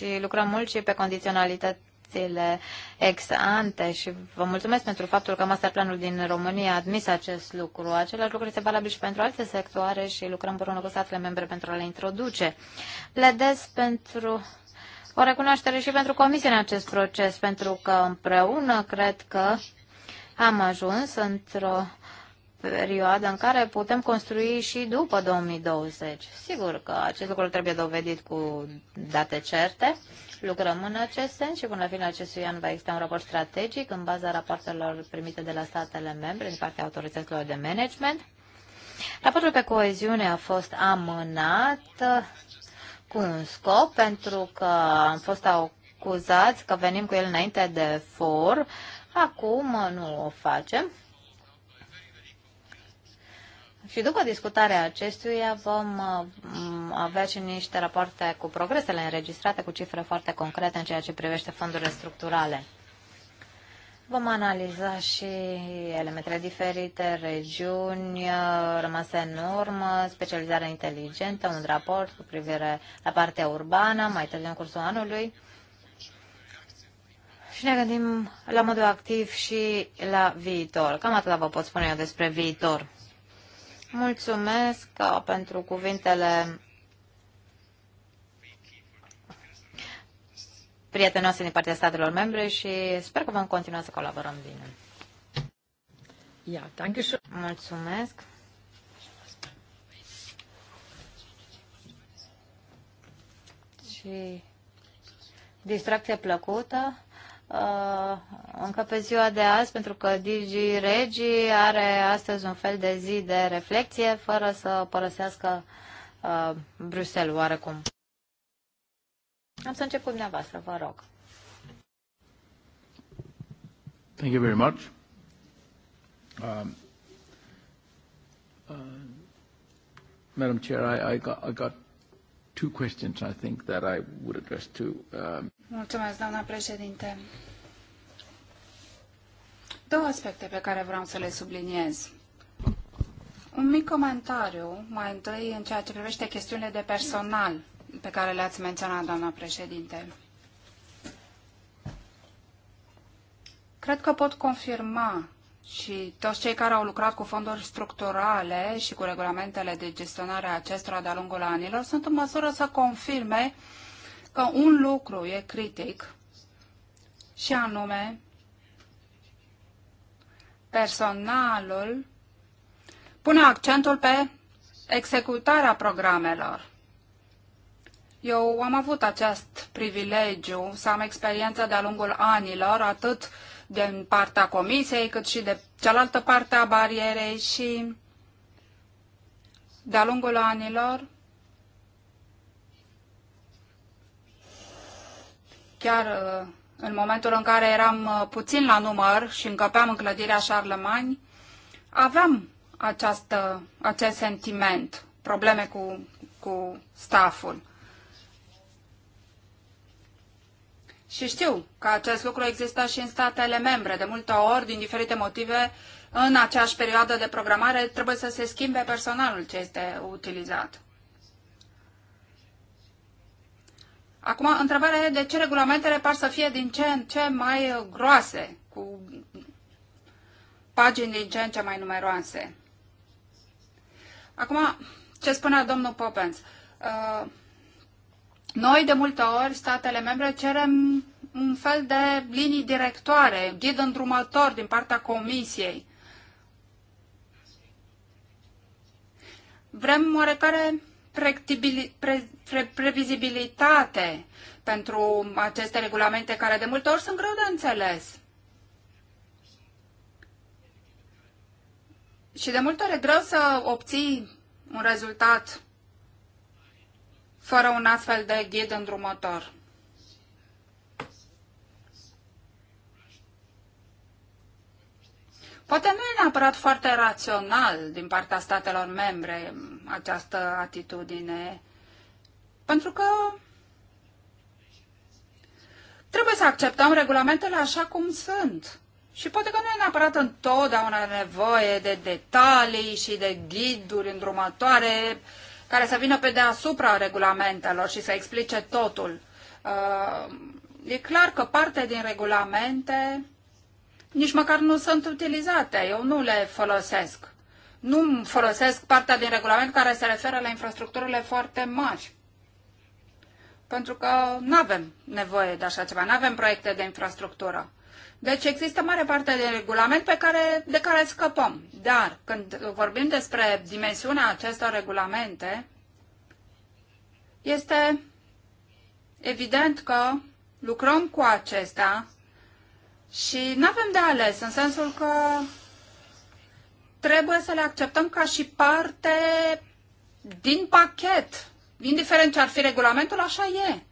și lucrăm mult și pe condiționalitățile ex ante și vă mulțumesc pentru faptul că masterplanul din România a admis acest lucru. Același lucru este valabil și pentru alte sectoare și lucrăm împreună cu statele membre pentru a le introduce. Pledez pentru o recunoaștere și pentru Comisie în acest proces, pentru că împreună cred că am ajuns într-o perioadă în care putem construi și după 2020. Sigur că acest lucru trebuie dovedit cu date certe. Lucrăm în acest sens și până la finalul acestui an va exista un raport strategic în baza rapoartelor primite de la statele membre din partea autorităților de management. Raportul pe coeziune a fost amânat cu un scop pentru că am fost acuzați că venim cu el înainte de for. Acum nu o facem. Și după discutarea acestuia vom uh, avea și niște rapoarte cu progresele înregistrate, cu cifre foarte concrete în ceea ce privește fondurile structurale. Vom analiza și elementele diferite, regiuni uh, rămase în urmă, specializarea inteligentă, un raport cu privire la partea urbană, mai târziu în cursul anului. Și ne gândim la modul activ și la viitor. Cam atât vă pot spune eu despre viitor. Mulțumesc uh, pentru cuvintele prietenoase din partea statelor membre și sper că vom continua să colaborăm bine. Mulțumesc. Și distracție plăcută uh, încă pe ziua de azi, pentru că Digi Regi are astăzi un fel de zi de reflexie, fără să părăsească uh, Bruxelles oarecum. Am să încep cu dumneavoastră, vă rog. Thank you very much. Um, uh, Madam Chair, I, I, got, I got two questions, I think, that I would address to... Um... Mulțumesc, doamna președinte. Două aspecte pe care vreau să le subliniez. Un mic comentariu, mai întâi în ceea ce privește chestiunile de personal pe care le-ați menționat, doamna președinte. Cred că pot confirma și toți cei care au lucrat cu fonduri structurale și cu regulamentele de gestionare a acestora de-a lungul anilor sunt în măsură să confirme că un lucru e critic și anume personalul pune accentul pe executarea programelor. Eu am avut acest privilegiu să am experiență de-a lungul anilor, atât uh, din partea comisiei, cât și de cealaltă parte a barierei și de-a lungul anilor, chiar uh, în momentul în care eram uh, puțin la număr și încăpeam în clădirea Charlemagne, aveam această, acest sentiment, probleme cu, cu staful. Și știu că acest lucru există și în statele membre. De multe ori, din diferite motive, în aceeași perioadă de programare trebuie să se schimbe personalul ce este utilizat. Acum, întrebarea e de ce regulamentele par să fie din ce în ce mai groase, cu pagini din ce în ce mai numeroase. Acum, ce spunea domnul Popens? Uh, noi, de multe ori, statele membre cerem un fel de linii directoare, ghid îndrumător din partea Comisiei. Vrem oarecare previzibilitate pentru aceste regulamente care de multe ori sunt greu de înțeles. Și de multe ori e greu să obții un rezultat fără un astfel de ghid îndrumător. Poate nu e neapărat foarte rațional din partea statelor membre această atitudine, pentru că trebuie să acceptăm regulamentele așa cum sunt. Și poate că nu e neapărat întotdeauna nevoie de detalii și de ghiduri îndrumătoare care să vină pe deasupra regulamentelor și să explice totul. Uh, e clar că parte din regulamente nici măcar nu sunt utilizate, eu nu le folosesc. Nu folosesc partea din regulament care se referă la infrastructurile foarte mari. Pentru că nu avem nevoie de așa ceva, nu avem proiecte de infrastructură. Deci există mare parte de regulament pe care, de care scăpăm. Dar când vorbim despre dimensiunea acestor regulamente, este evident că lucrăm cu acestea și nu avem de ales, în sensul că trebuie să le acceptăm ca și parte din pachet. Indiferent ce ar fi regulamentul, așa e.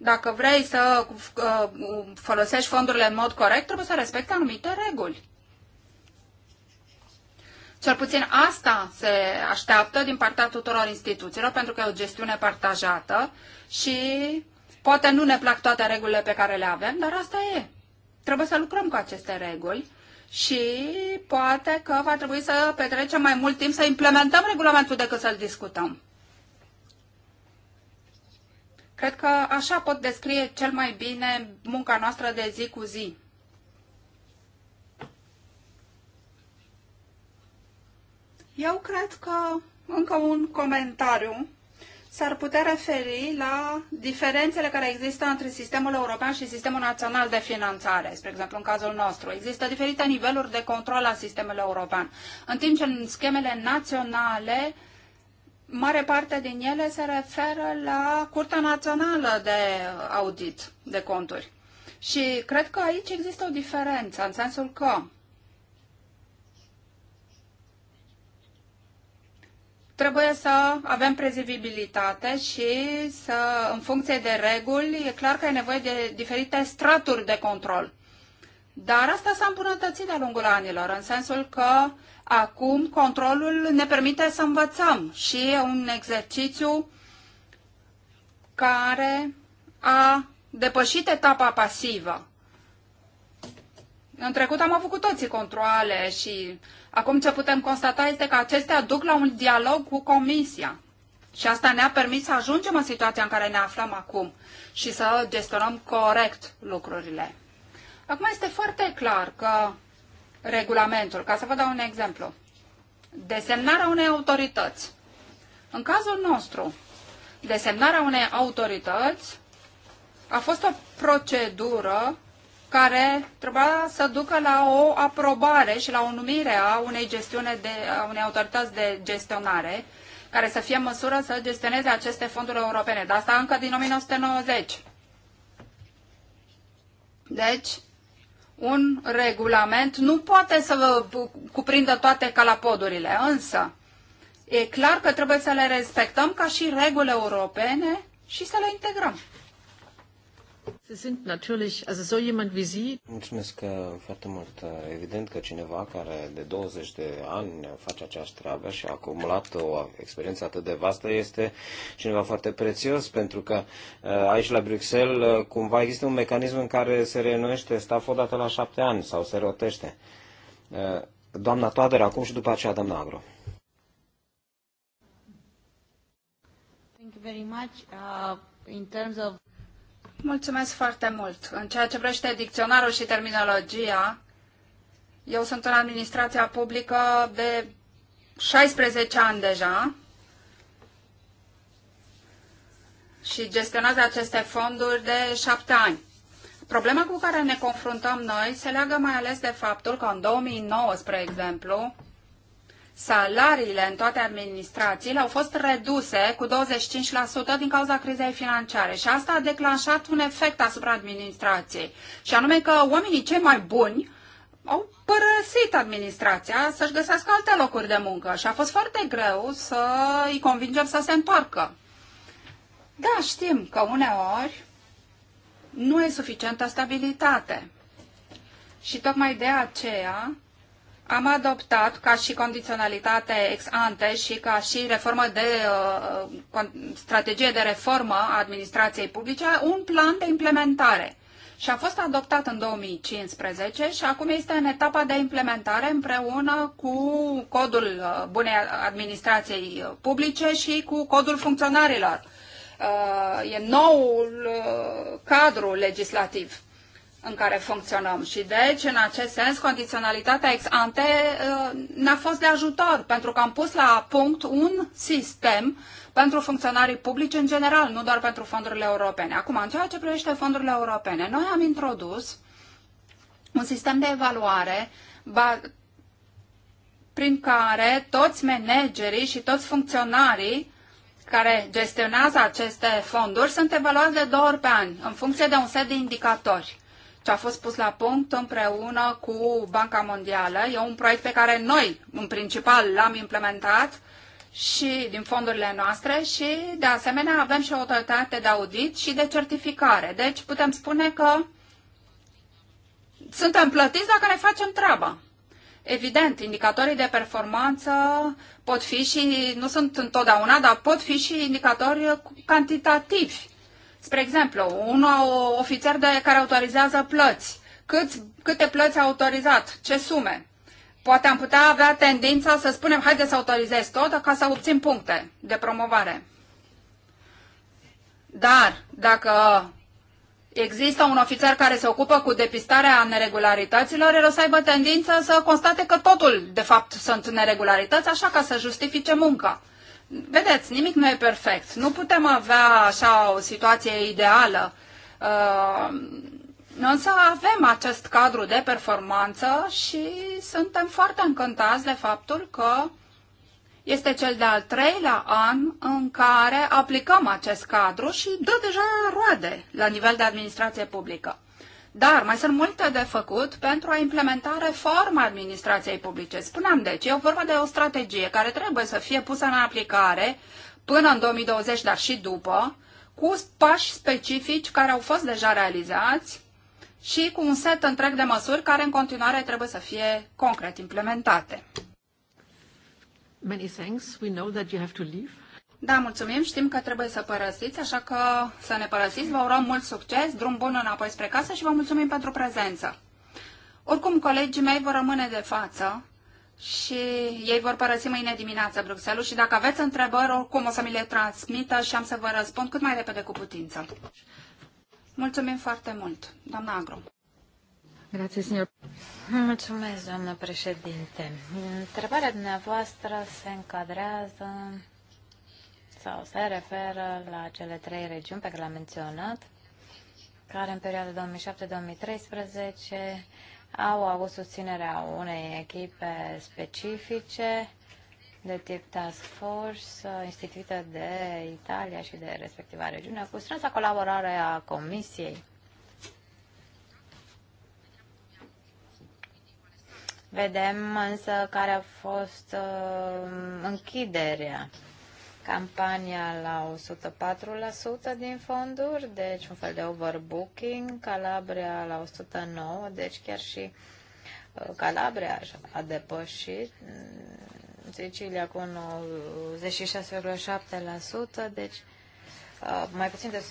Dacă vrei să uh, folosești fondurile în mod corect, trebuie să respecte anumite reguli. Cel puțin asta se așteaptă din partea tuturor instituțiilor, pentru că e o gestiune partajată și poate nu ne plac toate regulile pe care le avem, dar asta e. Trebuie să lucrăm cu aceste reguli și poate că va trebui să petrecem mai mult timp să implementăm regulamentul decât să-l discutăm. Cred că așa pot descrie cel mai bine munca noastră de zi cu zi. Eu cred că încă un comentariu s-ar putea referi la diferențele care există între sistemul european și sistemul național de finanțare. Spre exemplu, în cazul nostru, există diferite niveluri de control al sistemului european, în timp ce în schemele naționale mare parte din ele se referă la Curtea Națională de Audit de Conturi. Și cred că aici există o diferență, în sensul că trebuie să avem prezivibilitate și să, în funcție de reguli, e clar că e nevoie de diferite straturi de control. Dar asta s-a îmbunătățit de-a lungul anilor, în sensul că Acum controlul ne permite să învățăm și e un exercițiu care a depășit etapa pasivă. În trecut am avut cu toții controle și acum ce putem constata este că acestea duc la un dialog cu Comisia. Și asta ne-a permis să ajungem în situația în care ne aflăm acum și să gestionăm corect lucrurile. Acum este foarte clar că regulamentul. Ca să vă dau un exemplu. Desemnarea unei autorități. În cazul nostru, desemnarea unei autorități a fost o procedură care trebuia să ducă la o aprobare și la o numire a unei, gestiune de, a unei autorități de gestionare care să fie în măsură să gestioneze aceste fonduri europene. Dar asta încă din 1990. Deci, un regulament nu poate să vă cuprindă toate calapodurile, însă e clar că trebuie să le respectăm ca și reguli europene și să le integrăm. Sie sind Mulțumesc uh, foarte mult. Uh, evident că cineva care de 20 de ani face aceeași treabă și a acumulat o experiență atât de vastă este cineva foarte prețios, pentru că uh, aici la Bruxelles cumva există un mecanism în care se reînnoiește staff odată la șapte ani sau se rotește. Doamna Toader, acum și după aceea doamna Agro. Thank you very much. Uh, in terms of Mulțumesc foarte mult. În ceea ce vrește dicționarul și terminologia, eu sunt în administrația publică de 16 ani deja și gestionează aceste fonduri de 7 ani. Problema cu care ne confruntăm noi se leagă mai ales de faptul că în 2009, spre exemplu, salariile în toate administrațiile au fost reduse cu 25% din cauza crizei financiare și asta a declanșat un efect asupra administrației și anume că oamenii cei mai buni au părăsit administrația să-și găsească alte locuri de muncă și a fost foarte greu să îi convingem să se întoarcă. Da, știm că uneori nu e suficientă stabilitate. Și tocmai de aceea am adoptat ca și condiționalitate ex ante și ca și reformă de uh, strategie de reformă a administrației publice un plan de implementare. Și a fost adoptat în 2015 și acum este în etapa de implementare împreună cu codul uh, bunei administrației uh, publice și cu codul funcționarilor. Uh, e noul uh, cadru legislativ în care funcționăm. Și deci, în acest sens, condiționalitatea ex ante uh, ne-a fost de ajutor, pentru că am pus la punct un sistem pentru funcționarii publici în general, nu doar pentru fondurile europene. Acum, în ceea ce privește fondurile europene, noi am introdus un sistem de evaluare prin care toți managerii și toți funcționarii care gestionează aceste fonduri sunt evaluați de două ori pe an, în funcție de un set de indicatori ce a fost pus la punct împreună cu Banca Mondială. E un proiect pe care noi, în principal, l-am implementat și din fondurile noastre și, de asemenea, avem și o autoritate de audit și de certificare. Deci putem spune că suntem plătiți dacă ne facem treaba. Evident, indicatorii de performanță pot fi și, nu sunt întotdeauna, dar pot fi și indicatori cantitativi Spre exemplu, un ofițer de care autorizează plăți. cât câte plăți a autorizat? Ce sume? Poate am putea avea tendința să spunem, haide să autorizez tot ca să obțin puncte de promovare. Dar dacă există un ofițer care se ocupă cu depistarea neregularităților, el o să aibă tendință să constate că totul, de fapt, sunt neregularități, așa ca să justifice munca. Vedeți, nimic nu e perfect. Nu putem avea așa o situație ideală. Uh, însă avem acest cadru de performanță și suntem foarte încântați de faptul că este cel de-al treilea an în care aplicăm acest cadru și dă deja roade la nivel de administrație publică. Dar mai sunt multe de făcut pentru a implementa reforma administrației publice. Spuneam deci, e vorba de o strategie care trebuie să fie pusă în aplicare până în 2020, dar și după, cu pași specifici care au fost deja realizați și cu un set întreg de măsuri care în continuare trebuie să fie concret implementate. Many thanks. We know that you have to leave. Da, mulțumim, știm că trebuie să părăsiți, așa că să ne părăsiți. Vă urăm mult succes, drum bun înapoi spre casă și vă mulțumim pentru prezență. Oricum, colegii mei vor rămâne de față și ei vor părăsi mâine dimineață Bruxelles și dacă aveți întrebări, oricum o să mi le transmită și am să vă răspund cât mai repede cu putință. Mulțumim foarte mult, doamna Agro. Grazie, signor. Mulțumesc, doamnă președinte. Întrebarea dumneavoastră se încadrează sau se referă la cele trei regiuni pe care le-am menționat, care în perioada 2007-2013 au avut susținerea unei echipe specifice de tip task force uh, instituită de Italia și de respectiva regiune cu strânsa colaborare a Comisiei. Vedem însă care a fost uh, închiderea campania la 104% din fonduri, deci un fel de overbooking, Calabria la 109%, deci chiar și uh, Calabria a depășit, mm, Sicilia cu 96,7%, deci uh, mai puțin de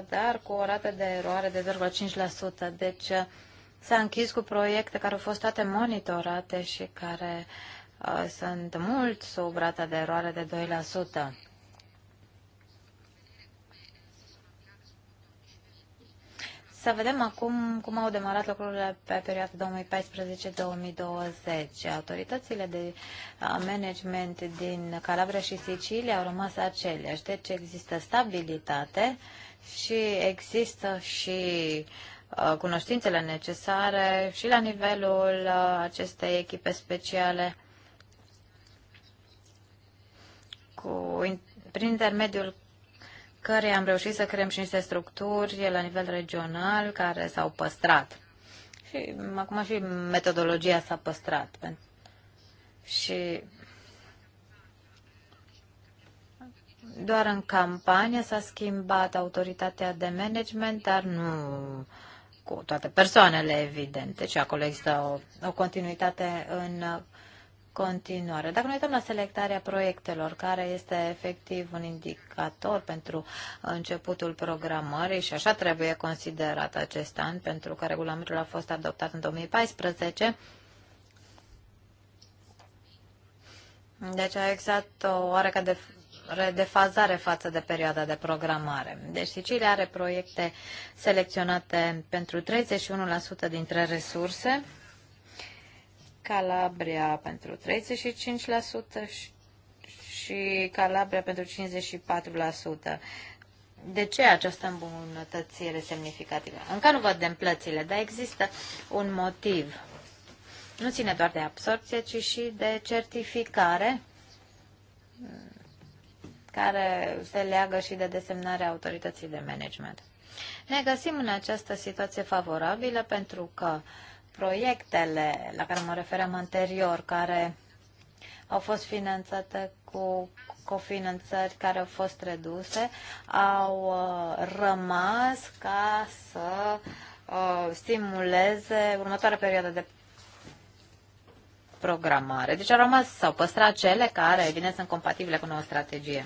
100%, dar cu o rată de eroare de 0,5%. Deci uh, s-a închis cu proiecte care au fost toate monitorate și care Uh, sunt mult sub rata de eroare de 2%. Să vedem acum cum au demarat lucrurile pe perioada 2014-2020. Autoritățile de uh, management din Calabria și Sicilia au rămas aceleași, deci există stabilitate și există și uh, cunoștințele necesare și la nivelul acestei echipe speciale cu, prin intermediul care am reușit să creăm și niște structuri la nivel regional care s-au păstrat. Și acum și metodologia s-a păstrat. Și doar în campania s-a schimbat autoritatea de management, dar nu cu toate persoanele, evident. Deci acolo există o, o continuitate în continuare. Dacă ne uităm la selectarea proiectelor, care este efectiv un indicator pentru începutul programării și așa trebuie considerat acest an, pentru că regulamentul a fost adoptat în 2014, deci a exact o oarecare redefazare față de perioada de programare. Deci Sicilia are proiecte selecționate pentru 31% dintre resurse, Calabria pentru 35% și Calabria pentru 54%. De ce această îmbunătățire semnificativă? Încă nu vedem plățile, dar există un motiv. Nu ține doar de absorție, ci și de certificare care se leagă și de desemnarea autorității de management. Ne găsim în această situație favorabilă pentru că uh, proiectele la care mă refeream anterior, care au fost finanțate cu cofinanțări care au fost reduse, au uh, rămas ca să uh, stimuleze următoarea perioadă de programare. Deci au rămas, s-au păstrat cele care, evident, sunt compatibile cu noua strategie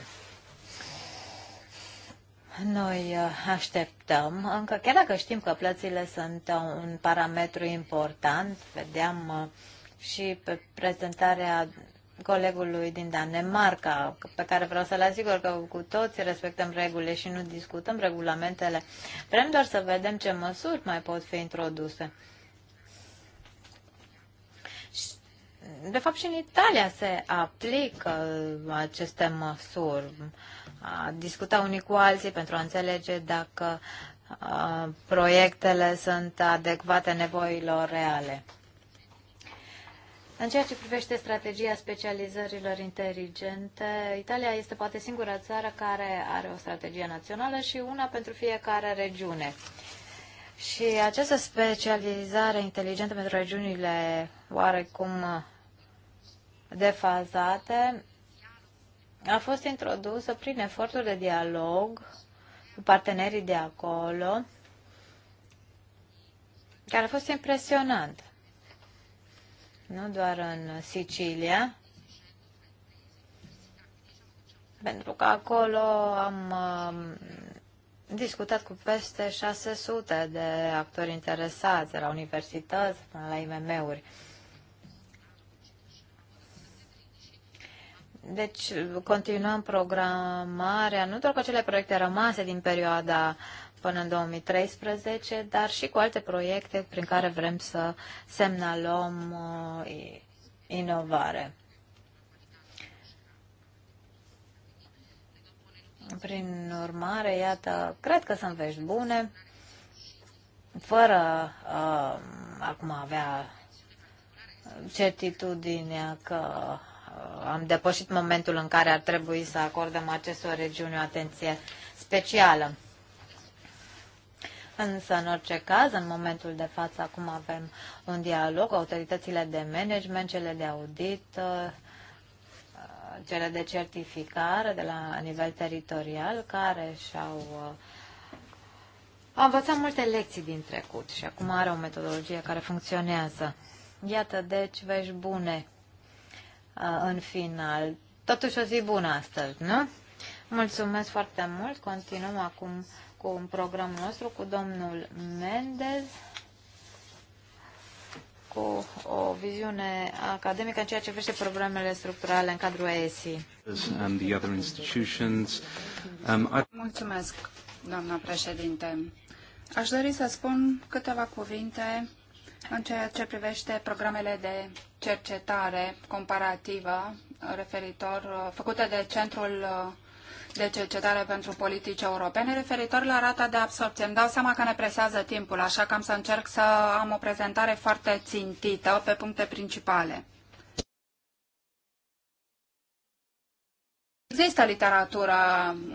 noi uh, așteptăm, încă chiar dacă știm că plățile sunt uh, un parametru important, vedeam uh, și pe prezentarea colegului din Danemarca, pe care vreau să-l asigur că cu toți respectăm regulile și nu discutăm regulamentele. Vrem doar să vedem ce măsuri mai pot fi introduse. De fapt, și în Italia se aplică aceste măsuri a discuta unii cu alții pentru a înțelege dacă proiectele sunt adecvate nevoilor reale. În ceea ce privește strategia specializărilor inteligente, Italia este poate singura țară care are o strategie națională și una pentru fiecare regiune. Și această specializare inteligentă pentru regiunile oarecum defazate a fost introdusă prin eforturi de dialog cu partenerii de acolo, care a fost impresionant. Nu doar în Sicilia, pentru că acolo am um, discutat cu peste 600 de actori interesați, la universități, până la IMM-uri. Deci continuăm programarea nu doar cu acele proiecte rămase din perioada până în 2013, dar și cu alte proiecte prin care vrem să semnalăm uh, inovare. Prin urmare, iată, cred că sunt vești bune, fără uh, acum avea certitudinea că am depășit momentul în care ar trebui să acordăm acestor regiuni o atenție specială. Însă, în orice caz, în momentul de față, acum avem un dialog, autoritățile de management, cele de audit, uh, cele de certificare de la nivel teritorial, care și-au uh, învățat multe lecții din trecut și acum are o metodologie care funcționează. Iată, deci, vești bune Uh, în final. Totuși o zi bună astăzi, nu? Mulțumesc foarte mult. Continuăm acum cu un program nostru cu domnul Mendez cu o viziune academică în ceea ce privește programele structurale în cadrul ESI. Um, Mulțumesc, doamna președinte. Aș dori să spun câteva cuvinte în ceea ce privește programele de cercetare comparativă referitor, făcute de Centrul de cercetare pentru politici europene referitor la rata de absorpție. Îmi dau seama că ne presează timpul, așa că am să încerc să am o prezentare foarte țintită pe puncte principale. Există literatură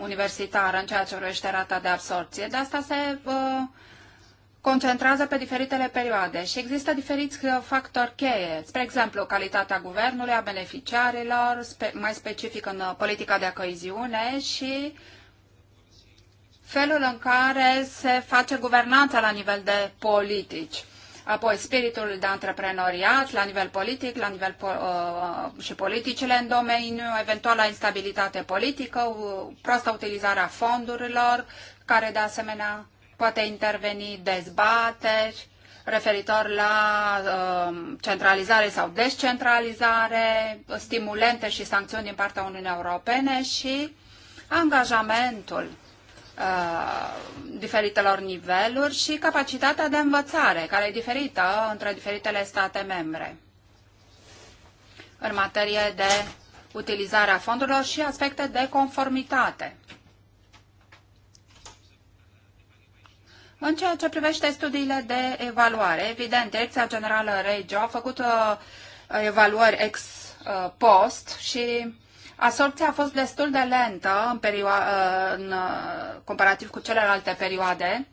universitară în ceea ce vrește rata de absorpție, de asta se uh, concentrează pe diferitele perioade și există diferiți uh, factori cheie, spre exemplu, calitatea guvernului, a beneficiarilor, spe, mai specific în uh, politica de coeziune și felul în care se face guvernanța la nivel de politici. Apoi spiritul de antreprenoriat la nivel politic la nivel po- uh, uh și politicile în domeniu, eventuala instabilitate politică, uh, proasta a fondurilor, care de asemenea Poate interveni dezbateri referitor la uh, centralizare sau descentralizare, stimulente și sancțiuni din partea Uniunii Europene și angajamentul uh, diferitelor niveluri și capacitatea de învățare, care e diferită între diferitele state membre în materie de utilizarea fondurilor și aspecte de conformitate. În ceea ce privește studiile de evaluare, evident, Direcția Generală Regio a făcut uh, evaluări ex uh, post și Absorpția a fost destul de lentă în, perio- uh, în uh, comparativ cu celelalte perioade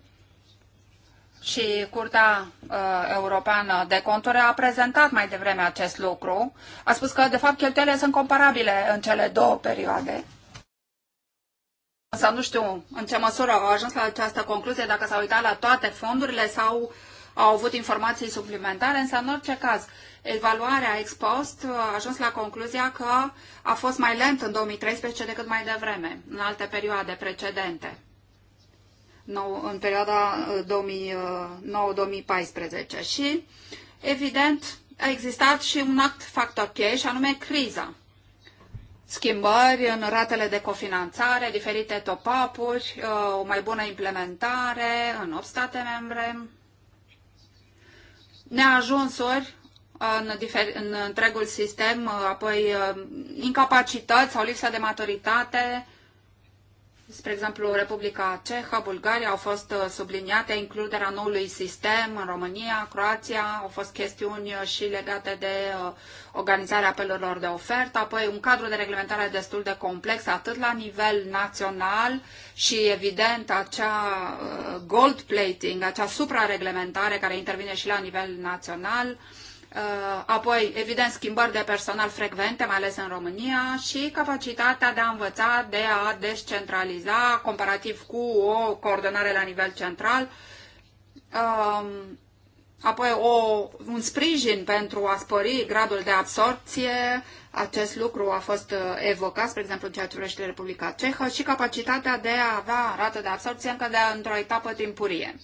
și Curtea uh, Europeană de Conturi a prezentat mai devreme acest lucru. A spus că, de fapt, cheltuielile sunt comparabile în cele două perioade. Însă nu știu în ce măsură au ajuns la această concluzie, dacă s-au uitat la toate fondurile sau au avut informații suplimentare, însă în orice caz, evaluarea ex post uh, a ajuns la concluzia că a fost mai lent în 2013 decât mai devreme, în alte perioade precedente, în perioada 2009-2014. Uh, uh, și, evident, a existat și un alt factor cheie, și anume criza schimbări în ratele de cofinanțare, diferite top-up-uri, uh, o mai bună implementare în 8 state membre, neajunsuri în, difer- în întregul sistem, uh, apoi uh, incapacități sau lipsa de maturitate Spre exemplu, Republica Cehă, Bulgaria au fost uh, subliniate, includerea noului sistem în România, Croația, au fost chestiuni uh, și legate de uh, organizarea apelurilor de ofertă, apoi un cadru de reglementare destul de complex, atât la nivel național și, evident, acea gold plating, acea suprareglementare care intervine și la nivel național, Uh, apoi, evident, schimbări de personal frecvente, mai ales în România, și capacitatea de a învăța, de a descentraliza, comparativ cu o coordonare la nivel central, um, apoi o, un sprijin pentru a spori gradul de absorpție, acest lucru a fost uh, evocat, spre exemplu, în ceea ce privește Republica Cehă, și capacitatea de a avea rată de absorpție încă de într-o etapă timpurie.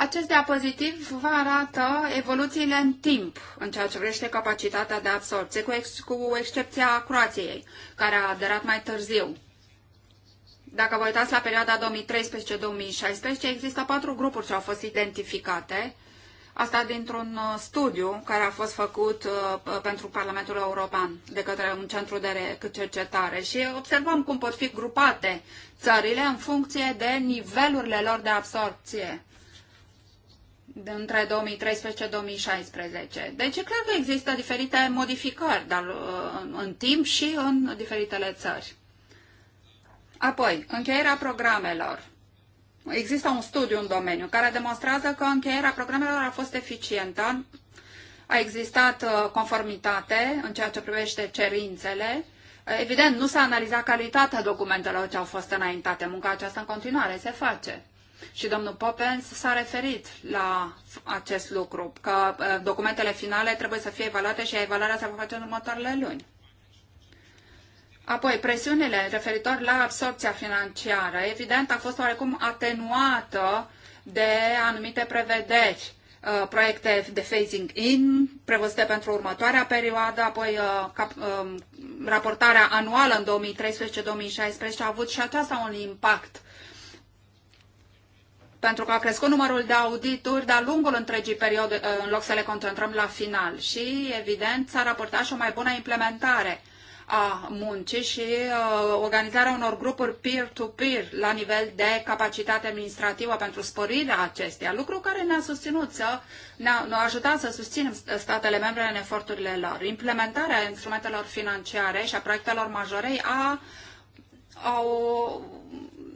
Acest diapozitiv vă arată evoluțiile în timp în ceea ce vrește capacitatea de absorbție, cu, ex- cu excepția Croației, care a aderat mai târziu. Dacă vă uitați la perioada 2013-2016, există patru grupuri ce au fost identificate. Asta dintr-un uh, studiu care a fost făcut uh, pentru Parlamentul European de către un centru de cercetare și observăm cum pot fi grupate țările în funcție de nivelurile lor de absorpție între 2013-2016. Deci cred clar că există diferite modificări dar, uh, în timp și în diferitele țări. Apoi, încheierea programelor. Există un studiu în domeniu care demonstrează că încheierea programelor a fost eficientă, a existat uh, conformitate în ceea ce privește cerințele. Evident, nu s-a analizat calitatea documentelor ce au fost înaintate. Munca aceasta în continuare se face și domnul Popens s-a referit la acest lucru, că uh, documentele finale trebuie să fie evaluate și evaluarea se va face în următoarele luni. Apoi, presiunile referitor la absorpția financiară, evident, a fost oarecum atenuată de anumite prevederi uh, proiecte de phasing in prevăzute pentru următoarea perioadă, apoi uh, cap, um, raportarea anuală în 2013-2016 a avut și aceasta un impact pentru că a crescut numărul de audituri de-a lungul întregii perioade, ă, în loc să le concentrăm la final. Și, evident, s-a raportat și o mai bună implementare a muncii și uh, organizarea unor grupuri peer-to-peer -peer la nivel de capacitate administrativă pentru sporirea acesteia, lucru care ne-a susținut să ne-a, ne ajutat să susținem statele membre în eforturile lor. Implementarea instrumentelor financiare și a proiectelor majorei a au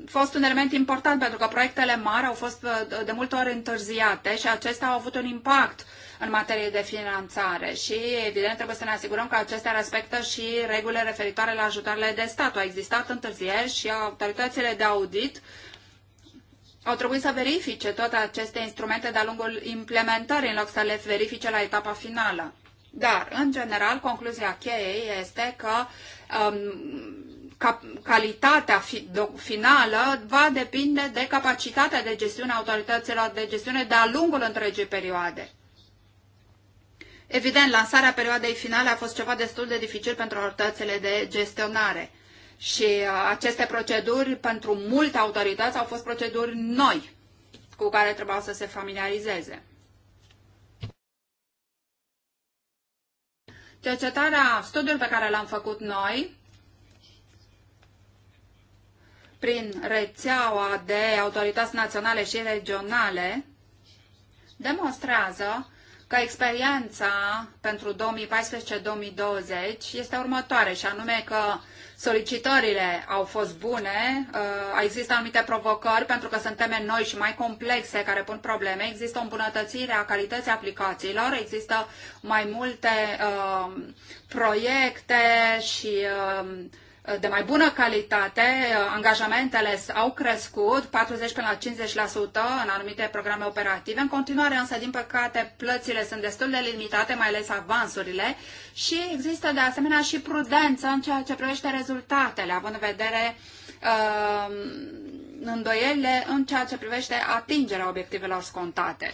fost un element important pentru că proiectele mari au fost uh, de multe ori întârziate și acestea au avut un impact în materie de finanțare și, evident, trebuie să ne asigurăm că acestea respectă și regulile referitoare la ajutoarele de stat. Au existat întârzieri și autoritățile de audit au trebuit să verifice toate aceste instrumente de-a lungul implementării în loc să le verifice la etapa finală. Dar, în general, concluzia cheie este că um, calitatea fi, do, finală va depinde de capacitatea de gestiune a autorităților de gestiune de-a lungul întregii perioade. Evident, lansarea perioadei finale a fost ceva destul de dificil pentru autoritățile de gestionare și uh, aceste proceduri pentru multe autorități au fost proceduri noi cu care trebuiau să se familiarizeze. Cercetarea, studiul pe care l-am făcut noi, prin rețeaua de autorități naționale și regionale demonstrează că experiența pentru 2014-2020 este următoare și anume că solicitările au fost bune, uh, există anumite provocări pentru că sunt teme noi și mai complexe care pun probleme, există o îmbunătățire a calității aplicațiilor, există mai multe uh, proiecte și uh, de mai bună calitate, angajamentele au crescut 40 până la 50% în anumite programe operative. În continuare, însă, din păcate, plățile sunt destul de limitate, mai ales avansurile și există de asemenea și prudență în ceea ce privește rezultatele, având în vedere uh, îndoielile în ceea ce privește atingerea obiectivelor scontate.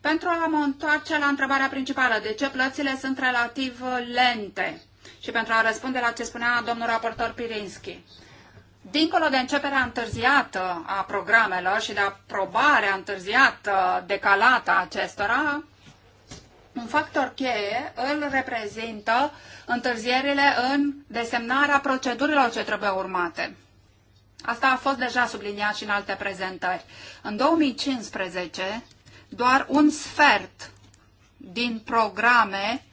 Pentru a mă întoarce la întrebarea principală, de ce plățile sunt relativ lente? și pentru a răspunde la ce spunea domnul raportor Pirinski. Dincolo de începerea întârziată a programelor și de aprobarea întârziată, decalată a acestora, un factor cheie îl reprezintă întârzierile în desemnarea procedurilor ce trebuie urmate. Asta a fost deja subliniat și în alte prezentări. În 2015, doar un sfert din programe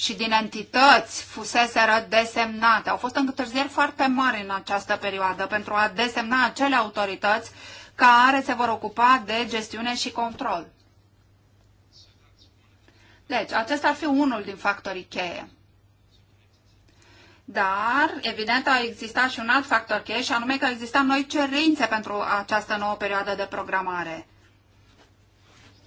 și din entități fusese desemnate. Au fost întârzieri foarte mari în această perioadă pentru a desemna acele autorități care se vor ocupa de gestiune și control. Deci, acesta ar fi unul din factorii cheie. Dar, evident, a existat și un alt factor cheie, și anume că existau noi cerințe pentru această nouă perioadă de programare.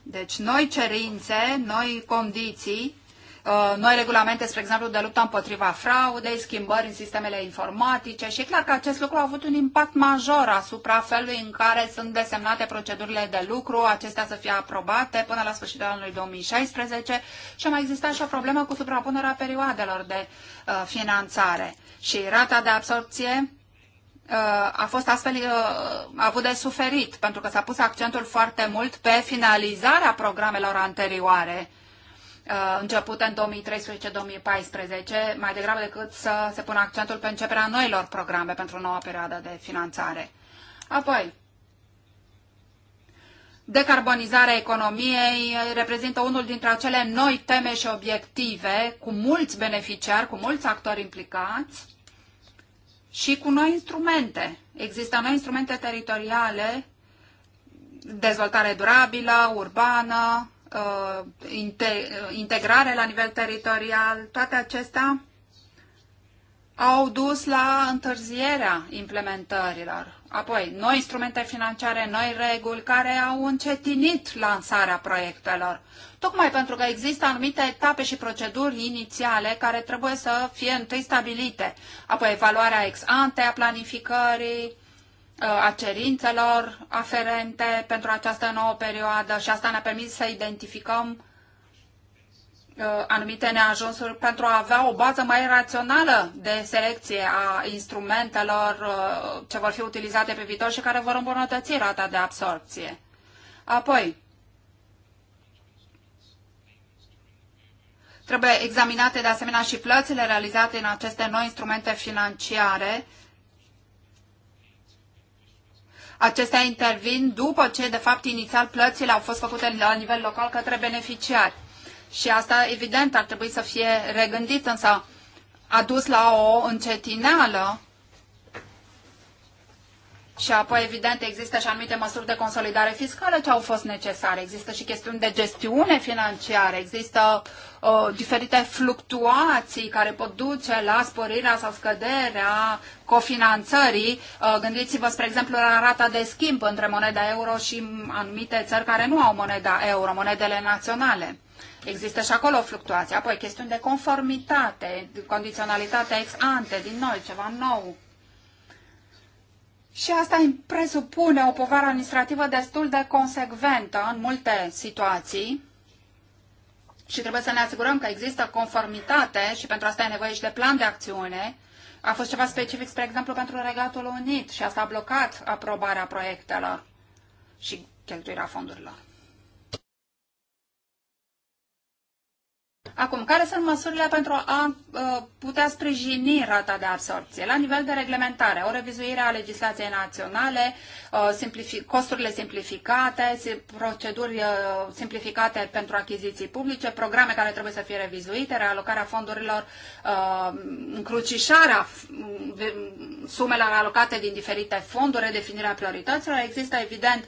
Deci, noi cerințe, noi condiții Uh, noi regulamente, spre exemplu, de luptă împotriva fraudei, schimbări în sistemele informatice și e clar că acest lucru a avut un impact major asupra felului în care sunt desemnate procedurile de lucru, acestea să fie aprobate până la sfârșitul anului 2016 și a mai existat și o problemă cu suprapunerea perioadelor de uh, finanțare și rata de absorpție uh, a fost astfel uh, a avut de suferit, pentru că s-a pus accentul foarte mult pe finalizarea programelor anterioare Uh, început în 2013-2014, mai degrabă decât să se pună accentul pe începerea noilor programe pentru noua perioadă de finanțare. Apoi, decarbonizarea economiei uh, reprezintă unul dintre acele noi teme și obiective cu mulți beneficiari, cu mulți actori implicați și cu noi instrumente. Există noi instrumente teritoriale, dezvoltare durabilă, urbană, Uh, uh, integrare la nivel teritorial, toate acestea au dus la întârzierea implementărilor. Apoi, noi instrumente financiare, noi reguli care au încetinit lansarea proiectelor. Tocmai pentru că există anumite etape și proceduri inițiale care trebuie să fie întâi stabilite. Apoi, evaluarea ex ante a planificării, Uh, a cerințelor aferente pentru această nouă perioadă și asta ne-a permis să identificăm uh, anumite neajunsuri pentru a avea o bază mai rațională de selecție a instrumentelor uh, ce vor fi utilizate pe viitor și care vor îmbunătăți rata de absorpție. Apoi, trebuie examinate de asemenea și plățile realizate în aceste noi instrumente financiare Acestea intervin după ce, de fapt, inițial plățile au fost făcute la nivel local către beneficiari. Și asta, evident, ar trebui să fie regândit, însă a dus la o încetineală și apoi, evident, există și anumite măsuri de consolidare fiscală ce au fost necesare. Există și chestiuni de gestiune financiară, există uh, diferite fluctuații care pot duce la sporirea sau scăderea cofinanțării. Uh, gândiți-vă, spre exemplu, la rata de schimb între moneda euro și anumite țări care nu au moneda euro, monedele naționale. Există și acolo fluctuații. Apoi, chestiuni de conformitate, condiționalitate ex ante, din noi, ceva nou. Și asta îi presupune o povară administrativă destul de consecventă în multe situații și trebuie să ne asigurăm că există conformitate și pentru asta e nevoie și de plan de acțiune a fost ceva specific, spre exemplu, pentru Regatul Unit și asta a blocat aprobarea proiectelor și cheltuirea fondurilor. Acum, care sunt măsurile pentru a uh, putea sprijini rata de absorpție? La nivel de reglementare, o revizuire a legislației naționale, uh, simplific costurile simplificate, proceduri uh, simplificate pentru achiziții publice, programe care trebuie să fie revizuite, realocarea fondurilor, încrucișarea sumelor alocate din diferite fonduri, redefinirea priorităților. Există, evident,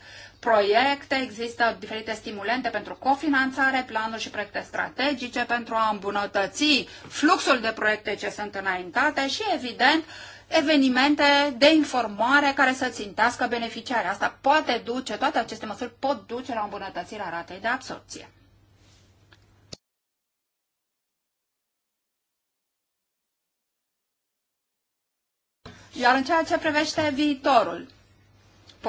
proiecte, există diferite stimulente pentru cofinanțare, planuri și proiecte strategice pentru a îmbunătăți fluxul de proiecte ce sunt înaintate și, evident, evenimente de informare care să țintească beneficiarea. Asta poate duce, toate aceste măsuri pot duce la îmbunătățirea ratei de absorție. Iar în ceea ce privește viitorul,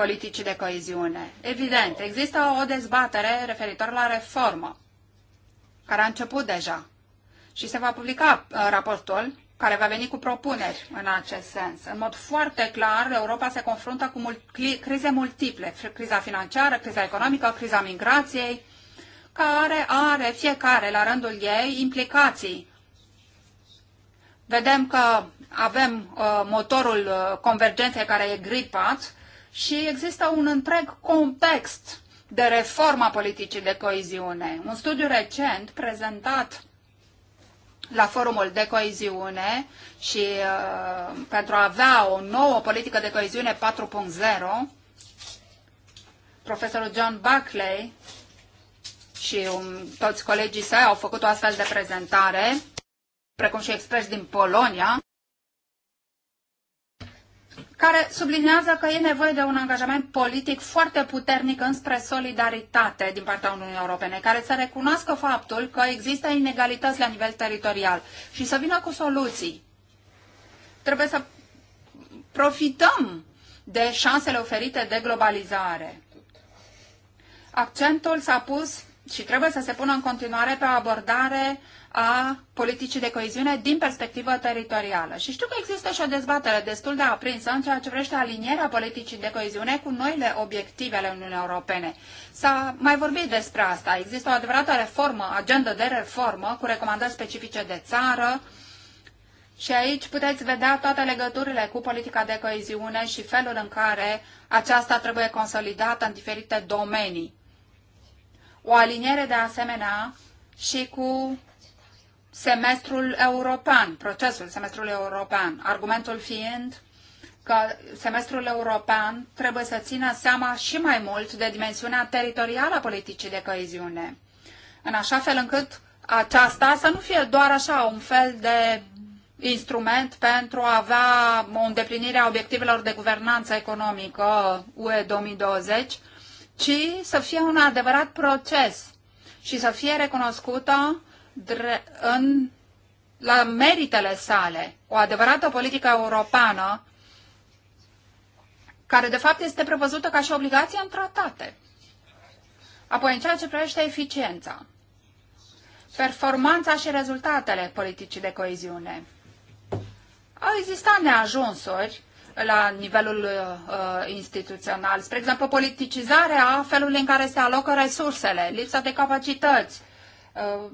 politicii de coeziune. Evident, există o dezbatere referitor la reformă, care a început deja și se va publica uh, raportul care va veni cu propuneri în acest sens. În mod foarte clar, Europa se confruntă cu mul- crize multiple, criza financiară, criza economică, criza migrației, care are fiecare la rândul ei implicații. Vedem că avem uh, motorul uh, convergenței care e gripat și există un întreg context de reforma politicii de coeziune. Un studiu recent prezentat la forumul de coeziune și uh, pentru a avea o nouă politică de coeziune 4.0, profesorul John Buckley și um, toți colegii săi au făcut o astfel de prezentare, precum și experți din Polonia, care sublinează că e nevoie de un angajament politic foarte puternic înspre solidaritate din partea Uniunii Europene, care să recunoască faptul că există inegalități la nivel teritorial și să vină cu soluții. Trebuie să profităm de șansele oferite de globalizare. Accentul s-a pus și trebuie să se pună în continuare pe o abordare a politicii de coeziune din perspectivă teritorială. Și știu că există și o dezbatere destul de aprinsă în ceea ce privește alinierea politicii de coeziune cu noile obiective ale Uniunii Europene. S-a mai vorbit despre asta. Există o adevărată reformă, agenda de reformă cu recomandări specifice de țară, și aici puteți vedea toate legăturile cu politica de coeziune și felul în care aceasta trebuie consolidată în diferite domenii o aliniere de asemenea și cu semestrul european, procesul semestrului european, argumentul fiind că semestrul european trebuie să țină seama și mai mult de dimensiunea teritorială a politicii de coeziune, în așa fel încât aceasta să nu fie doar așa un fel de instrument pentru a avea o îndeplinire a obiectivelor de guvernanță economică UE 2020, ci să fie un adevărat proces și să fie recunoscută în, la meritele sale, o adevărată politică europeană, care de fapt este prevăzută ca și obligație în tratate. Apoi, în ceea ce privește eficiența, performanța și rezultatele politicii de coeziune. Au existat neajunsuri la nivelul uh, uh, instituțional. Spre exemplu, politicizarea felului în care se alocă resursele, lipsa de capacități, uh,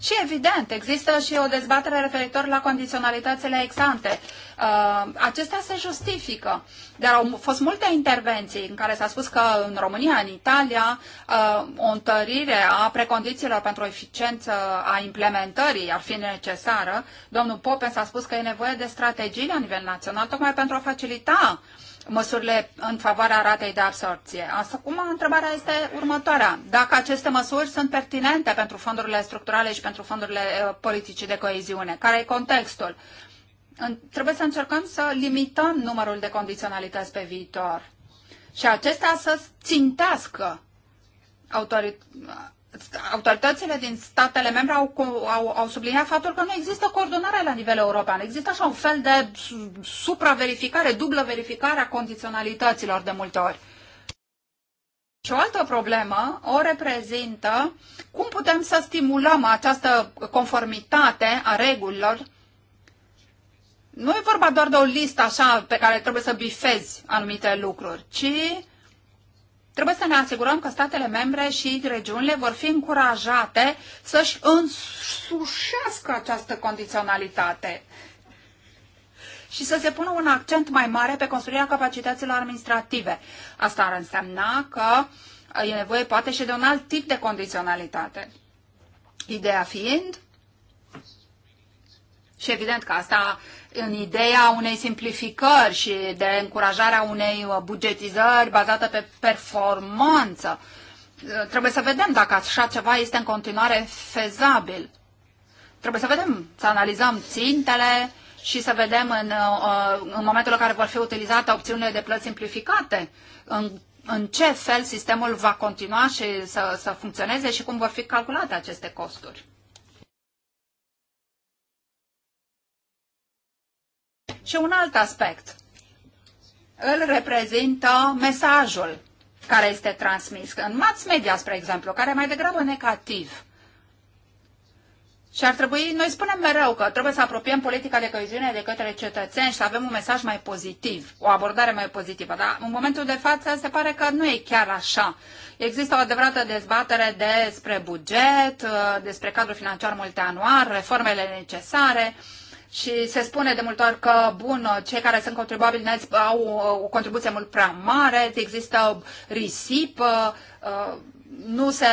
Și evident, există și o dezbatere referitor la condiționalitățile exante. Uh, acestea se justifică, dar au fost multe intervenții în care s-a spus că în România, în Italia, uh, o întărire a precondițiilor pentru o eficiență a implementării ar fi necesară. Domnul Popes a spus că e nevoie de strategii la nivel național tocmai pentru a facilita uh, măsurile în favoarea ratei de Asta Acum, întrebarea este următoarea. Dacă aceste măsuri sunt pertinente pentru fondurile structurale și pentru fondurile uh, politicii de coeziune, care e contextul? Trebuie să încercăm să limităm numărul de condiționalități pe viitor și acestea să țintească autoritățile din statele membre au, au, au subliniat faptul că nu există coordonare la nivel european. Există așa un fel de supraverificare, dublă verificare a condiționalităților de multe ori. Și o altă problemă o reprezintă cum putem să stimulăm această conformitate a regulilor. Nu e vorba doar de o listă așa pe care trebuie să bifezi anumite lucruri, ci Trebuie să ne asigurăm că statele membre și regiunile vor fi încurajate să-și însușească această condiționalitate și să se pună un accent mai mare pe construirea capacităților administrative. Asta ar însemna că e nevoie poate și de un alt tip de condiționalitate. Ideea fiind, și evident că asta în ideea unei simplificări și de încurajarea unei uh, bugetizări bazată pe performanță. Uh, trebuie să vedem dacă așa ceva este în continuare fezabil. Trebuie să vedem, să analizăm țintele și să vedem în, uh, în momentul în care vor fi utilizate opțiunile de plăți simplificate, în, în ce fel sistemul va continua și să, să funcționeze și cum vor fi calculate aceste costuri. Și un alt aspect îl reprezintă mesajul care este transmis în mass media, spre exemplu, care e mai degrabă negativ. Și ar trebui, noi spunem mereu că trebuie să apropiem politica de coeziune de către cetățeni și să avem un mesaj mai pozitiv, o abordare mai pozitivă. Dar în momentul de față se pare că nu e chiar așa. Există o adevărată dezbatere despre buget, uh, despre cadrul financiar multianual, reformele necesare, uh, și se spune de multe ori că, bun, cei care sunt contribuabili neți au o contribuție mult prea mare, există risipă, uh, uh, nu se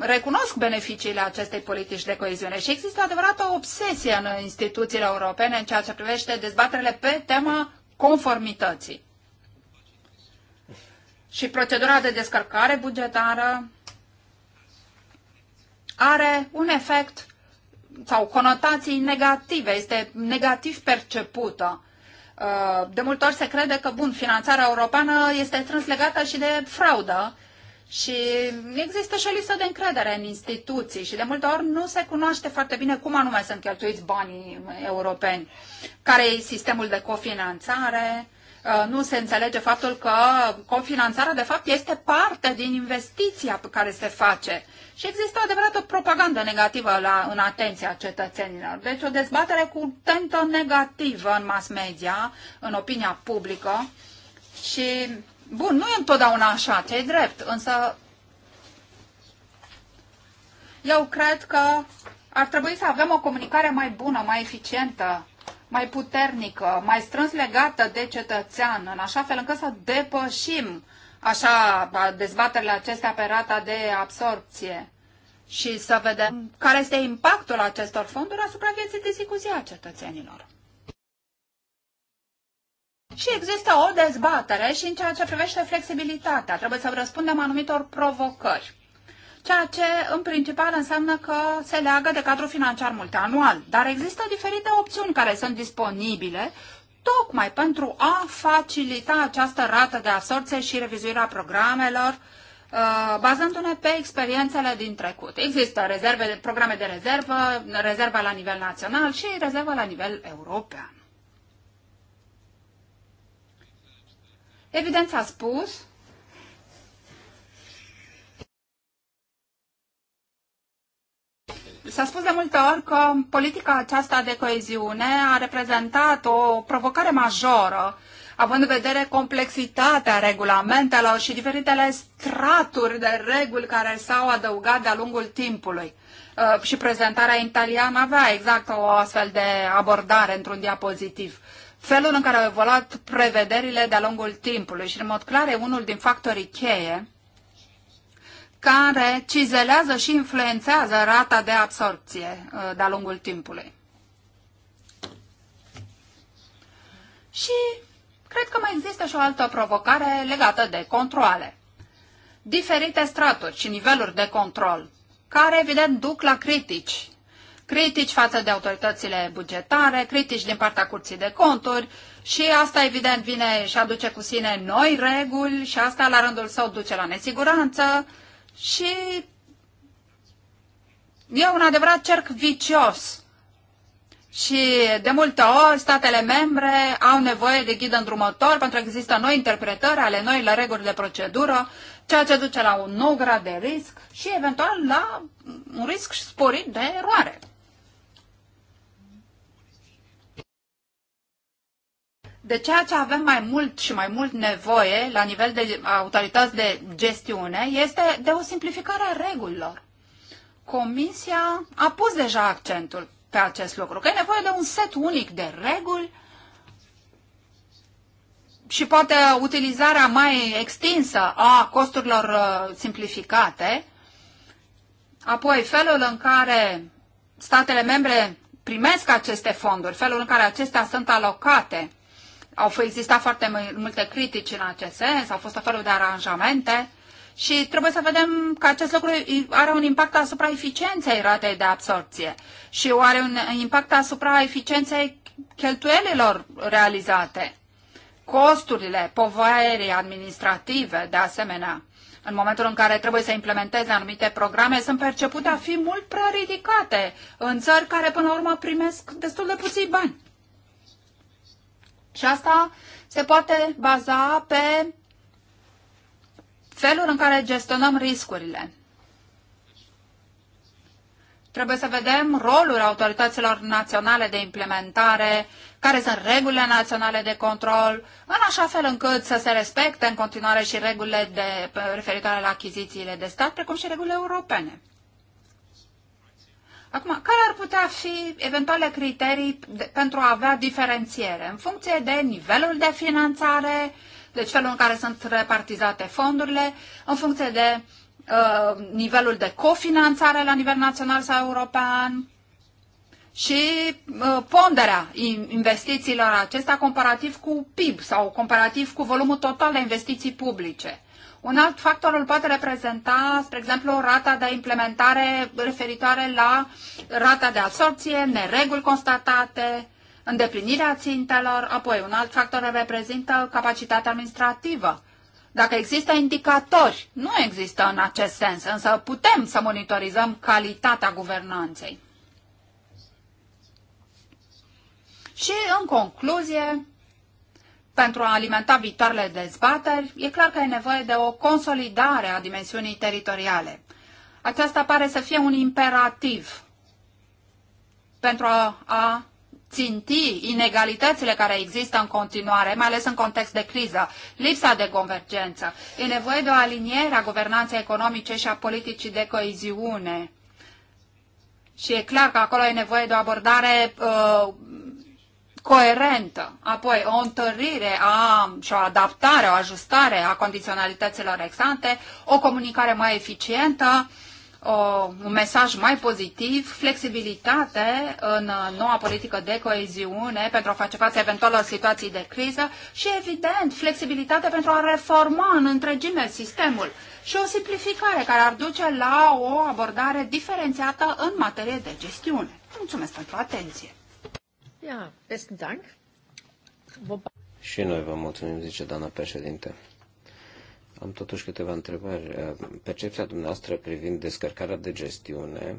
recunosc beneficiile acestei politici de coeziune și există adevărată obsesie în instituțiile europene în ceea ce privește dezbaterele pe tema conformității. Și procedura de descărcare bugetară are un efect sau conotații negative, este negativ percepută. Uh, de multe ori se crede că, bun, finanțarea europeană este strâns legată și de fraudă și există și o lipsă de încredere în instituții și de multe ori nu se cunoaște foarte bine cum anume sunt cheltuiți banii europeni, care e sistemul de cofinanțare, Uh, nu se înțelege faptul că cofinanțarea de fapt, este parte din investiția pe care se face. Și există o adevărată propagandă negativă la, în atenția cetățenilor. Deci o dezbatere tentă negativă în mass media, în opinia publică. Și, bun, nu e întotdeauna așa, ce drept, însă eu cred că ar trebui să avem o comunicare mai bună, mai eficientă mai puternică, mai strâns legată de cetățean, în așa fel încât să depășim așa dezbaterile acestea pe rata de absorpție și să vedem care este impactul acestor fonduri asupra vieții de zi cu zi a cetățenilor. Și există o dezbatere și în ceea ce privește flexibilitatea. Trebuie să răspundem anumitor provocări ceea ce în principal înseamnă că se leagă de cadrul financiar multianual. Dar există diferite opțiuni care sunt disponibile tocmai pentru a facilita această rată de absorție și revizuirea programelor uh, bazându-ne pe experiențele din trecut. Există rezerve, programe de rezervă, rezerva la nivel național și rezerva la nivel european. Evident s-a spus S-a spus de multe ori că politica aceasta de coeziune a reprezentat o provocare majoră, având în vedere complexitatea regulamentelor și diferitele straturi de reguli care s-au adăugat de-a lungul timpului. Uh, și prezentarea italiană avea exact o astfel de abordare într-un diapozitiv felul în care au evoluat prevederile de-a lungul timpului și, în mod clar, e unul din factorii cheie care cizelează și influențează rata de absorpție uh, de-a lungul timpului. Și cred că mai există și o altă provocare legată de controle. Diferite straturi și niveluri de control, care evident duc la critici. Critici față de autoritățile bugetare, critici din partea curții de conturi și asta evident vine și aduce cu sine noi reguli și asta la rândul său duce la nesiguranță, și e un adevărat cerc vicios. Și de multe ori statele membre au nevoie de ghid îndrumător pentru că există noi interpretări ale noi la reguli de procedură, ceea ce duce la un nou grad de risc și eventual la un risc sporit de eroare. de ceea ce avem mai mult și mai mult nevoie la nivel de autorități de gestiune este de o simplificare a regulilor. Comisia a pus deja accentul pe acest lucru, că e nevoie de un set unic de reguli și poate utilizarea mai extinsă a costurilor uh, simplificate, apoi felul în care statele membre primesc aceste fonduri, felul în care acestea sunt alocate, au existat foarte multe critici în acest sens, au fost o felul de aranjamente și trebuie să vedem că acest lucru are un impact asupra eficienței ratei de absorpție și are un impact asupra eficienței cheltuielilor realizate, costurile, poverii administrative, de asemenea în momentul în care trebuie să implementeze anumite programe, sunt percepute a fi mult prea ridicate în țări care, până la urmă, primesc destul de puțini bani. Și asta se poate baza pe felul în care gestionăm riscurile. Trebuie să vedem rolul autorităților naționale de implementare, care sunt regulile naționale de control, în așa fel încât să se respecte în continuare și regulile de, referitoare la achizițiile de stat, precum și regulile europene. Acum, care ar putea fi eventuale criterii de, pentru a avea diferențiere în funcție de nivelul de finanțare, deci felul în care sunt repartizate fondurile, în funcție de uh, nivelul de cofinanțare la nivel național sau european și uh, ponderea investițiilor acestea comparativ cu PIB sau comparativ cu volumul total de investiții publice. Un alt factor îl poate reprezenta, spre exemplu, rata de implementare referitoare la rata de absorpție, nereguli constatate, îndeplinirea țintelor, apoi un alt factor reprezintă capacitatea administrativă. Dacă există indicatori, nu există în acest sens, însă putem să monitorizăm calitatea guvernanței. Și în concluzie, pentru a alimenta viitoarele dezbateri, e clar că e nevoie de o consolidare a dimensiunii teritoriale. Aceasta pare să fie un imperativ pentru a, a ținti inegalitățile care există în continuare, mai ales în context de criză, lipsa de convergență. E nevoie de o aliniere a guvernanței economice și a politicii de coeziune. Și e clar că acolo e nevoie de o abordare uh, coerentă. Apoi, o întărire a, și o adaptare, o ajustare a condiționalităților exante, o comunicare mai eficientă, o, un mesaj mai pozitiv, flexibilitate în noua politică de coeziune pentru a face față eventualelor situații de criză și, evident, flexibilitate pentru a reforma în întregime sistemul și o simplificare care ar duce la o abordare diferențiată în materie de gestiune. Mulțumesc pentru atenție! Ja, besten Dank. Și noi vă mulțumim, zice doamna președinte. Am totuși câteva întrebări. Eh, percepția dumneavoastră privind descărcarea de gestiune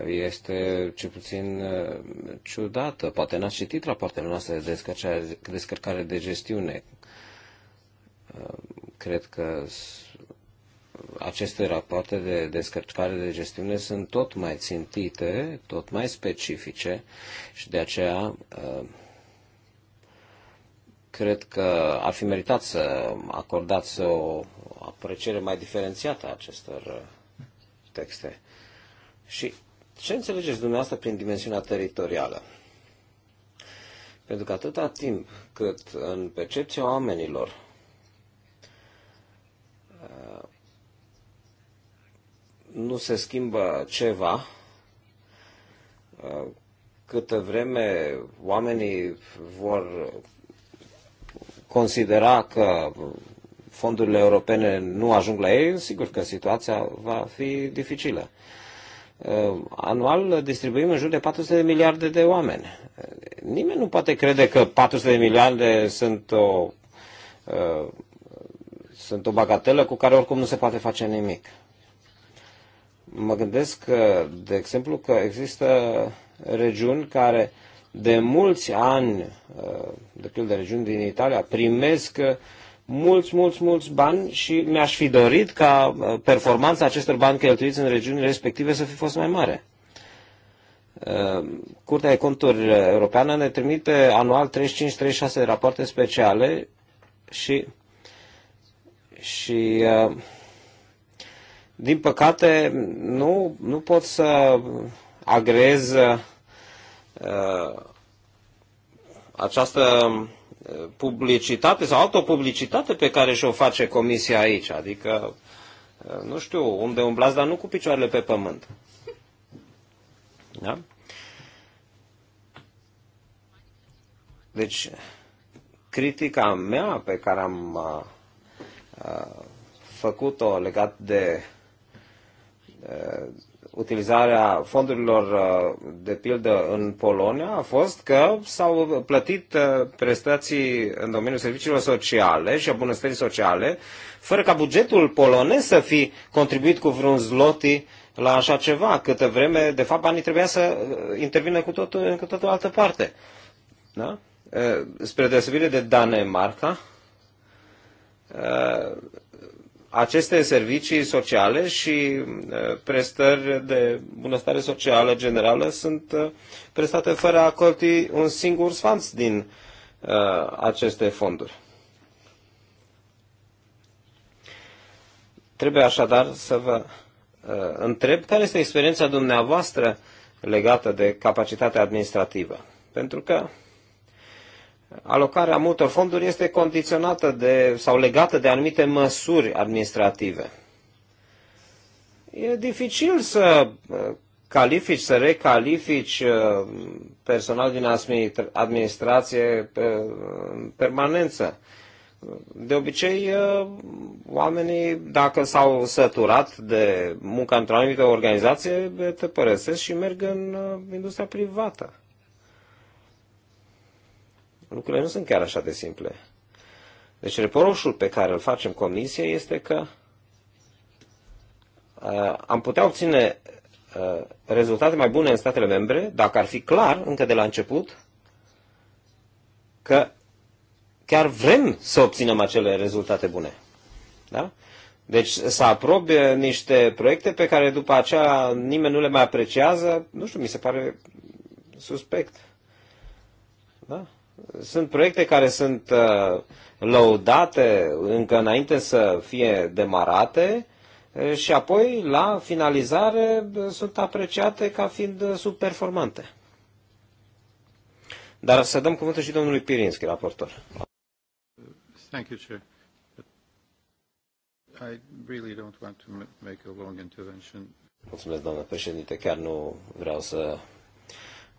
eh, este ce puțin eh, ciudată. Poate n-ați citit rapoartele noastre de descărcare de gestiune. Cred că aceste rapoarte de descărcare de gestiune sunt tot mai țintite, tot mai specifice și de aceea uh, cred că ar fi meritat să acordați o apreciere mai diferențiată a acestor uh, texte. Și ce înțelegeți dumneavoastră prin dimensiunea teritorială? Pentru că atâta timp cât în percepția oamenilor uh, nu se schimbă ceva, uh, câtă vreme oamenii vor considera că fondurile europene nu ajung la ei, sigur că situația va fi dificilă. Uh, anual distribuim în jur de 400 de miliarde de oameni. Nimeni nu poate crede că 400 de miliarde sunt o, uh, sunt o bagatelă cu care oricum nu se poate face nimic. Mă gândesc, că, de exemplu, că există regiuni care de mulți ani, uh, de pildă regiuni din Italia, primesc mulți, mulți, mulți bani și mi-aș fi dorit ca uh, performanța acestor bani cheltuiți în regiunile respective să fi fost mai mare. Uh, Curtea de Conturi Europeană ne trimite anual 35-36 rapoarte speciale și, și din păcate, nu, nu pot să agrez uh, această uh, publicitate sau autopublicitate pe care și-o face comisia aici. Adică, uh, nu știu, unde umblați, dar nu cu picioarele pe pământ. Da? Deci, critica mea pe care am uh, uh făcut-o legat de Uh, utilizarea fondurilor, uh, de pildă, în Polonia a fost că s-au plătit uh, prestații în domeniul serviciilor sociale și a bunăstării sociale, fără ca bugetul polonez să fi contribuit cu vreun zloti la așa ceva. câtă vreme, de fapt, banii trebuia să intervină cu totul în cu totul altă parte. Da? Spre deosebire de Danemarca, aceste servicii sociale și uh, prestări de bunăstare socială generală sunt uh, prestate fără a clăti un singur sfanț din uh, aceste fonduri. Trebuie așadar să vă întreb care este experiența dumneavoastră legată de capacitatea administrativă. Pentru că alocarea multor fonduri este condiționată de, sau legată de anumite măsuri administrative. E dificil să uh, califici, să recalifici uh, personal din administrație uh, în permanență. De obicei, oamenii, dacă s-au săturat de munca într-o anumită organizație, te părăsesc și merg în industria privată lucrurile nu sunt chiar așa de simple. Deci reproșul pe care îl facem comisie este că uh, am putea obține uh, rezultate mai bune în statele membre dacă ar fi clar încă de la început că chiar vrem să obținem acele rezultate bune. Da? Deci să aprobe niște proiecte pe care după aceea nimeni nu le mai apreciază, nu știu, mi se pare suspect. Da? Sunt proiecte care sunt uh, lăudate încă înainte să fie demarate uh, și apoi la finalizare uh, sunt apreciate ca fiind subperformante. Dar să dăm cuvântul și domnului Pirinski, raportor. Thank you, Chair. I really don't want to make a long intervention. Mulțumesc, doamnă președinte. Chiar nu vreau să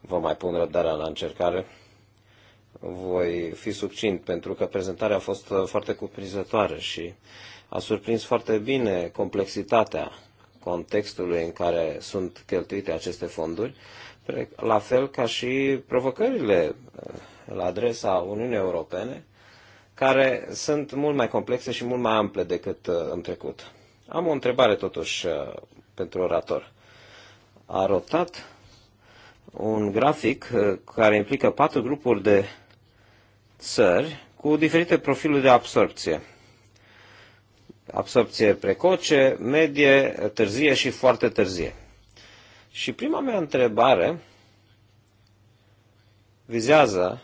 vă mai pun răbdarea la încercare voi fi succint, pentru că prezentarea a fost uh, foarte cuprinzătoare și a surprins foarte bine complexitatea contextului în care sunt cheltuite aceste fonduri, la fel ca și provocările uh, la adresa Uniunii Europene, care sunt mult mai complexe și mult mai ample decât uh, în trecut. Am o întrebare totuși pentru orator. A rotat un grafic care implică patru grupuri de țări cu diferite profiluri de absorpție. Absorpție precoce, medie, târzie și foarte târzie. Și prima mea întrebare vizează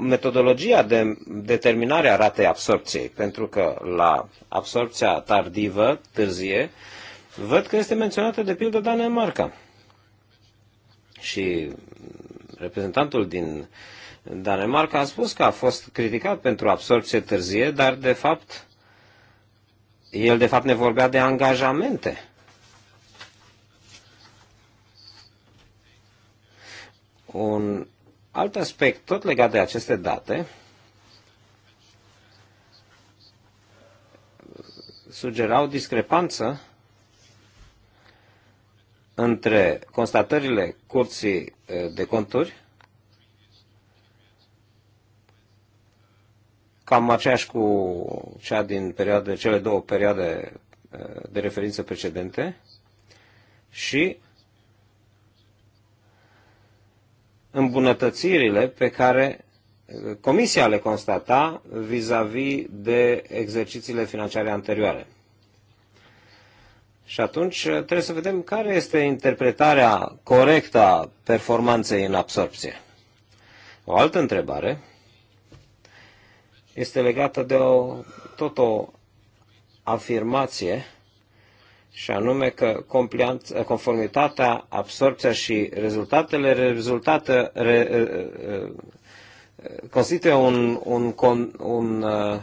metodologia de determinare a ratei absorpției, pentru că la absorpția tardivă, târzie, văd că este menționată de pildă Danemarca. Și reprezentantul din Danemarca a spus că a fost criticat pentru absorpție târzie, dar de fapt el de fapt ne vorbea de angajamente. Un alt aspect tot legat de aceste date sugerau discrepanță între constatările curții de conturi, cam aceeași cu cea din perioade, cele două perioade de referință precedente, și îmbunătățirile pe care Comisia le constata vis-a-vis -vis de exercițiile financiare anterioare. Și atunci eh, trebuie să vedem care este interpretarea corectă a performanței în absorpție. O altă întrebare este legată de o, tot o afirmație și anume că eh, conformitatea, absorpția și rezultatele rezultată, re, eh, constituie un, un, un, un uh,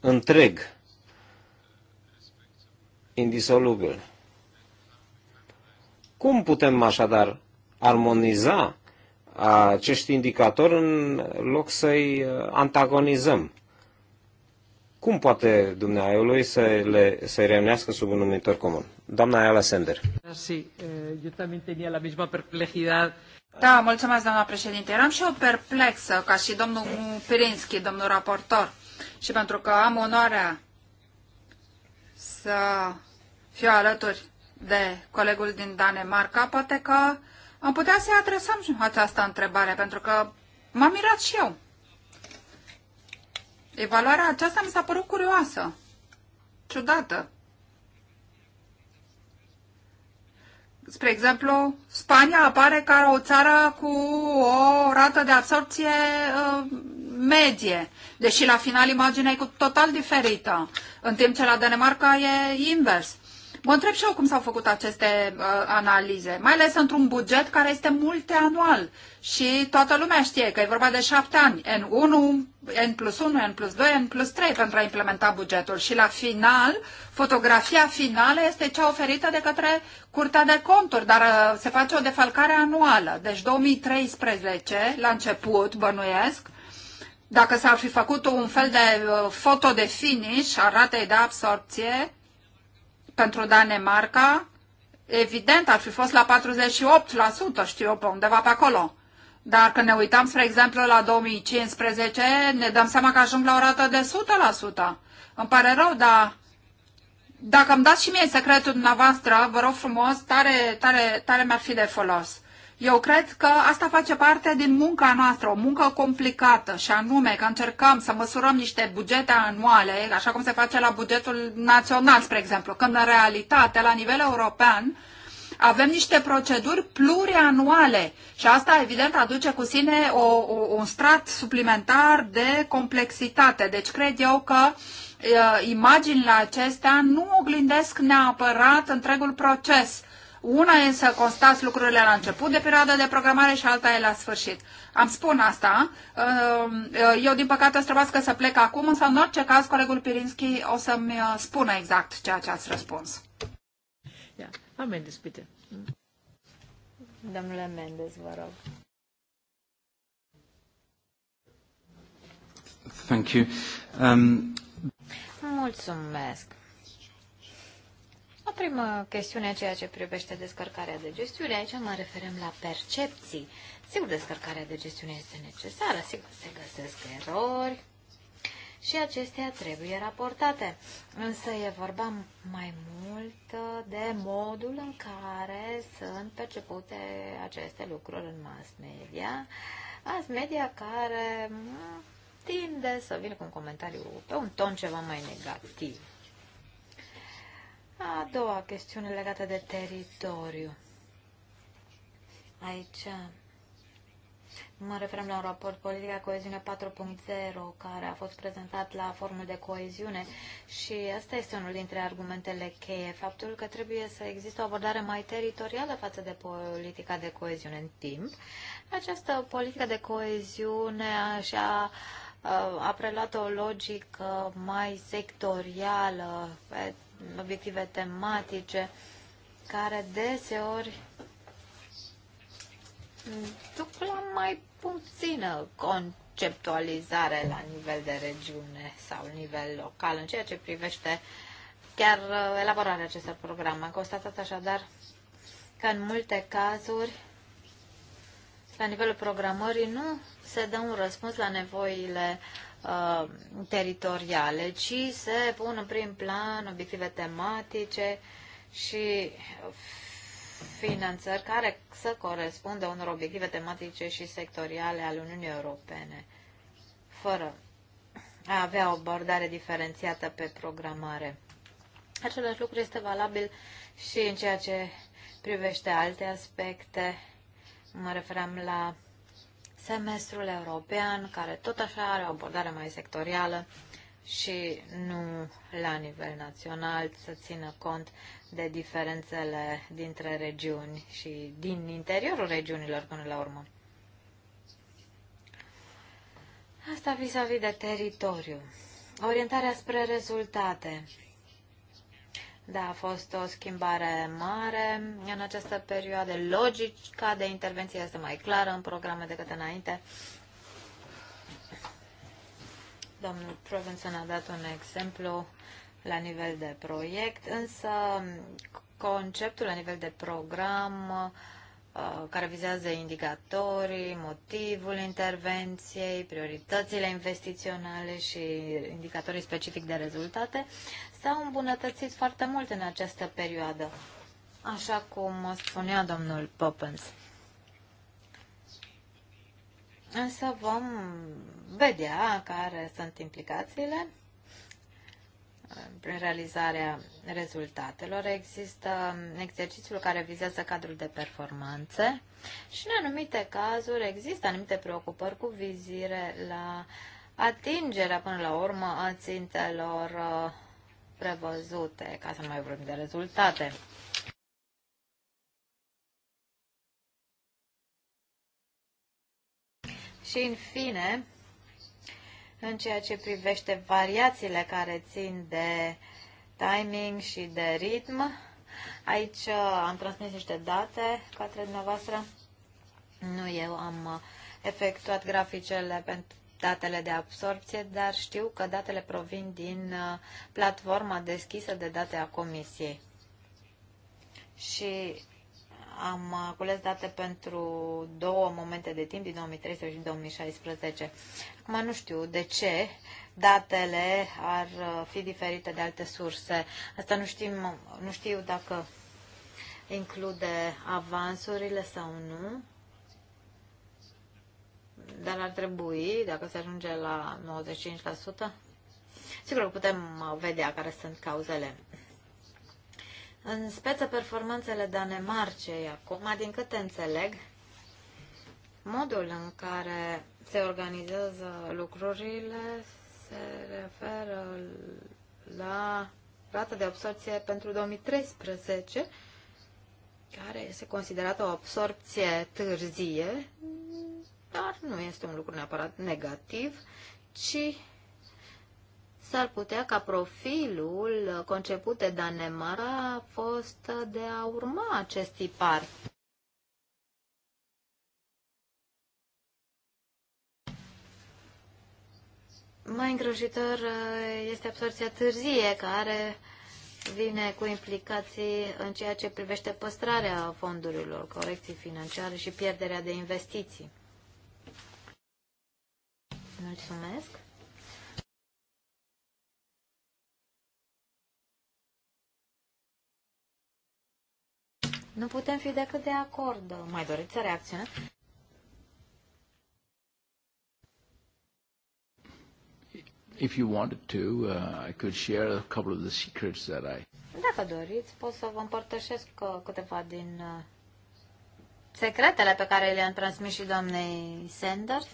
întreg indisolubil. Cum putem așadar armoniza acești indicatori în loc să-i uh, antagonizăm? Cum poate dumneavoastră să le să reunească sub un numitor comun? Doamna Ayala Sender. Ah, sí, eu eh, también tenía la misma perplejidad. Da, mulțumesc, doamna președinte. Eram și eu perplexă, ca și domnul Pirinski, domnul raportor. Și pentru că am onoarea să fiu alături de colegul din Danemarca, poate că am putea să-i adresăm această întrebare, pentru că m-am mirat și eu. Evaluarea aceasta mi s-a părut curioasă, ciudată. Spre exemplu, Spania apare ca o țară cu o rată de absorpție uh, medie, deși la final imaginea e total diferită, în timp ce la Danemarca e invers. Mă întreb și eu cum s-au făcut aceste uh, analize, mai ales într-un buget care este multianual și toată lumea știe că e vorba de șapte ani, N1, N plus 1, N plus 2, N plus 3 pentru a implementa bugetul și la final, fotografia finală este cea oferită de către Curtea de Conturi, dar uh, se face o defalcare anuală. Deci 2013, la început, bănuiesc, dacă s-ar fi făcut un fel de uh, foto de finish a ratei de absorpție pentru Danemarca, evident ar fi fost la 48%, știu eu, pe undeva pe acolo. Dar când ne uităm, spre exemplu, la 2015, ne dăm seama că ajung la o rată de 100%. Îmi pare rău, dar dacă îmi dați și mie secretul dumneavoastră, vă rog frumos, tare, tare, tare mi-ar fi de folos. Eu cred că asta face parte din munca noastră, o muncă complicată, și anume că încercăm să măsurăm niște bugete anuale, așa cum se face la bugetul național, spre exemplu, când în realitate, la nivel european, avem niște proceduri plurianuale și asta, evident, aduce cu sine o, o, un strat suplimentar de complexitate. Deci, cred eu că e, uh, imaginile acestea nu oglindesc neapărat întregul proces una e să constați lucrurile la început de perioada de programare și alta e la sfârșit. Am spun asta. Uh, uh, eu, din păcate, o să trebuiască să plec acum, însă, în orice caz, colegul Pirinski o să-mi uh, spună exact ceea ce ați răspuns. Yeah. Mendes, despite. Domnule Mendes, vă rog. Thank you. Um... Mulțumesc prima chestiune, ceea ce privește descărcarea de gestiune, aici mă referem la percepții. Sigur, descărcarea de gestiune este necesară, sigur, se găsesc erori și acestea trebuie raportate. Însă e vorba mai mult uh, de modul în care sunt percepute aceste lucruri în mass media, mass media care mm, tinde să vină cu un comentariu pe un ton ceva mai negativ. A doua chestiune legată de teritoriu. Aici mă referam la un raport Politica Coeziune 4.0 care a fost prezentat la formul de coeziune și asta este unul dintre argumentele cheie, faptul că trebuie să există o abordare mai teritorială față de politica de coeziune în timp. Această politică de coeziune și-a a preluat o logică mai sectorială pe obiective tematice care deseori duc la mai puțină conceptualizare la nivel de regiune sau nivel local în ceea ce privește chiar uh, elaborarea acestor programe. Am constatat așadar că în multe cazuri la nivelul programării, nu se dă un răspuns la nevoile uh, teritoriale, ci se pun în prim plan obiective tematice și finanțări care să corespundă unor obiective tematice și sectoriale ale Uniunii Europene, fără a avea o abordare diferențiată pe programare. Același lucru este valabil și în ceea ce privește alte aspecte Mă referam la semestrul european, care tot așa are o abordare mai sectorială și nu la nivel național, să țină cont de diferențele dintre regiuni și din interiorul regiunilor până la urmă. Asta vis-a-vis -vis de teritoriu. Orientarea spre rezultate. Da, a fost o schimbare mare în această perioadă. Logica de intervenție este mai clară în programe decât înainte. Domnul Provenson a dat un exemplu la nivel de proiect, însă conceptul la nivel de program uh, care vizează indicatorii, motivul intervenției, prioritățile investiționale și indicatorii specific de rezultate, s-au îmbunătățit foarte mult în această perioadă, așa cum spunea domnul Popens. Însă vom vedea care sunt implicațiile prin realizarea rezultatelor. Există exercițiul care vizează cadrul de performanțe și în anumite cazuri există anumite preocupări cu vizire la atingerea până la urmă a țintelor prevăzute, ca să mai vorbim de rezultate. Și, în fine, în ceea ce privește variațiile care țin de timing și de ritm, aici uh, am transmis niște date către dumneavoastră. Nu eu am uh, efectuat graficele pentru datele de absorpție, dar știu că datele provin din uh, platforma deschisă de date a Comisiei. Și am uh, cules date pentru două momente de timp, din 2013 și 2016. Acum nu știu de ce datele ar uh, fi diferite de alte surse. Asta nu, știm, nu știu dacă include avansurile sau nu dar ar trebui, dacă se ajunge la 95%, sigur că putem vedea care sunt cauzele. În speță performanțele Danemarcei acum, din câte înțeleg, modul în care se organizează lucrurile se referă la rata de absorpție pentru 2013, care este considerată o absorpție târzie, dar nu este un lucru neapărat negativ, ci s-ar putea ca profilul conceput de Danemara a fost de a urma acest tipar. Mai îngrojitor uh, este absorția târzie, care vine cu implicații în ceea ce privește păstrarea fondurilor, corecții financiare și pierderea de investiții. Mulțumesc. Nu putem fi decât de acord. Mai doriți să reacționați? If you wanted to, uh, I could share a couple of the secrets that I... Dacă doriți, pot să vă împărtășesc uh, câteva din uh, secretele pe care le-am transmis și doamnei Sanders.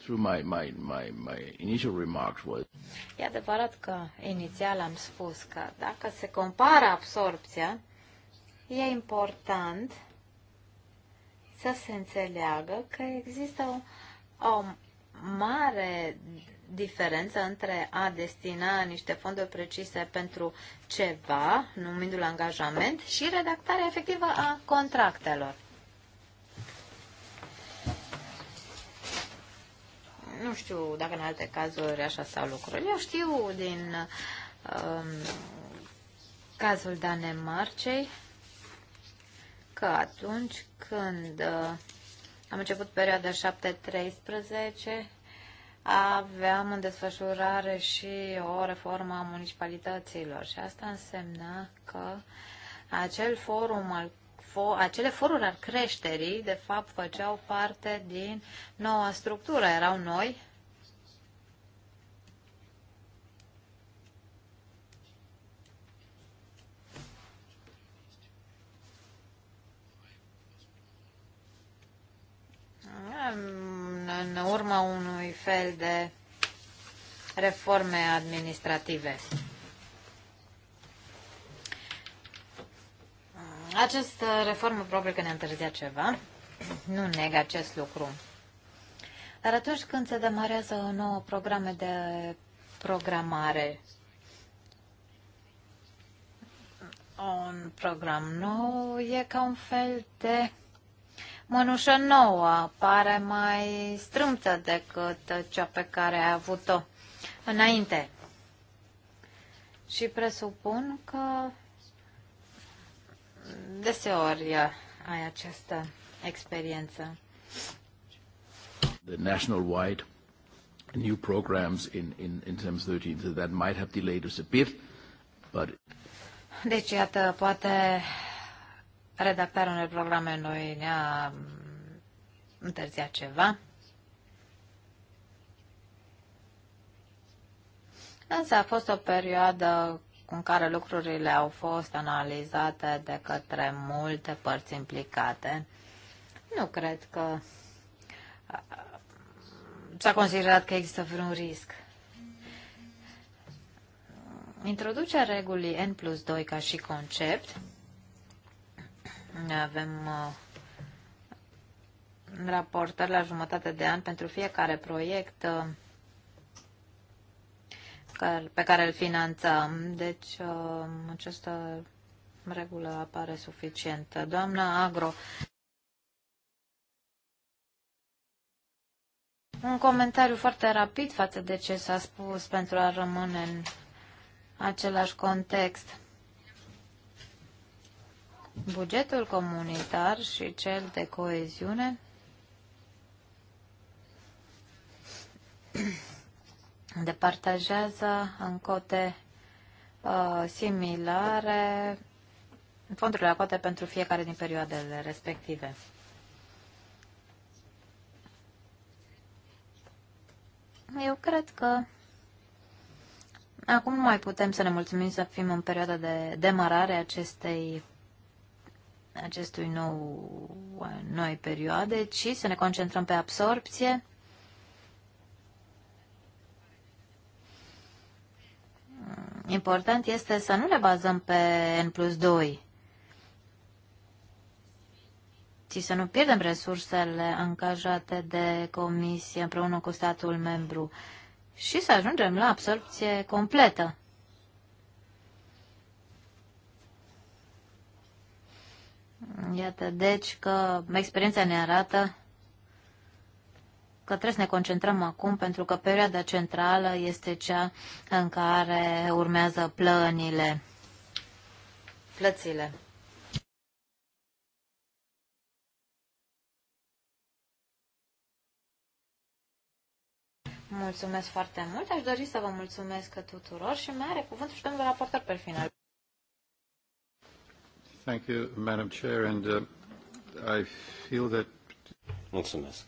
Through my, my, my, my initial remarks was... E adevărat că inițial am spus că dacă se compara absorpția, e important să se înțeleagă că există o, o mare diferență între a destina niște fonduri precise pentru ceva, numindu-l angajament, și redactarea efectivă a contractelor. Nu știu dacă în alte cazuri așa stau lucrurile. Eu știu din um, cazul Danemarcei că atunci când uh, am început perioada 7-13, aveam în desfășurare și o reformă a municipalităților și asta însemna că acel forum al fo- acele foruri al creșterii, de fapt, făceau parte din noua structură. Erau noi. În urma unui fel de reforme administrative. Această reformă probabil că ne-a întârziat ceva. Nu neg acest lucru. Dar atunci când se demarează o nouă programe de programare, un program nou e ca un fel de mănușă nouă, pare mai strâmtă decât cea pe care a avut-o înainte. Și presupun că deseori uh, ai această experiență. The national-wide new programs in, in, in terms 13, that might have delayed us a bit, but... Deci, iată, poate redactarea unor programe noi ne-a um, întârziat ceva. Însă a fost o perioadă în care lucrurile au fost analizate de către multe părți implicate. Nu cred că s-a considerat că există vreun risc. Introducerea regulii N plus 2 ca și concept. Avem raportări la jumătate de an pentru fiecare proiect pe care îl finanțăm. Deci um, această regulă apare suficientă. Doamna Agro, un comentariu foarte rapid față de ce s-a spus pentru a rămâne în același context. Bugetul comunitar și cel de coeziune departajează în cote uh, similare fondurile la cote pentru fiecare din perioadele respective. Eu cred că acum nu mai putem să ne mulțumim să fim în perioada de demarare acestei acestui nou, uh, noi perioade, ci să ne concentrăm pe absorpție important este să nu ne bazăm pe N plus 2, ci să nu pierdem resursele angajate de comisie împreună cu statul membru și să ajungem la absorpție completă. Iată, deci că experiența ne arată că trebuie să ne concentrăm acum pentru că perioada centrală este cea în care urmează plănile, plățile. Mulțumesc foarte mult. Aș dori să vă mulțumesc tuturor și mai are cuvântul și domnul raportor pe final. Thank you, Madam Chair, and uh, I feel that... Mulțumesc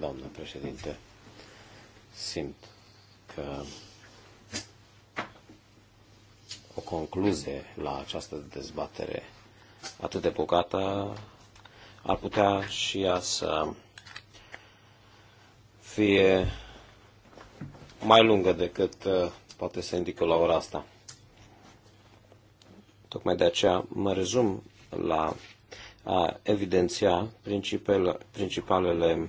doamnă președinte. Simt că o concluzie la această dezbatere atât de bogată ar putea și ea să fie mai lungă decât uh, poate să indică la ora asta. Tocmai de aceea mă rezum la a evidenția principalele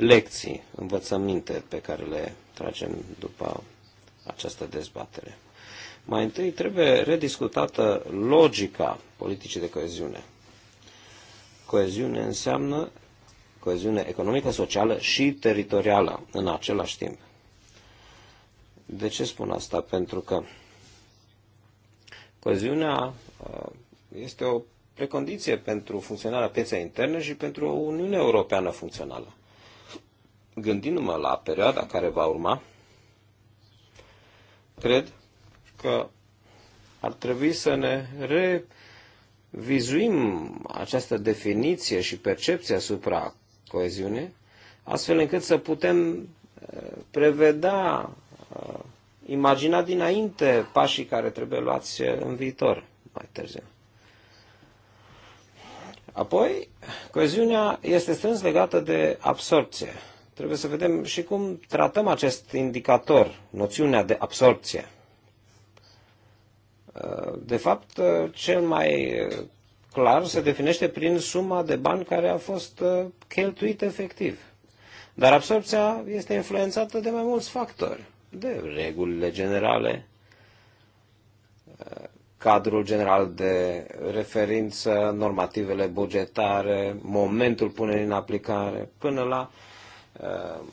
lecții, învățăminte pe care le tragem după această dezbatere. Mai întâi trebuie rediscutată logica politicii de coeziune. Coeziune înseamnă coeziune economică, socială și teritorială în același timp. De ce spun asta? Pentru că coeziunea uh, este o precondiție pentru funcționarea pieței interne și pentru o Uniune Europeană funcțională gândindu-mă la perioada care va urma, cred că ar trebui să ne revizuim această definiție și percepția asupra coeziunii, astfel încât să putem uh, prevedea, uh, imagina dinainte pașii care trebuie luați în viitor, mai târziu. Apoi, coeziunea este strâns legată de absorpție trebuie să vedem și cum tratăm acest indicator, noțiunea de absorpție. De fapt, cel mai clar se definește prin suma de bani care a fost cheltuit efectiv. Dar absorpția este influențată de mai mulți factori, de regulile generale, cadrul general de referință, normativele bugetare, momentul punerii în aplicare, până la Um,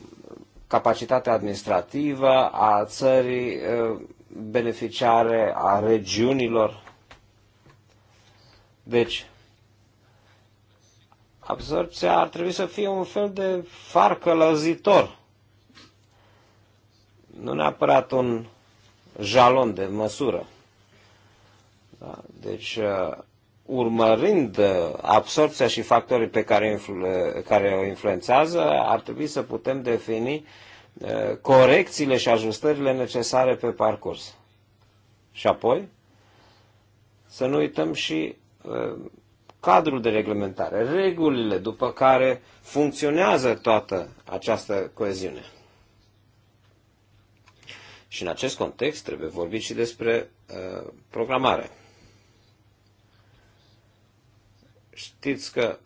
capacitatea administrativă a țării um, beneficiare, a regiunilor. Deci, absorpția ar trebui să fie un fel de far călăzitor. Nu neapărat un jalon de măsură. Da? Deci, uh, urmărind uh, absorpția și factorii pe care, uh, care o influențează, ar trebui să putem defini uh, corecțiile și ajustările necesare pe parcurs. Și apoi, să nu uităm și cadrul de reglementare, regulile după care funcționează toată această coeziune. Și în acest context trebuie vorbit și despre uh, programare. Știți că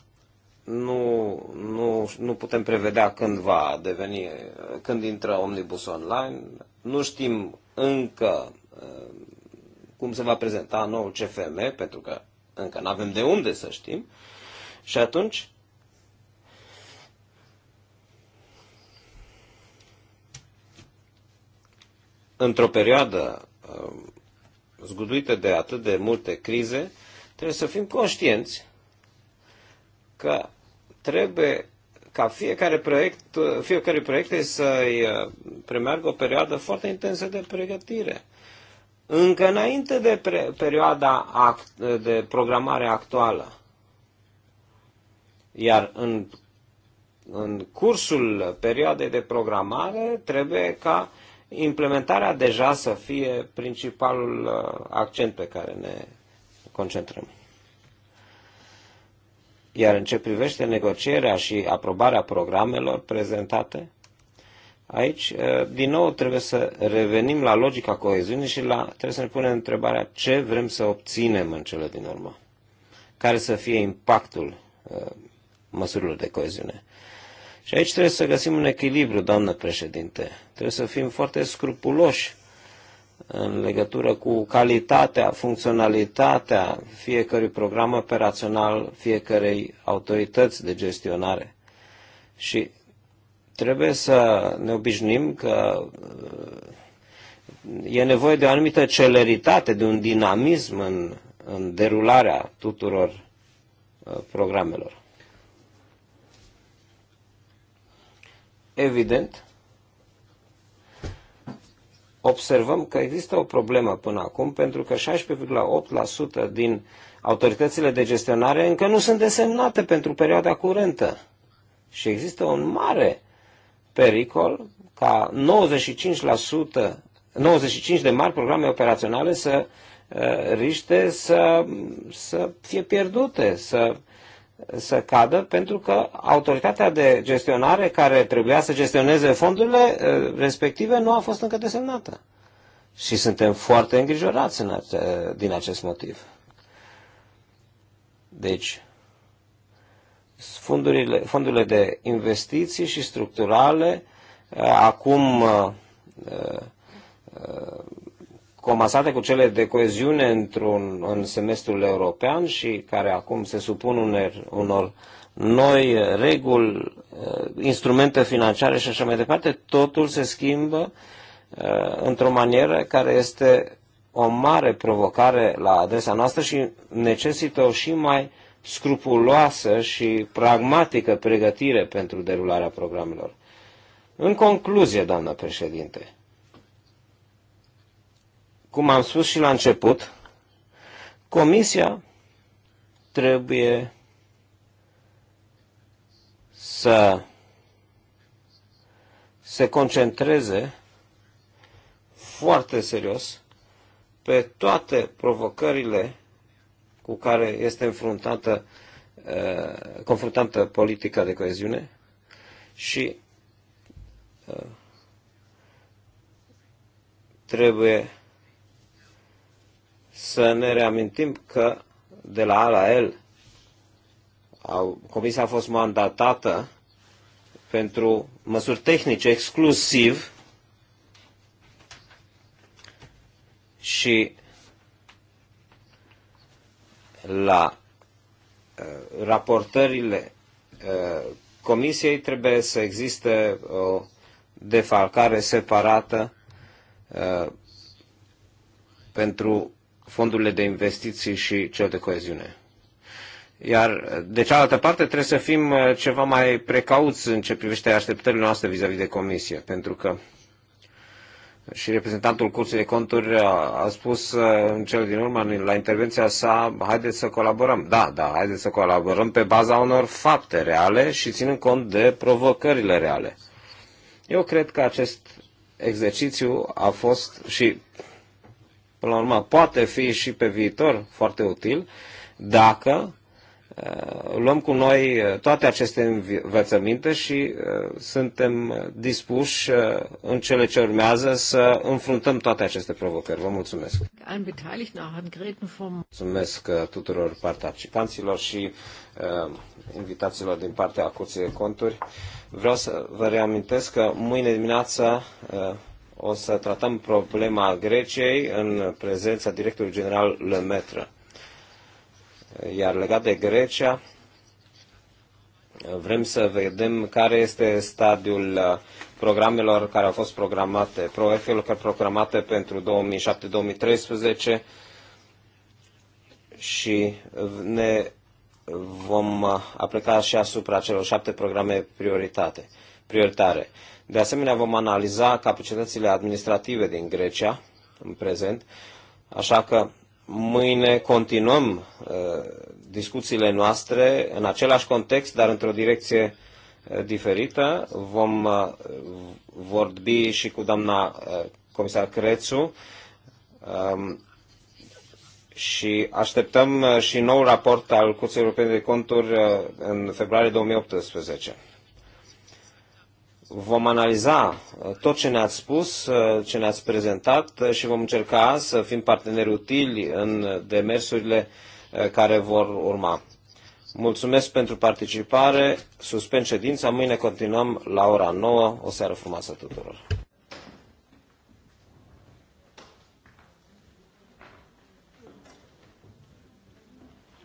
nu, nu, nu putem prevedea când va deveni, când intră omnibus online. Nu știm încă uh, cum se va prezenta noul CFM, pentru că încă nu avem de unde să știm. Și atunci într-o perioadă uh, zguduită de atât de multe crize, trebuie să fim conștienți că trebuie ca fiecare proiect, fiecare proiect să-i uh, premeargă o perioadă foarte intensă de pregătire. Încă înainte de pre- perioada act, de programare actuală. Iar în, în cursul perioadei de programare trebuie ca implementarea deja să fie principalul uh, accent pe care ne concentrăm. Iar în ce privește negocierea și aprobarea programelor prezentate, aici, din nou, trebuie să revenim la logica coeziunii și la, trebuie să ne punem întrebarea ce vrem să obținem în cele din urmă. Care să fie impactul măsurilor de coeziune. Și aici trebuie să găsim un echilibru, doamnă președinte. Trebuie să fim foarte scrupuloși în legătură cu calitatea, funcționalitatea fiecărui program operațional, fiecărei autorități de gestionare. Și trebuie să ne obișnim că uh, e nevoie de o anumită celeritate, de un dinamism în, în derularea tuturor uh, programelor. Evident, observăm că există o problemă până acum, pentru că 16,8% din autoritățile de gestionare încă nu sunt desemnate pentru perioada curentă. Și există un mare pericol ca 95%, 95 de mari programe operaționale să eh, riște să, să fie pierdute, să să cadă pentru că autoritatea de gestionare care trebuia să gestioneze fondurile eh, respective nu a fost încă desemnată. Și suntem foarte îngrijorați în ace- din acest motiv. Deci, fondurile, fondurile de investiții și structurale eh, acum eh, comasate cu cele de coeziune într-un în semestrul european și care acum se supun unor, unor noi reguli, eh, instrumente financiare și așa mai departe, totul se schimbă eh, într-o manieră care este o mare provocare la adresa noastră și necesită o și mai scrupuloasă și pragmatică pregătire pentru derularea programelor. În concluzie, doamnă președinte, cum am spus și la început, Comisia trebuie să se concentreze foarte serios pe toate provocările cu care este înfruntată, uh, confruntată politica de coeziune și uh, trebuie să ne reamintim că de la A la L au, comisia a fost mandatată pentru măsuri tehnice exclusiv și la uh, raportările uh, comisiei trebuie să existe o defalcare separată uh, pentru fondurile de investiții și cel de coeziune. Iar, de cealaltă parte, trebuie să fim uh, ceva mai precauți în ce privește așteptările noastre vis-a-vis -vis de comisie, pentru că și reprezentantul Curții de Conturi a, a spus uh, în cel din urmă, la intervenția sa, haideți să colaborăm. Da, da, haideți să colaborăm pe baza unor fapte reale și ținând cont de provocările reale. Eu cred că acest exercițiu a fost și până la urmă, poate fi și pe viitor foarte util dacă uh, luăm cu noi uh, toate aceste învățăminte și uh, suntem dispuși în cele ce urmează să înfruntăm toate aceste provocări. Vă mulțumesc! Mulțumesc tuturor participanților și invitațiilor din partea Curții de Conturi. Vreau să vă reamintesc că mâine dimineață o să tratăm problema Greciei în prezența directorului general Lemaitre. Iar legat de Grecia, vrem să vedem care este stadiul programelor care au fost programate, proiectelor programate pentru 2007-2013 și ne vom aplica și asupra celor șapte programe prioritate, prioritare. De asemenea, vom analiza capacitățile administrative din Grecia în prezent, așa că mâine continuăm uh, discuțiile noastre în același context, dar într-o direcție uh, diferită. Vom uh, vorbi și cu doamna uh, comisar Crețu um, și așteptăm uh, și nou raport al Curții Europene de Conturi în februarie 2018 vom analiza uh, tot ce ne-ați spus, uh, ce ne-ați prezentat uh, și vom încerca să fim parteneri utili în demersurile care vor urma. Mulțumesc pentru participare, suspend ședința, mâine continuăm la ora 9, o seară frumoasă tuturor!